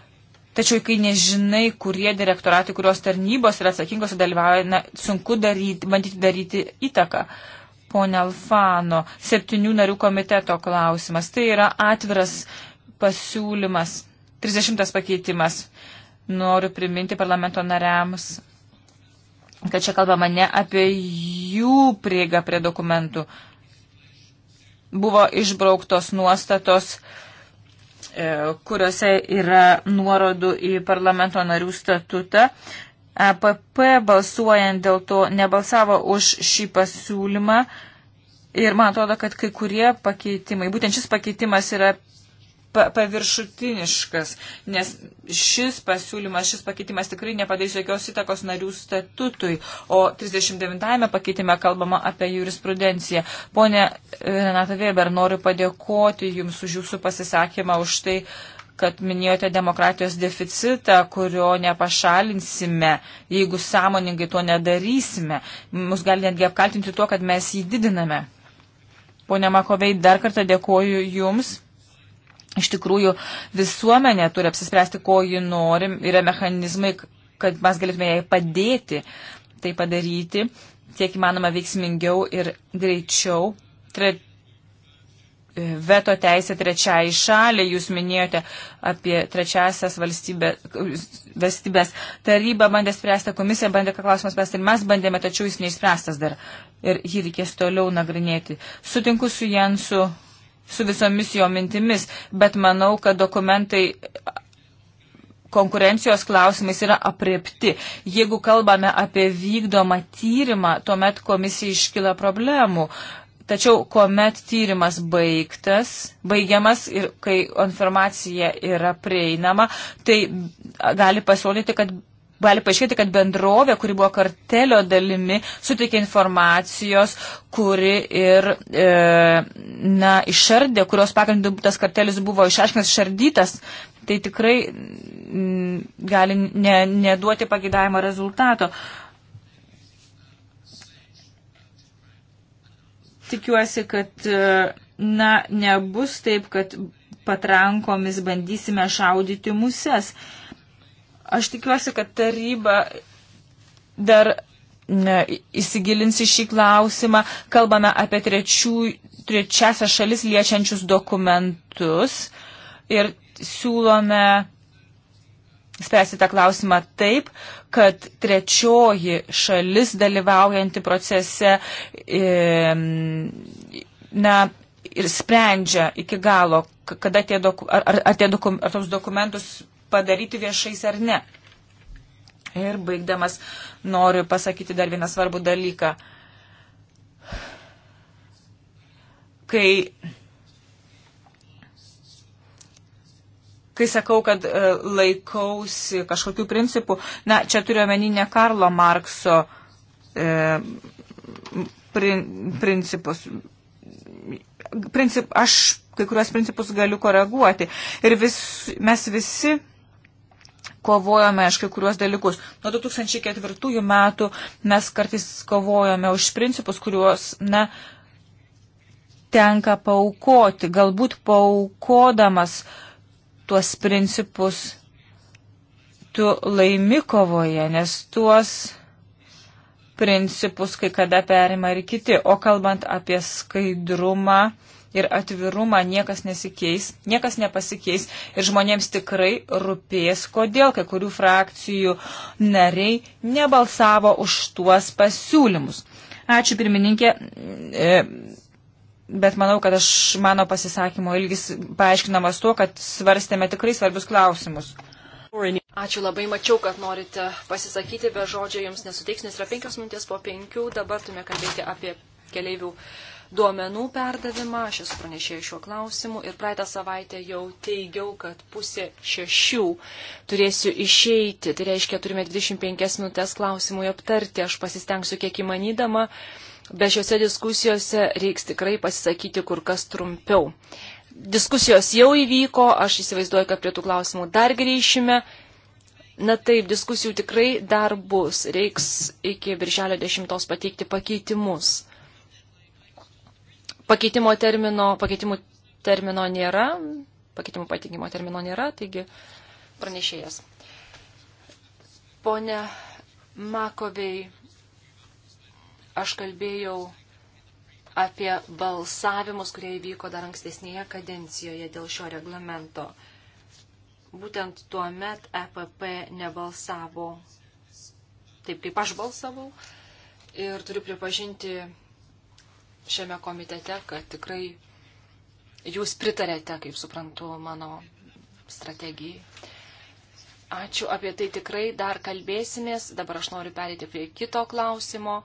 Tačiau, kai nežinai, kurie direktoratai, kurios tarnybos yra atsakingos ir dalyvauja, na, sunku daryti, bandyti daryti įtaką. Pone Alfano, septynių narių komiteto klausimas. Tai yra atviras pasiūlymas, 30 pakeitimas. Noriu priminti parlamento nariams, kad čia kalbama ne apie jų prieigą prie dokumentų. Buvo išbrauktos nuostatos, uh, E, kuriuose yra nuorodų į parlamento narių statutą. APP e balsuojant dėl to nebalsavo už šį pasiūlymą ir man atrodo, kad kai kurie pakeitimai, būtent šis pakeitimas yra pa, paviršutiniškas, nes šis pasiūlymas, šis pakeitimas tikrai nepadarys jokios įtakos narių statutui, o 39-ame pakeitime kalbama apie jurisprudenciją. Pone e, Renata Weber, noriu padėkoti Jums už Jūsų pasisakymą, už tai, kad minėjote demokratijos deficitą, kurio nepašalinsime, jeigu sąmoningai to nedarysime. Mus gali netgi apkaltinti tuo, kad mes jį didiname. Pone Makovei, dar kartą dėkoju Jums Iš tikrųjų, visuomenė turi apsispręsti, ko ji norim, yra mechanizmai, kad mes galėtume jai padėti tai padaryti, tiek įmanoma veiksmingiau ir greičiau. Tre... E, veto teisė trečiai šaliai, jūs minėjote apie trečiasias valstybė, valstybės. Taryba bandė spręsti, komisija bandė ką klausimą spręsti ir mes bandėme, tačiau jis neišspręstas dar. Ir jį reikės toliau nagrinėti. Sutinku su Jensu su visomis jo mintimis, bet manau, kad dokumentai konkurencijos klausimais yra apriepti. Jeigu kalbame apie vykdomą tyrimą, tuomet komisija iškyla problemų. Tačiau, kuomet tyrimas baigtas, baigiamas ir kai informacija yra prieinama, tai gali pasiūlyti, kad gali paaiškėti, kad bendrovė, kuri buvo kartelio dalimi, suteikė informacijos, kuri ir e, na, išardė, kurios pagrindų tas kartelis buvo išaiškintas, išardytas, tai tikrai m, mm, gali ne, neduoti pagidavimo rezultato. Tikiuosi, kad e, na, nebus taip, kad patrankomis bandysime šaudyti muses. E, Aš tikiuosi, kad taryba dar ne, įsigilins į šį klausimą. Kalbame apie trečių, trečiasią šalis liečiančius dokumentus ir siūlome spręsti tą klausimą taip, kad trečioji šalis dalyvaujanti procese na, ir sprendžia iki galo, kada tie, doku, ar, ar, ar, tie dokum, ar tos dokumentus padaryti viešais ar ne. Ir baigdamas noriu pasakyti dar vieną svarbų dalyką. Kai, kai sakau, kad e, laikausi kažkokių principų, na, čia turiu omeny ne Karlo Markso e, prin, principus. Princip, aš kai kuriuos principus galiu koreguoti. Ir vis, mes visi kovojame už kai kuriuos dalykus. Nuo 2004 metų mes kartais kovojame už principus, kuriuos, na, tenka paukoti. Galbūt paukodamas tuos principus tu laimi kovoje, nes tuos principus kai kada perima ir kiti. O kalbant apie skaidrumą, ir atvirumą niekas nesikeis, niekas nepasikeis ir žmonėms tikrai rūpės, kodėl kai kurių frakcijų nariai nebalsavo už tuos pasiūlymus. Ačiū pirmininkė. E, Bet manau, kad aš mano pasisakymo ilgis paaiškinamas tuo, kad svarstėme tikrai svarbius klausimus. Ačiū labai, mačiau, kad norite pasisakyti, be žodžio jums nesuteiks, nes yra penkios minutės po penkių, dabar turime kalbėti apie keliaivių duomenų perdavimą. Aš esu pranešėjęs šiuo klausimu ir praeitą savaitę jau teigiau, kad pusė šešių turėsiu išeiti. Tai reiškia, turime 25 minutės klausimui aptarti. Aš pasistengsiu kiek įmanydama. Be šiuose diskusijose reiks tikrai pasisakyti kur kas trumpiau. Diskusijos jau įvyko, aš įsivaizduoju, kad prie tų klausimų dar grįšime. Na taip, diskusijų tikrai dar bus. Reiks iki birželio 10 pateikti pakeitimus pakeitimo termino, pakeitimų termino nėra, pakeitimų patikimo termino nėra, taigi pranešėjas. Pone Makovei, aš kalbėjau apie balsavimus, kurie įvyko dar ankstesnėje kadencijoje dėl šio reglamento. Būtent tuo met EPP nebalsavo taip, kaip aš balsavau. Ir turiu pripažinti, šiame komitete, kad tikrai jūs pritarėte, kaip suprantu, mano strategijai. Ačiū, apie tai tikrai dar kalbėsimės. Dabar aš noriu perėti prie kito klausimo,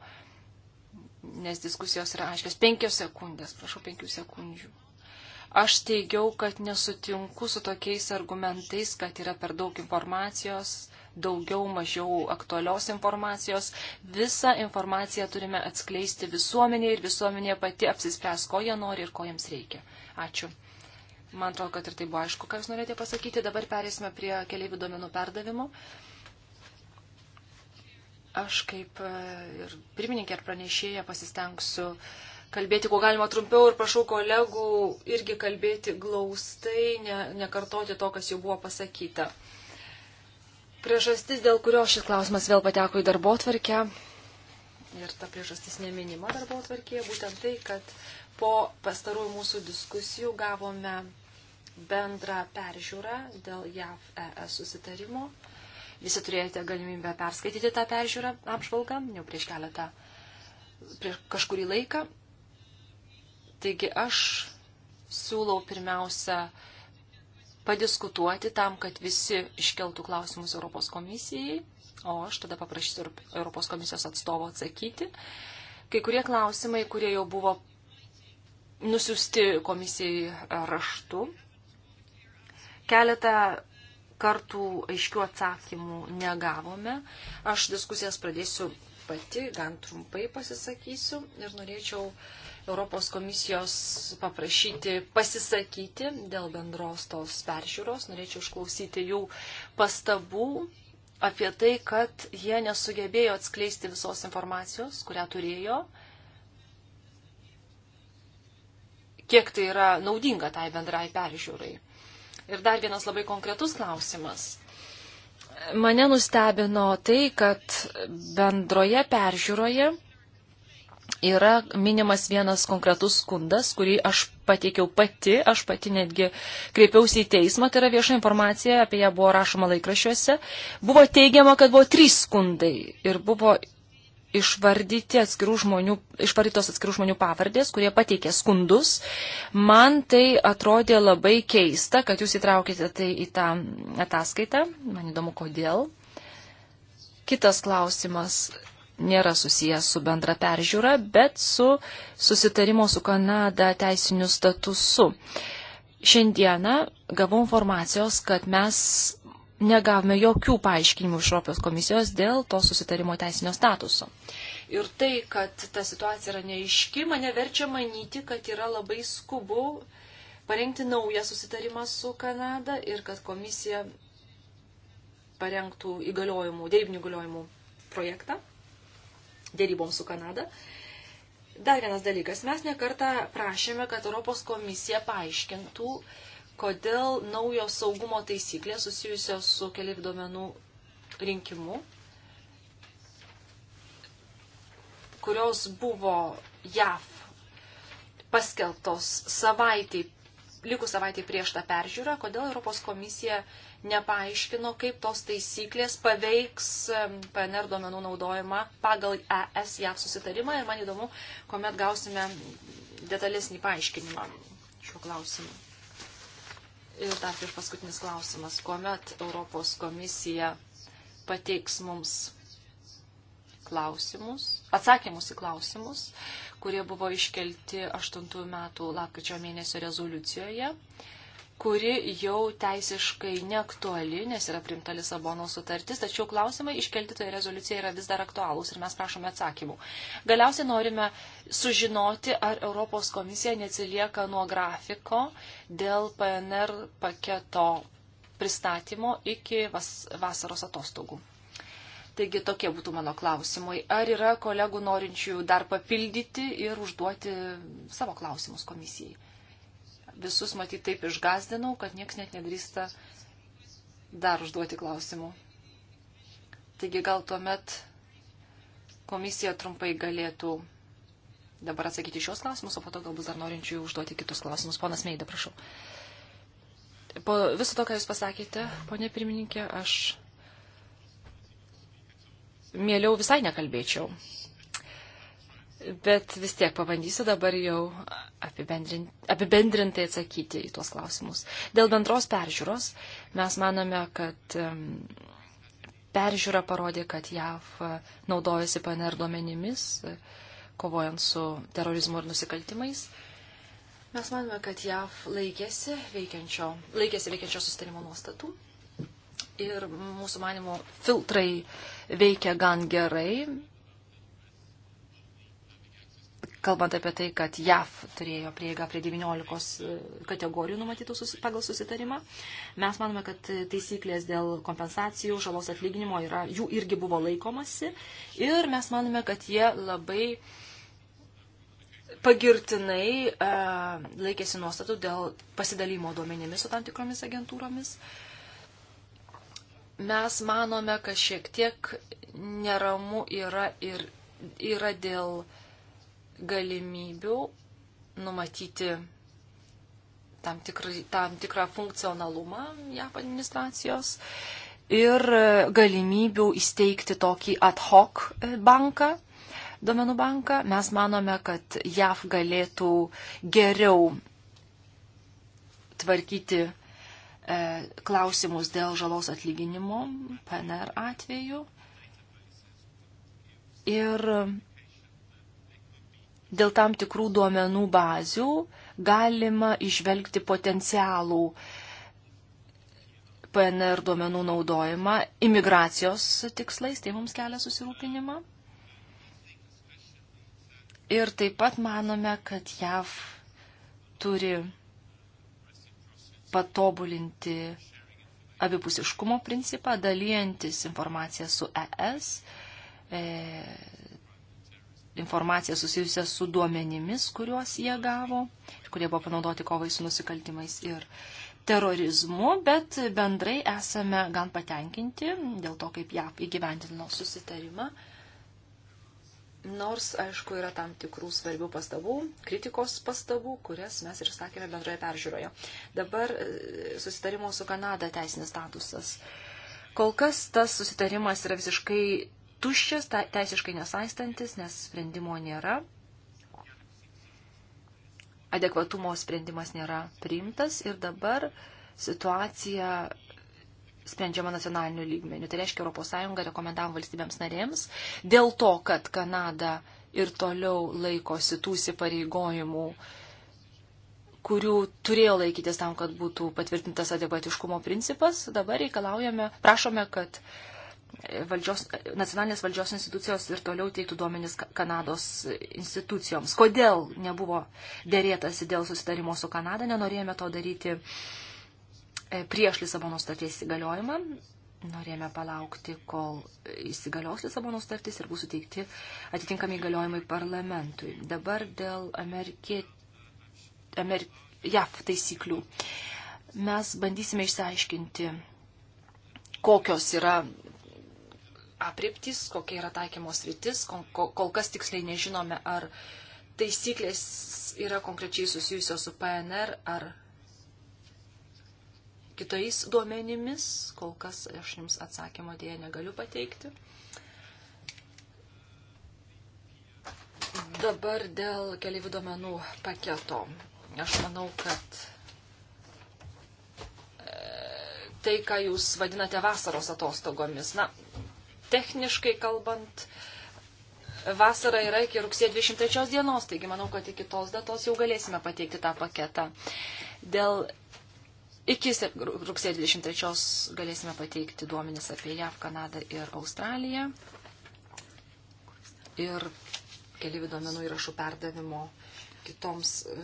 nes diskusijos yra aiškios. Penkios sekundės, prašau, penkių sekundžių. Aš teigiau, kad nesutinku su tokiais argumentais, kad yra per daug informacijos, daugiau mažiau aktualios informacijos. Visą informaciją turime atskleisti visuomenėje ir visuomenėje pati apsispręs, ko jie nori ir ko jiems reikia. Ačiū. Man atrodo, kad ir tai buvo aišku, ką jūs norėjote pasakyti. Dabar perėsime prie keliaivių duomenų perdavimo. Aš kaip e, ir pirmininkė ar pranešėja pasistengsiu kalbėti, kuo galima trumpiau ir prašau kolegų irgi kalbėti glaustai, ne, nekartoti to, kas jau buvo pasakyta. Priežastis, dėl kurio šis klausimas vėl pateko į darbo tvarkę, ir ta priežastis neminima darbo tvarkėje, būtent tai, kad po pastarųjų mūsų diskusijų gavome bendrą peržiūrą dėl JAV-ES susitarimo. Visi turėjote galimybę perskaityti tą peržiūrą apžvalgą jau prieš keletą, prieš kažkurį laiką. Taigi aš siūlau pirmiausia padiskutuoti tam, kad visi iškeltų klausimus Europos komisijai, o aš tada paprašysiu Europos komisijos atstovo atsakyti. Kai kurie klausimai, kurie jau buvo nusiusti komisijai raštu, keletą kartų aiškių atsakymų negavome. Aš diskusijas pradėsiu pati, gan trumpai pasisakysiu ir norėčiau uh, Europos komisijos paprašyti pasisakyti dėl bendros tos peržiūros. Norėčiau išklausyti jų pastabų apie tai, kad jie nesugebėjo atskleisti visos informacijos, kurią turėjo, kiek tai yra naudinga tai bendrai peržiūrai. Ir dar vienas labai konkretus klausimas. Mane nustebino tai, kad bendroje peržiūroje yra minimas vienas konkretus skundas, kurį aš pateikiau pati, aš pati netgi kreipiausi į teismą, tai yra vieša informacija, apie ją buvo rašoma laikrašiuose. Buvo teigiama, kad buvo trys skundai ir buvo išvardyti atskirų žmonių, išvardytos atskirų žmonių pavardės, kurie pateikė skundus. Man tai atrodė labai keista, kad jūs įtraukėte tai į tą ataskaitą. Man įdomu, kodėl. Kitas klausimas nėra susijęs su bendra peržiūra, bet su susitarimo su Kanada teisiniu statusu. Šiandieną gavau informacijos, kad mes negavome jokių paaiškinimų iš Europos komisijos dėl to susitarimo teisinio statuso. Ir tai, kad ta situacija yra neiški, mane verčia manyti, kad yra labai skubu parengti naują susitarimą su Kanada ir kad komisija parengtų įgaliojimų, dėrybinių įgaliojimų projektą dėryboms su Kanada. Dar vienas dalykas. Mes nekartą prašėme, kad Europos komisija paaiškintų, kodėl naujos saugumo taisyklės susijusios su keliaivių duomenų rinkimu, kurios buvo JAV paskeltos savaitį, likus savaitį prieš tą peržiūrą, kodėl Europos komisija uh, nepaaiškino, kaip tos taisyklės paveiks PNR duomenų naudojimą pagal ES-JAV susitarimą ir man įdomu, kuomet gausime detalesnį paaiškinimą šiuo klausimu. Ir dar prieš paskutinis klausimas, kuomet Europos komisija pateiks mums klausimus, atsakymus į klausimus, kurie buvo iškelti 8 metų lakryčio mėnesio rezoliucijoje. Uh, kuri jau teisiškai neaktuali, nes yra primta Lisabono sutartis, tačiau klausimai iškelti toje rezoliucijoje yra vis dar aktualūs ir mes prašome atsakymų. Galiausiai norime sužinoti, ar Europos komisija neatsilieka nuo grafiko dėl PNR paketo pristatymo iki vas vasaros atostogų. Taigi tokie būtų mano klausimai. Ar yra kolegų norinčių dar papildyti ir užduoti savo klausimus komisijai? visus matyti taip išgazdinau, kad nieks net nedrįsta dar užduoti klausimų. Taigi gal tuomet komisija trumpai galėtų dabar atsakyti šios klausimus, o po to gal bus dar norinčių užduoti kitus klausimus. Ponas Meida, prašau. Po viso to, ką Jūs pasakėte, ponė pirmininkė, aš mieliau visai nekalbėčiau bet vis tiek pabandysiu dabar jau apibendrin, apibendrintai atsakyti į tuos klausimus. Dėl bendros peržiūros mes manome, kad peržiūra parodė, kad JAV e, naudojasi PNR duomenimis, e, kovojant su terorizmu ir nusikaltimais. Mes manome, kad JAV laikėsi veikiančio, laikėsi veikiančio sustarimo nuostatų. Ir mūsų manimo filtrai veikia gan gerai, kalbant apie tai, kad JAF turėjo prieigą prie 19 e, kategorijų numatytų susi, pagal susitarimą. Mes manome, kad taisyklės dėl kompensacijų, žalos atlyginimo yra, jų irgi buvo laikomasi ir mes manome, kad jie labai pagirtinai e, laikėsi nuostatų dėl pasidalymo duomenimis su tam tikromis agentūromis. Mes manome, kad šiek tiek neramu yra ir yra dėl e, galimybių numatyti tam, tikrai, tam tikrą funkcionalumą JAP administracijos ir galimybių įsteigti tokį ad hoc e, banką, duomenų banką. Mes manome, kad JAF galėtų geriau tvarkyti e, klausimus dėl žalos atlyginimo PNR atveju. Ir dėl tam tikrų duomenų bazių galima išvelgti potencialų PNR duomenų naudojimą imigracijos tikslais, tai mums kelia susirūpinimą. Ir taip pat manome, kad JAV turi patobulinti abipusiškumo principą, dalyjantis informaciją su ES, e, e informaciją susijusią su duomenimis, kuriuos jie gavo, kurie buvo panaudoti kovai su nusikaltimais ir terorizmu, bet bendrai esame gan patenkinti dėl to, kaip JAV įgyvendino susitarimą. Nors, aišku, yra tam tikrų svarbių pastabų, kritikos pastabų, kurias mes ir sakėme bendroje peržiūroje. Dabar e, susitarimo su Kanada teisinis statusas. Kol kas tas susitarimas yra visiškai tuščias, teisiškai nesaistantis, nes sprendimo nėra. Adekvatumo sprendimas nėra priimtas ir dabar situacija sprendžiama nacionaliniu lygmeniu. Tai reiškia, ES rekomendavo valstybėms narėms dėl to, kad Kanada ir toliau laikosi tų įsipareigojimų, kurių turėjo laikytis tam, kad būtų patvirtintas adekvatiškumo principas. Dabar reikalaujame, prašome, kad uh, valdžios, nacionalinės valdžios institucijos ir toliau teiktų duomenis Kanados institucijoms. Kodėl nebuvo dėrėtasi dėl susitarimo su Kanada, nenorėjome to daryti e, prieš Lisabono starties įgaliojimą, norėjome palaukti, kol įsigalios Lisabono startis ir bus suteikti atitinkami įgaliojimai parlamentui. Dabar dėl Amerikė... Amer... JAF taisyklių. Mes bandysime išsiaiškinti kokios yra apriptys, kokia yra taikymos rytis, kol kas tiksliai nežinome, ar taisyklės yra konkrečiai susijusios su PNR ar kitais duomenimis, kol kas aš jums atsakymo dėja negaliu pateikti. Dabar dėl keliaivių duomenų paketo. Aš manau, kad e, tai, ką jūs vadinate vasaros atostogomis, na, techniškai kalbant, vasara yra iki rugsėjo 23 dienos, taigi manau, kad iki tos datos jau galėsime pateikti tą paketą. Dėl iki rugsėjo 23 galėsime pateikti duomenis apie JAV, Kanadą ir Australiją. Ir keliaivių duomenų įrašų perdavimo kitoms e,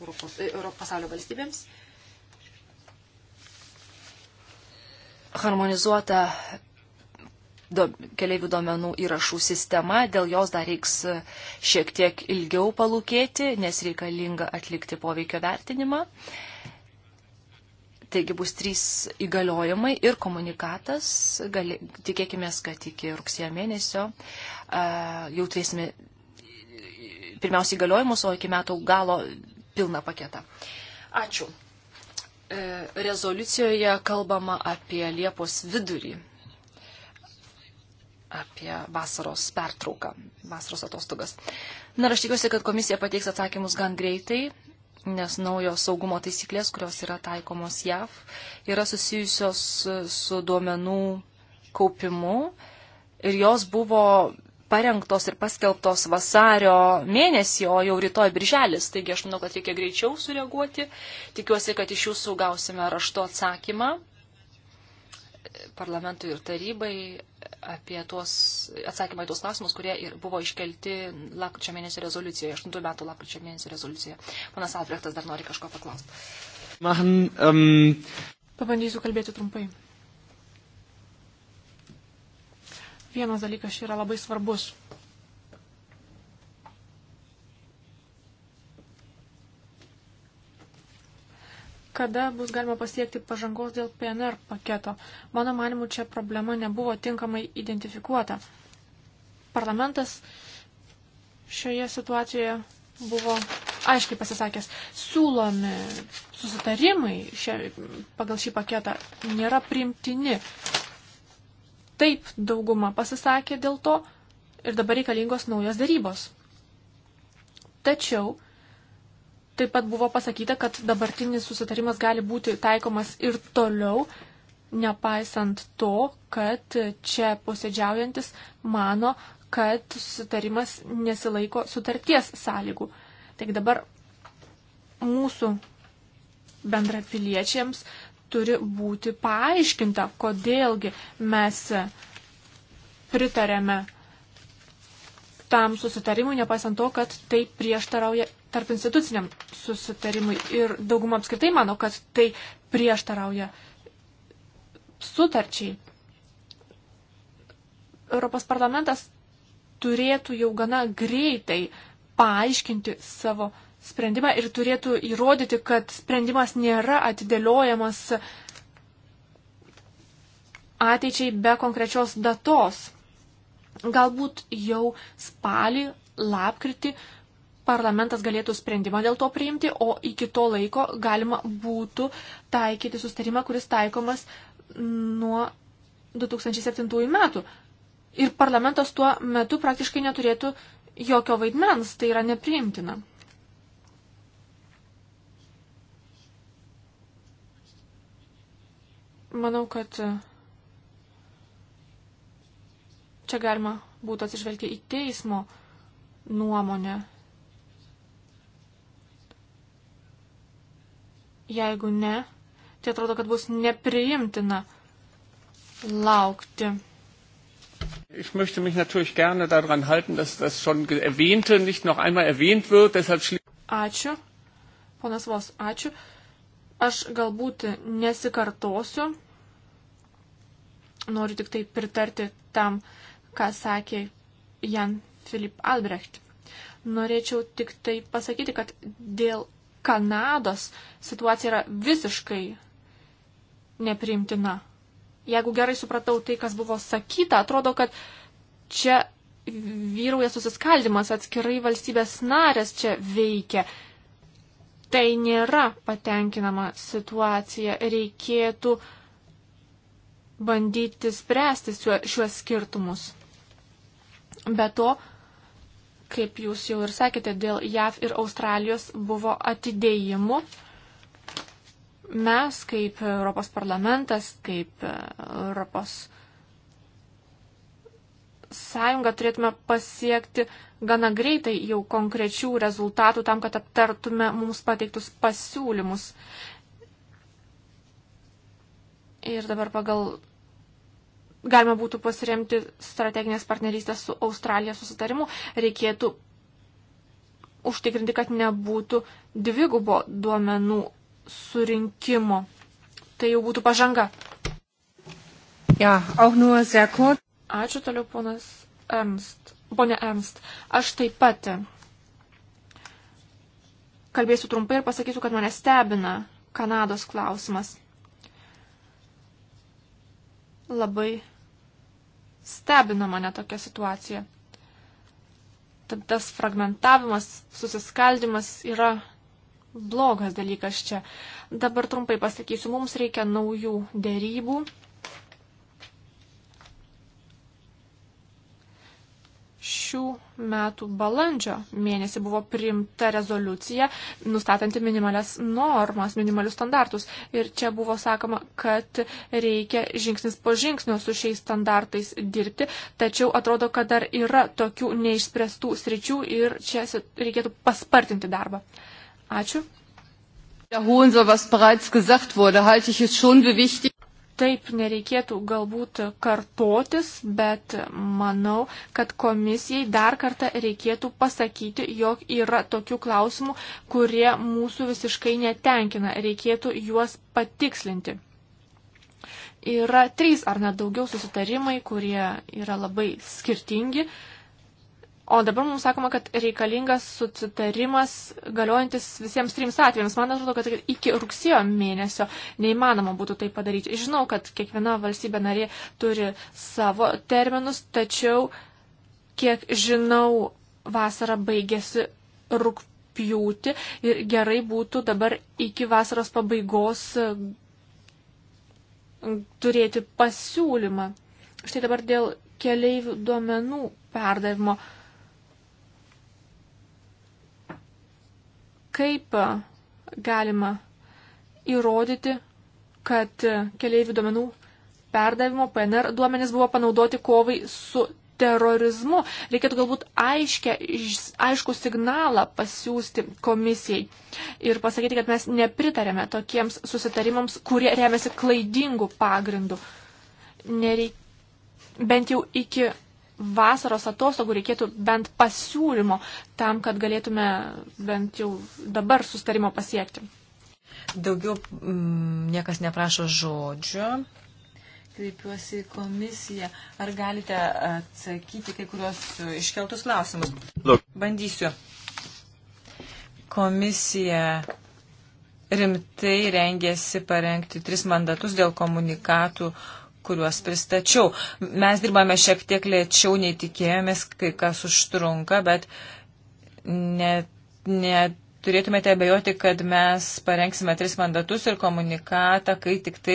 Europos, e, Europos pasaulio valstybėms. Harmonizuota do, keliaivių duomenų įrašų sistema, dėl jos dar reiks e, šiek tiek ilgiau palūkėti, nes reikalinga atlikti poveikio vertinimą. Taigi bus trys įgaliojimai ir komunikatas, gali, tikėkime, kad iki rugsėjo mėnesio uh, jau turėsime pirmiausiai įgaliojimus, o iki metų galo pilną paketą. Ačiū e, rezoliucijoje kalbama apie Liepos vidurį apie vasaros pertrauką, vasaros atostogas. Na, aš tikiuosi, kad komisija pateiks atsakymus gan greitai, nes naujos saugumo taisyklės, kurios yra taikomos JAV, yra susijusios su duomenų kaupimu ir jos buvo parengtos ir paskelbtos vasario mėnesį, o jau rytoj birželis. Taigi aš manau, kad reikia greičiau sureaguoti. Tikiuosi, kad iš jūsų gausime raštu atsakymą parlamentui ir tarybai apie tuos atsakymą į tuos klausimus, kurie ir buvo iškelti lapkričio mėnesio rezoliucijoje, 8 metų lapkričio mėnesio rezoliucijoje. Panas Albrechtas dar nori kažko paklausti. Man, um... Ähm, Pabandysiu kalbėti trumpai. Vienas dalykas yra labai svarbus. kada bus galima pasiekti pažangos dėl PNR paketo. Mano manimu, čia problema nebuvo tinkamai identifikuota. Parlamentas šioje situacijoje buvo aiškiai pasisakęs, siūlomi susitarimai šia, pagal šį paketą nėra primtini. Taip dauguma pasisakė dėl to ir dabar reikalingos naujos darybos. Tačiau Taip pat buvo pasakyta, kad dabartinis susitarimas gali būti taikomas ir toliau, nepaisant to, kad čia posėdžiaujantis mano, kad susitarimas nesilaiko sutarties sąlygų. Taigi dabar mūsų bendrapiliečiams turi būti paaiškinta, kodėlgi mes pritarėme tam susitarimui, nepaisant to, kad tai prieštarauja tarp instituciniam susitarimui. Ir dauguma apskritai mano, kad tai prieštarauja sutarčiai. Europos parlamentas turėtų jau gana greitai paaiškinti savo sprendimą ir turėtų įrodyti, kad sprendimas nėra atidėliojamas ateičiai be konkrečios datos. Galbūt jau spalį, lapkritį parlamentas galėtų sprendimą dėl to priimti, o iki to laiko galima būtų taikyti sustarimą, kuris taikomas nuo 2007 metų. Ir parlamentas tuo metu praktiškai neturėtų jokio vaidmens, tai yra nepriimtina. Manau, kad čia galima būtų atsižvelgti į teismo nuomonę. Jeigu ne, tai atrodo, kad bus nepriimtina laukti. Ich möchte mich natürlich gerne daran halten, dass das schon erwähnte nicht noch einmal erwähnt wird. Deshalb ačiū, ponas Vos, ačiū. Aš galbūt nesikartosiu. Noriu tik tai pritarti tam, ką sakė Jan Filip Albrecht. Norėčiau tik tai pasakyti, kad dėl Kanados situacija yra visiškai nepriimtina. Jeigu gerai supratau tai, kas buvo sakyta, atrodo, kad čia vyrauja susiskaldimas, atskirai valstybės narės čia veikia. Tai nėra patenkinama situacija. Reikėtų bandyti spręsti šiuos skirtumus. Be to, kaip jūs jau ir sakėte, dėl JAV ir Australijos buvo atidėjimų. Mes kaip Europos parlamentas, kaip e, Europos sąjunga turėtume pasiekti gana greitai jau konkrečių rezultatų tam, kad aptartume mums pateiktus pasiūlymus. Ir dabar pagal galima būtų pasiremti strateginės partnerystės su Australija susitarimu, reikėtų užtikrinti, kad nebūtų dvigubo duomenų surinkimo. Tai jau būtų pažanga. Ja, auch nur sehr kurz. Ačiū toliau, ponas Ernst. Pone Ernst, aš taip pat kalbėsiu trumpai ir pasakysiu, kad mane stebina Kanados klausimas. Labai Stebina mane tokia situacija. Tad tas fragmentavimas, susiskaldimas yra blogas dalykas čia. Dabar trumpai pasakysiu, mums reikia naujų dėrybų šių metų balandžio mėnesį buvo priimta rezoliucija nustatanti minimales normas, minimalius standartus. Ir čia buvo sakoma, kad reikia žingsnis po žingsnio su šiais standartais dirbti, tačiau atrodo, kad dar yra tokių neišspręstų sričių ir čia reikėtų paspartinti darbą. Ačiū. Wiederholen soll, was bereits gesagt wurde, halte ich es schon für wichtig taip nereikėtų galbūt kartotis, bet manau, kad komisijai dar kartą reikėtų pasakyti, jog yra tokių klausimų, kurie mūsų visiškai netenkina. Reikėtų juos patikslinti. Yra trys ar net daugiau susitarimai, kurie yra labai skirtingi. Uh, O dabar mums sakoma, kad reikalingas susitarimas galiojantis visiems trims atvejams. Man atrodo, kad iki rugsėjo mėnesio neįmanoma būtų tai padaryti. Žinau, kad kiekviena valstybė narė turi savo terminus, tačiau, kiek žinau, vasara baigėsi rūpjūti ir gerai būtų dabar iki vasaros pabaigos mm, turėti pasiūlymą. Štai dabar dėl keleivių duomenų perdavimo. Uh, kaip galima įrodyti, kad keliaivių duomenų perdavimo PNR duomenys buvo panaudoti kovai su terorizmu. Reikėtų galbūt aiškia, aišku signalą pasiūsti komisijai ir pasakyti, kad mes nepritarėme tokiems susitarimams, kurie remiasi klaidingų pagrindų. Nereik... Bent jau iki vasaros atostogų reikėtų bent pasiūlymo tam, kad galėtume bent jau dabar sustarimo pasiekti. Daugiau mm, niekas neprašo žodžio. Kreipiuosi į komisiją. Ar galite atsakyti kai kurios iškeltus klausimus? Bandysiu. Komisija rimtai rengėsi parengti tris mandatus dėl komunikatų kuriuos pristačiau. Mes dirbame šiek tiek lėčiau, nei tikėjomės, kai kas užtrunka, bet net. net Turėtumėte abejoti, kad mes parengsime tris mandatus ir komunikatą, kai tik tai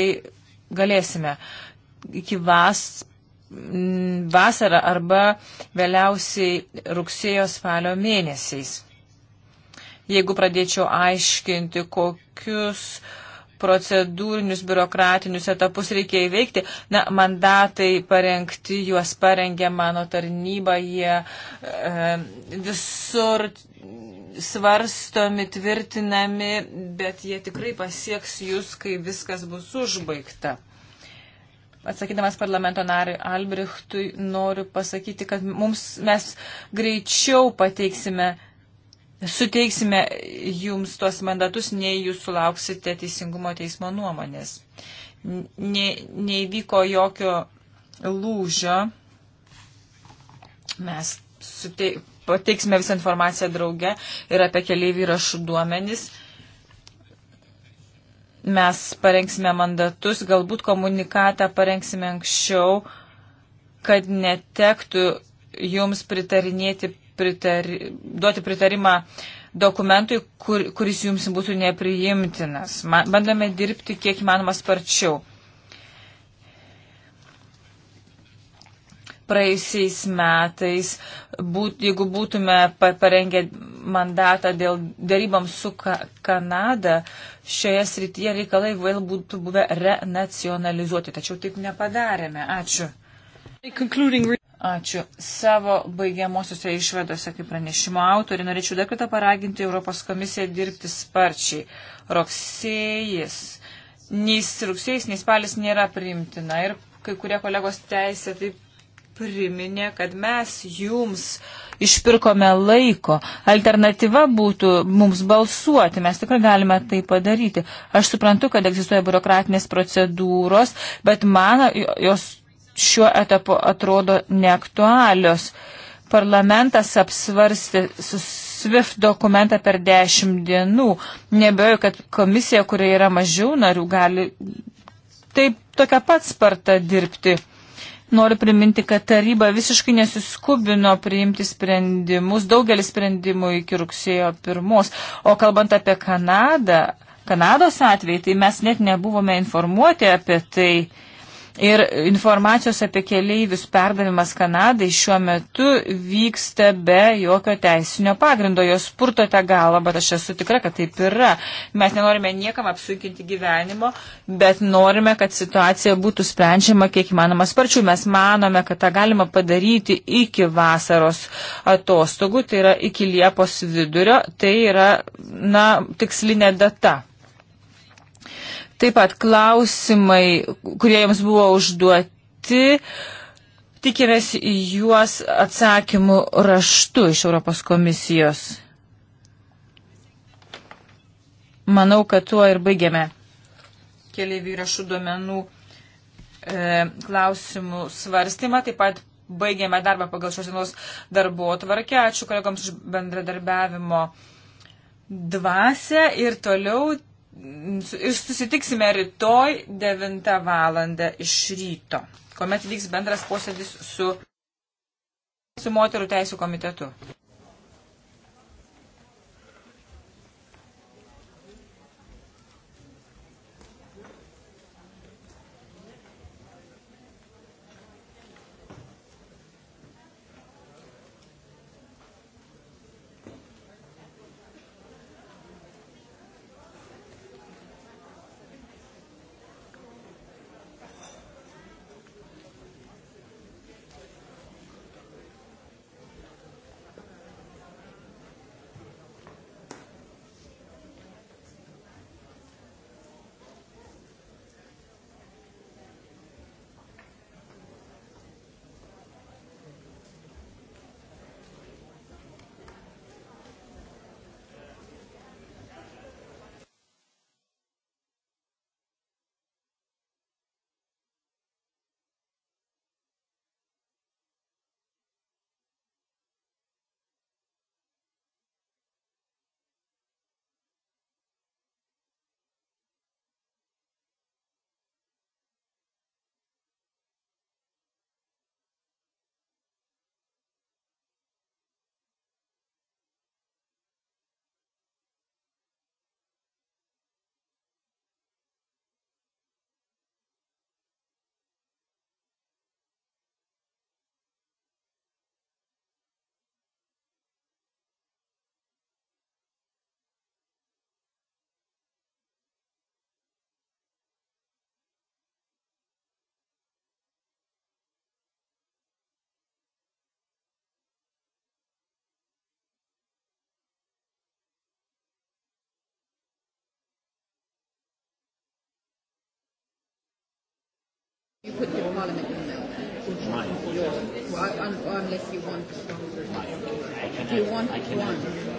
galėsime. Iki vas, vasarą arba vėliausiai rugsėjo spalio mėnesiais. Jeigu pradėčiau aiškinti, kokius uh, procedūrinius, biurokratinius etapus reikia įveikti. Na, mandatai parengti, juos parengė mano tarnyba, jie e, visur svarstomi, tvirtinami, bet jie tikrai pasieks jūs, kai viskas bus užbaigta. Atsakydamas parlamento nariui Albrechtui, noriu pasakyti, kad mums, mes greičiau pateiksime suteiksime jums tuos mandatus, nei jūs sulauksite teisingumo teismo nuomonės. Ne, neįvyko jokio lūžio. Mes suteik, pateiksime visą informaciją drauge ir apie keliaivių įrašų duomenis. Mes parengsime mandatus, galbūt komunikatą parengsime anksčiau, kad netektų jums pritarinėti pritari, duoti pritarimą dokumentui, kur, kuris jums būtų nepriimtinas. Man, bandame dirbti kiek įmanoma sparčiau. Praeisiais metais, būt, jeigu būtume parengę mandatą dėl darybams su ka Kanada, šioje srityje reikalai vėl būtų buvę renacionalizuoti, tačiau taip nepadarėme. Ačiū. Ačiū. Savo baigiamosiuose išvedose, kaip pranešimo autori, norėčiau dar kartą paraginti Europos komisiją dirbti sparčiai. Roksėjas. Nei rugsėjas, nei spalis nėra priimtina. Ir kai kurie kolegos teisė taip priminė, kad mes jums išpirkome laiko. Alternatyva būtų mums balsuoti, mes tikrai galime tai padaryti. Aš suprantu, kad egzistuoja biurokratinės procedūros, bet man jos šiuo etapu atrodo neaktualios. Parlamentas apsvarstė SWIFT dokumentą per dešimt dienų. Nebejoju, kad komisija, kurioje yra mažiau narių, gali taip tokia pat sparta dirbti. Noriu priminti, kad taryba visiškai nesiskubino priimti sprendimus, daugelį sprendimų iki rugsėjo pirmos. O kalbant apie Kanadą, Kanados atvejį, tai mes net nebuvome informuoti apie tai. Ir informacijos apie keleivius perdavimas Kanadai šiuo metu vyksta be jokio teisinio pagrindo. Jos spurtote galą, bet aš esu tikra, kad taip yra. Mes nenorime niekam apsukinti gyvenimo, bet norime, kad situacija būtų sprendžiama kiek įmanoma sparčiau. Mes manome, kad tą galima padaryti iki vasaros atostogų, tai yra iki Liepos vidurio. Tai yra, na, tikslinė data. Taip pat klausimai, kurie jums buvo užduoti, tikimės juos atsakymų raštu iš Europos komisijos. Manau, kad tuo ir baigiame keliaivių įrašų duomenų e, klausimų svarstymą. Taip pat baigėme darbą pagal šios dienos darbo tvarkę. Ačiū kolegoms už bendradarbiavimo dvasę ir toliau ir susitiksime rytoj 9 val. iš ryto, kuomet vyks bendras posėdis su, su moterų teisų komitetu. You put your parliament in there. My. Yours. Well, I, I'm, unless you want one. My. I can Do you want I can one? Have.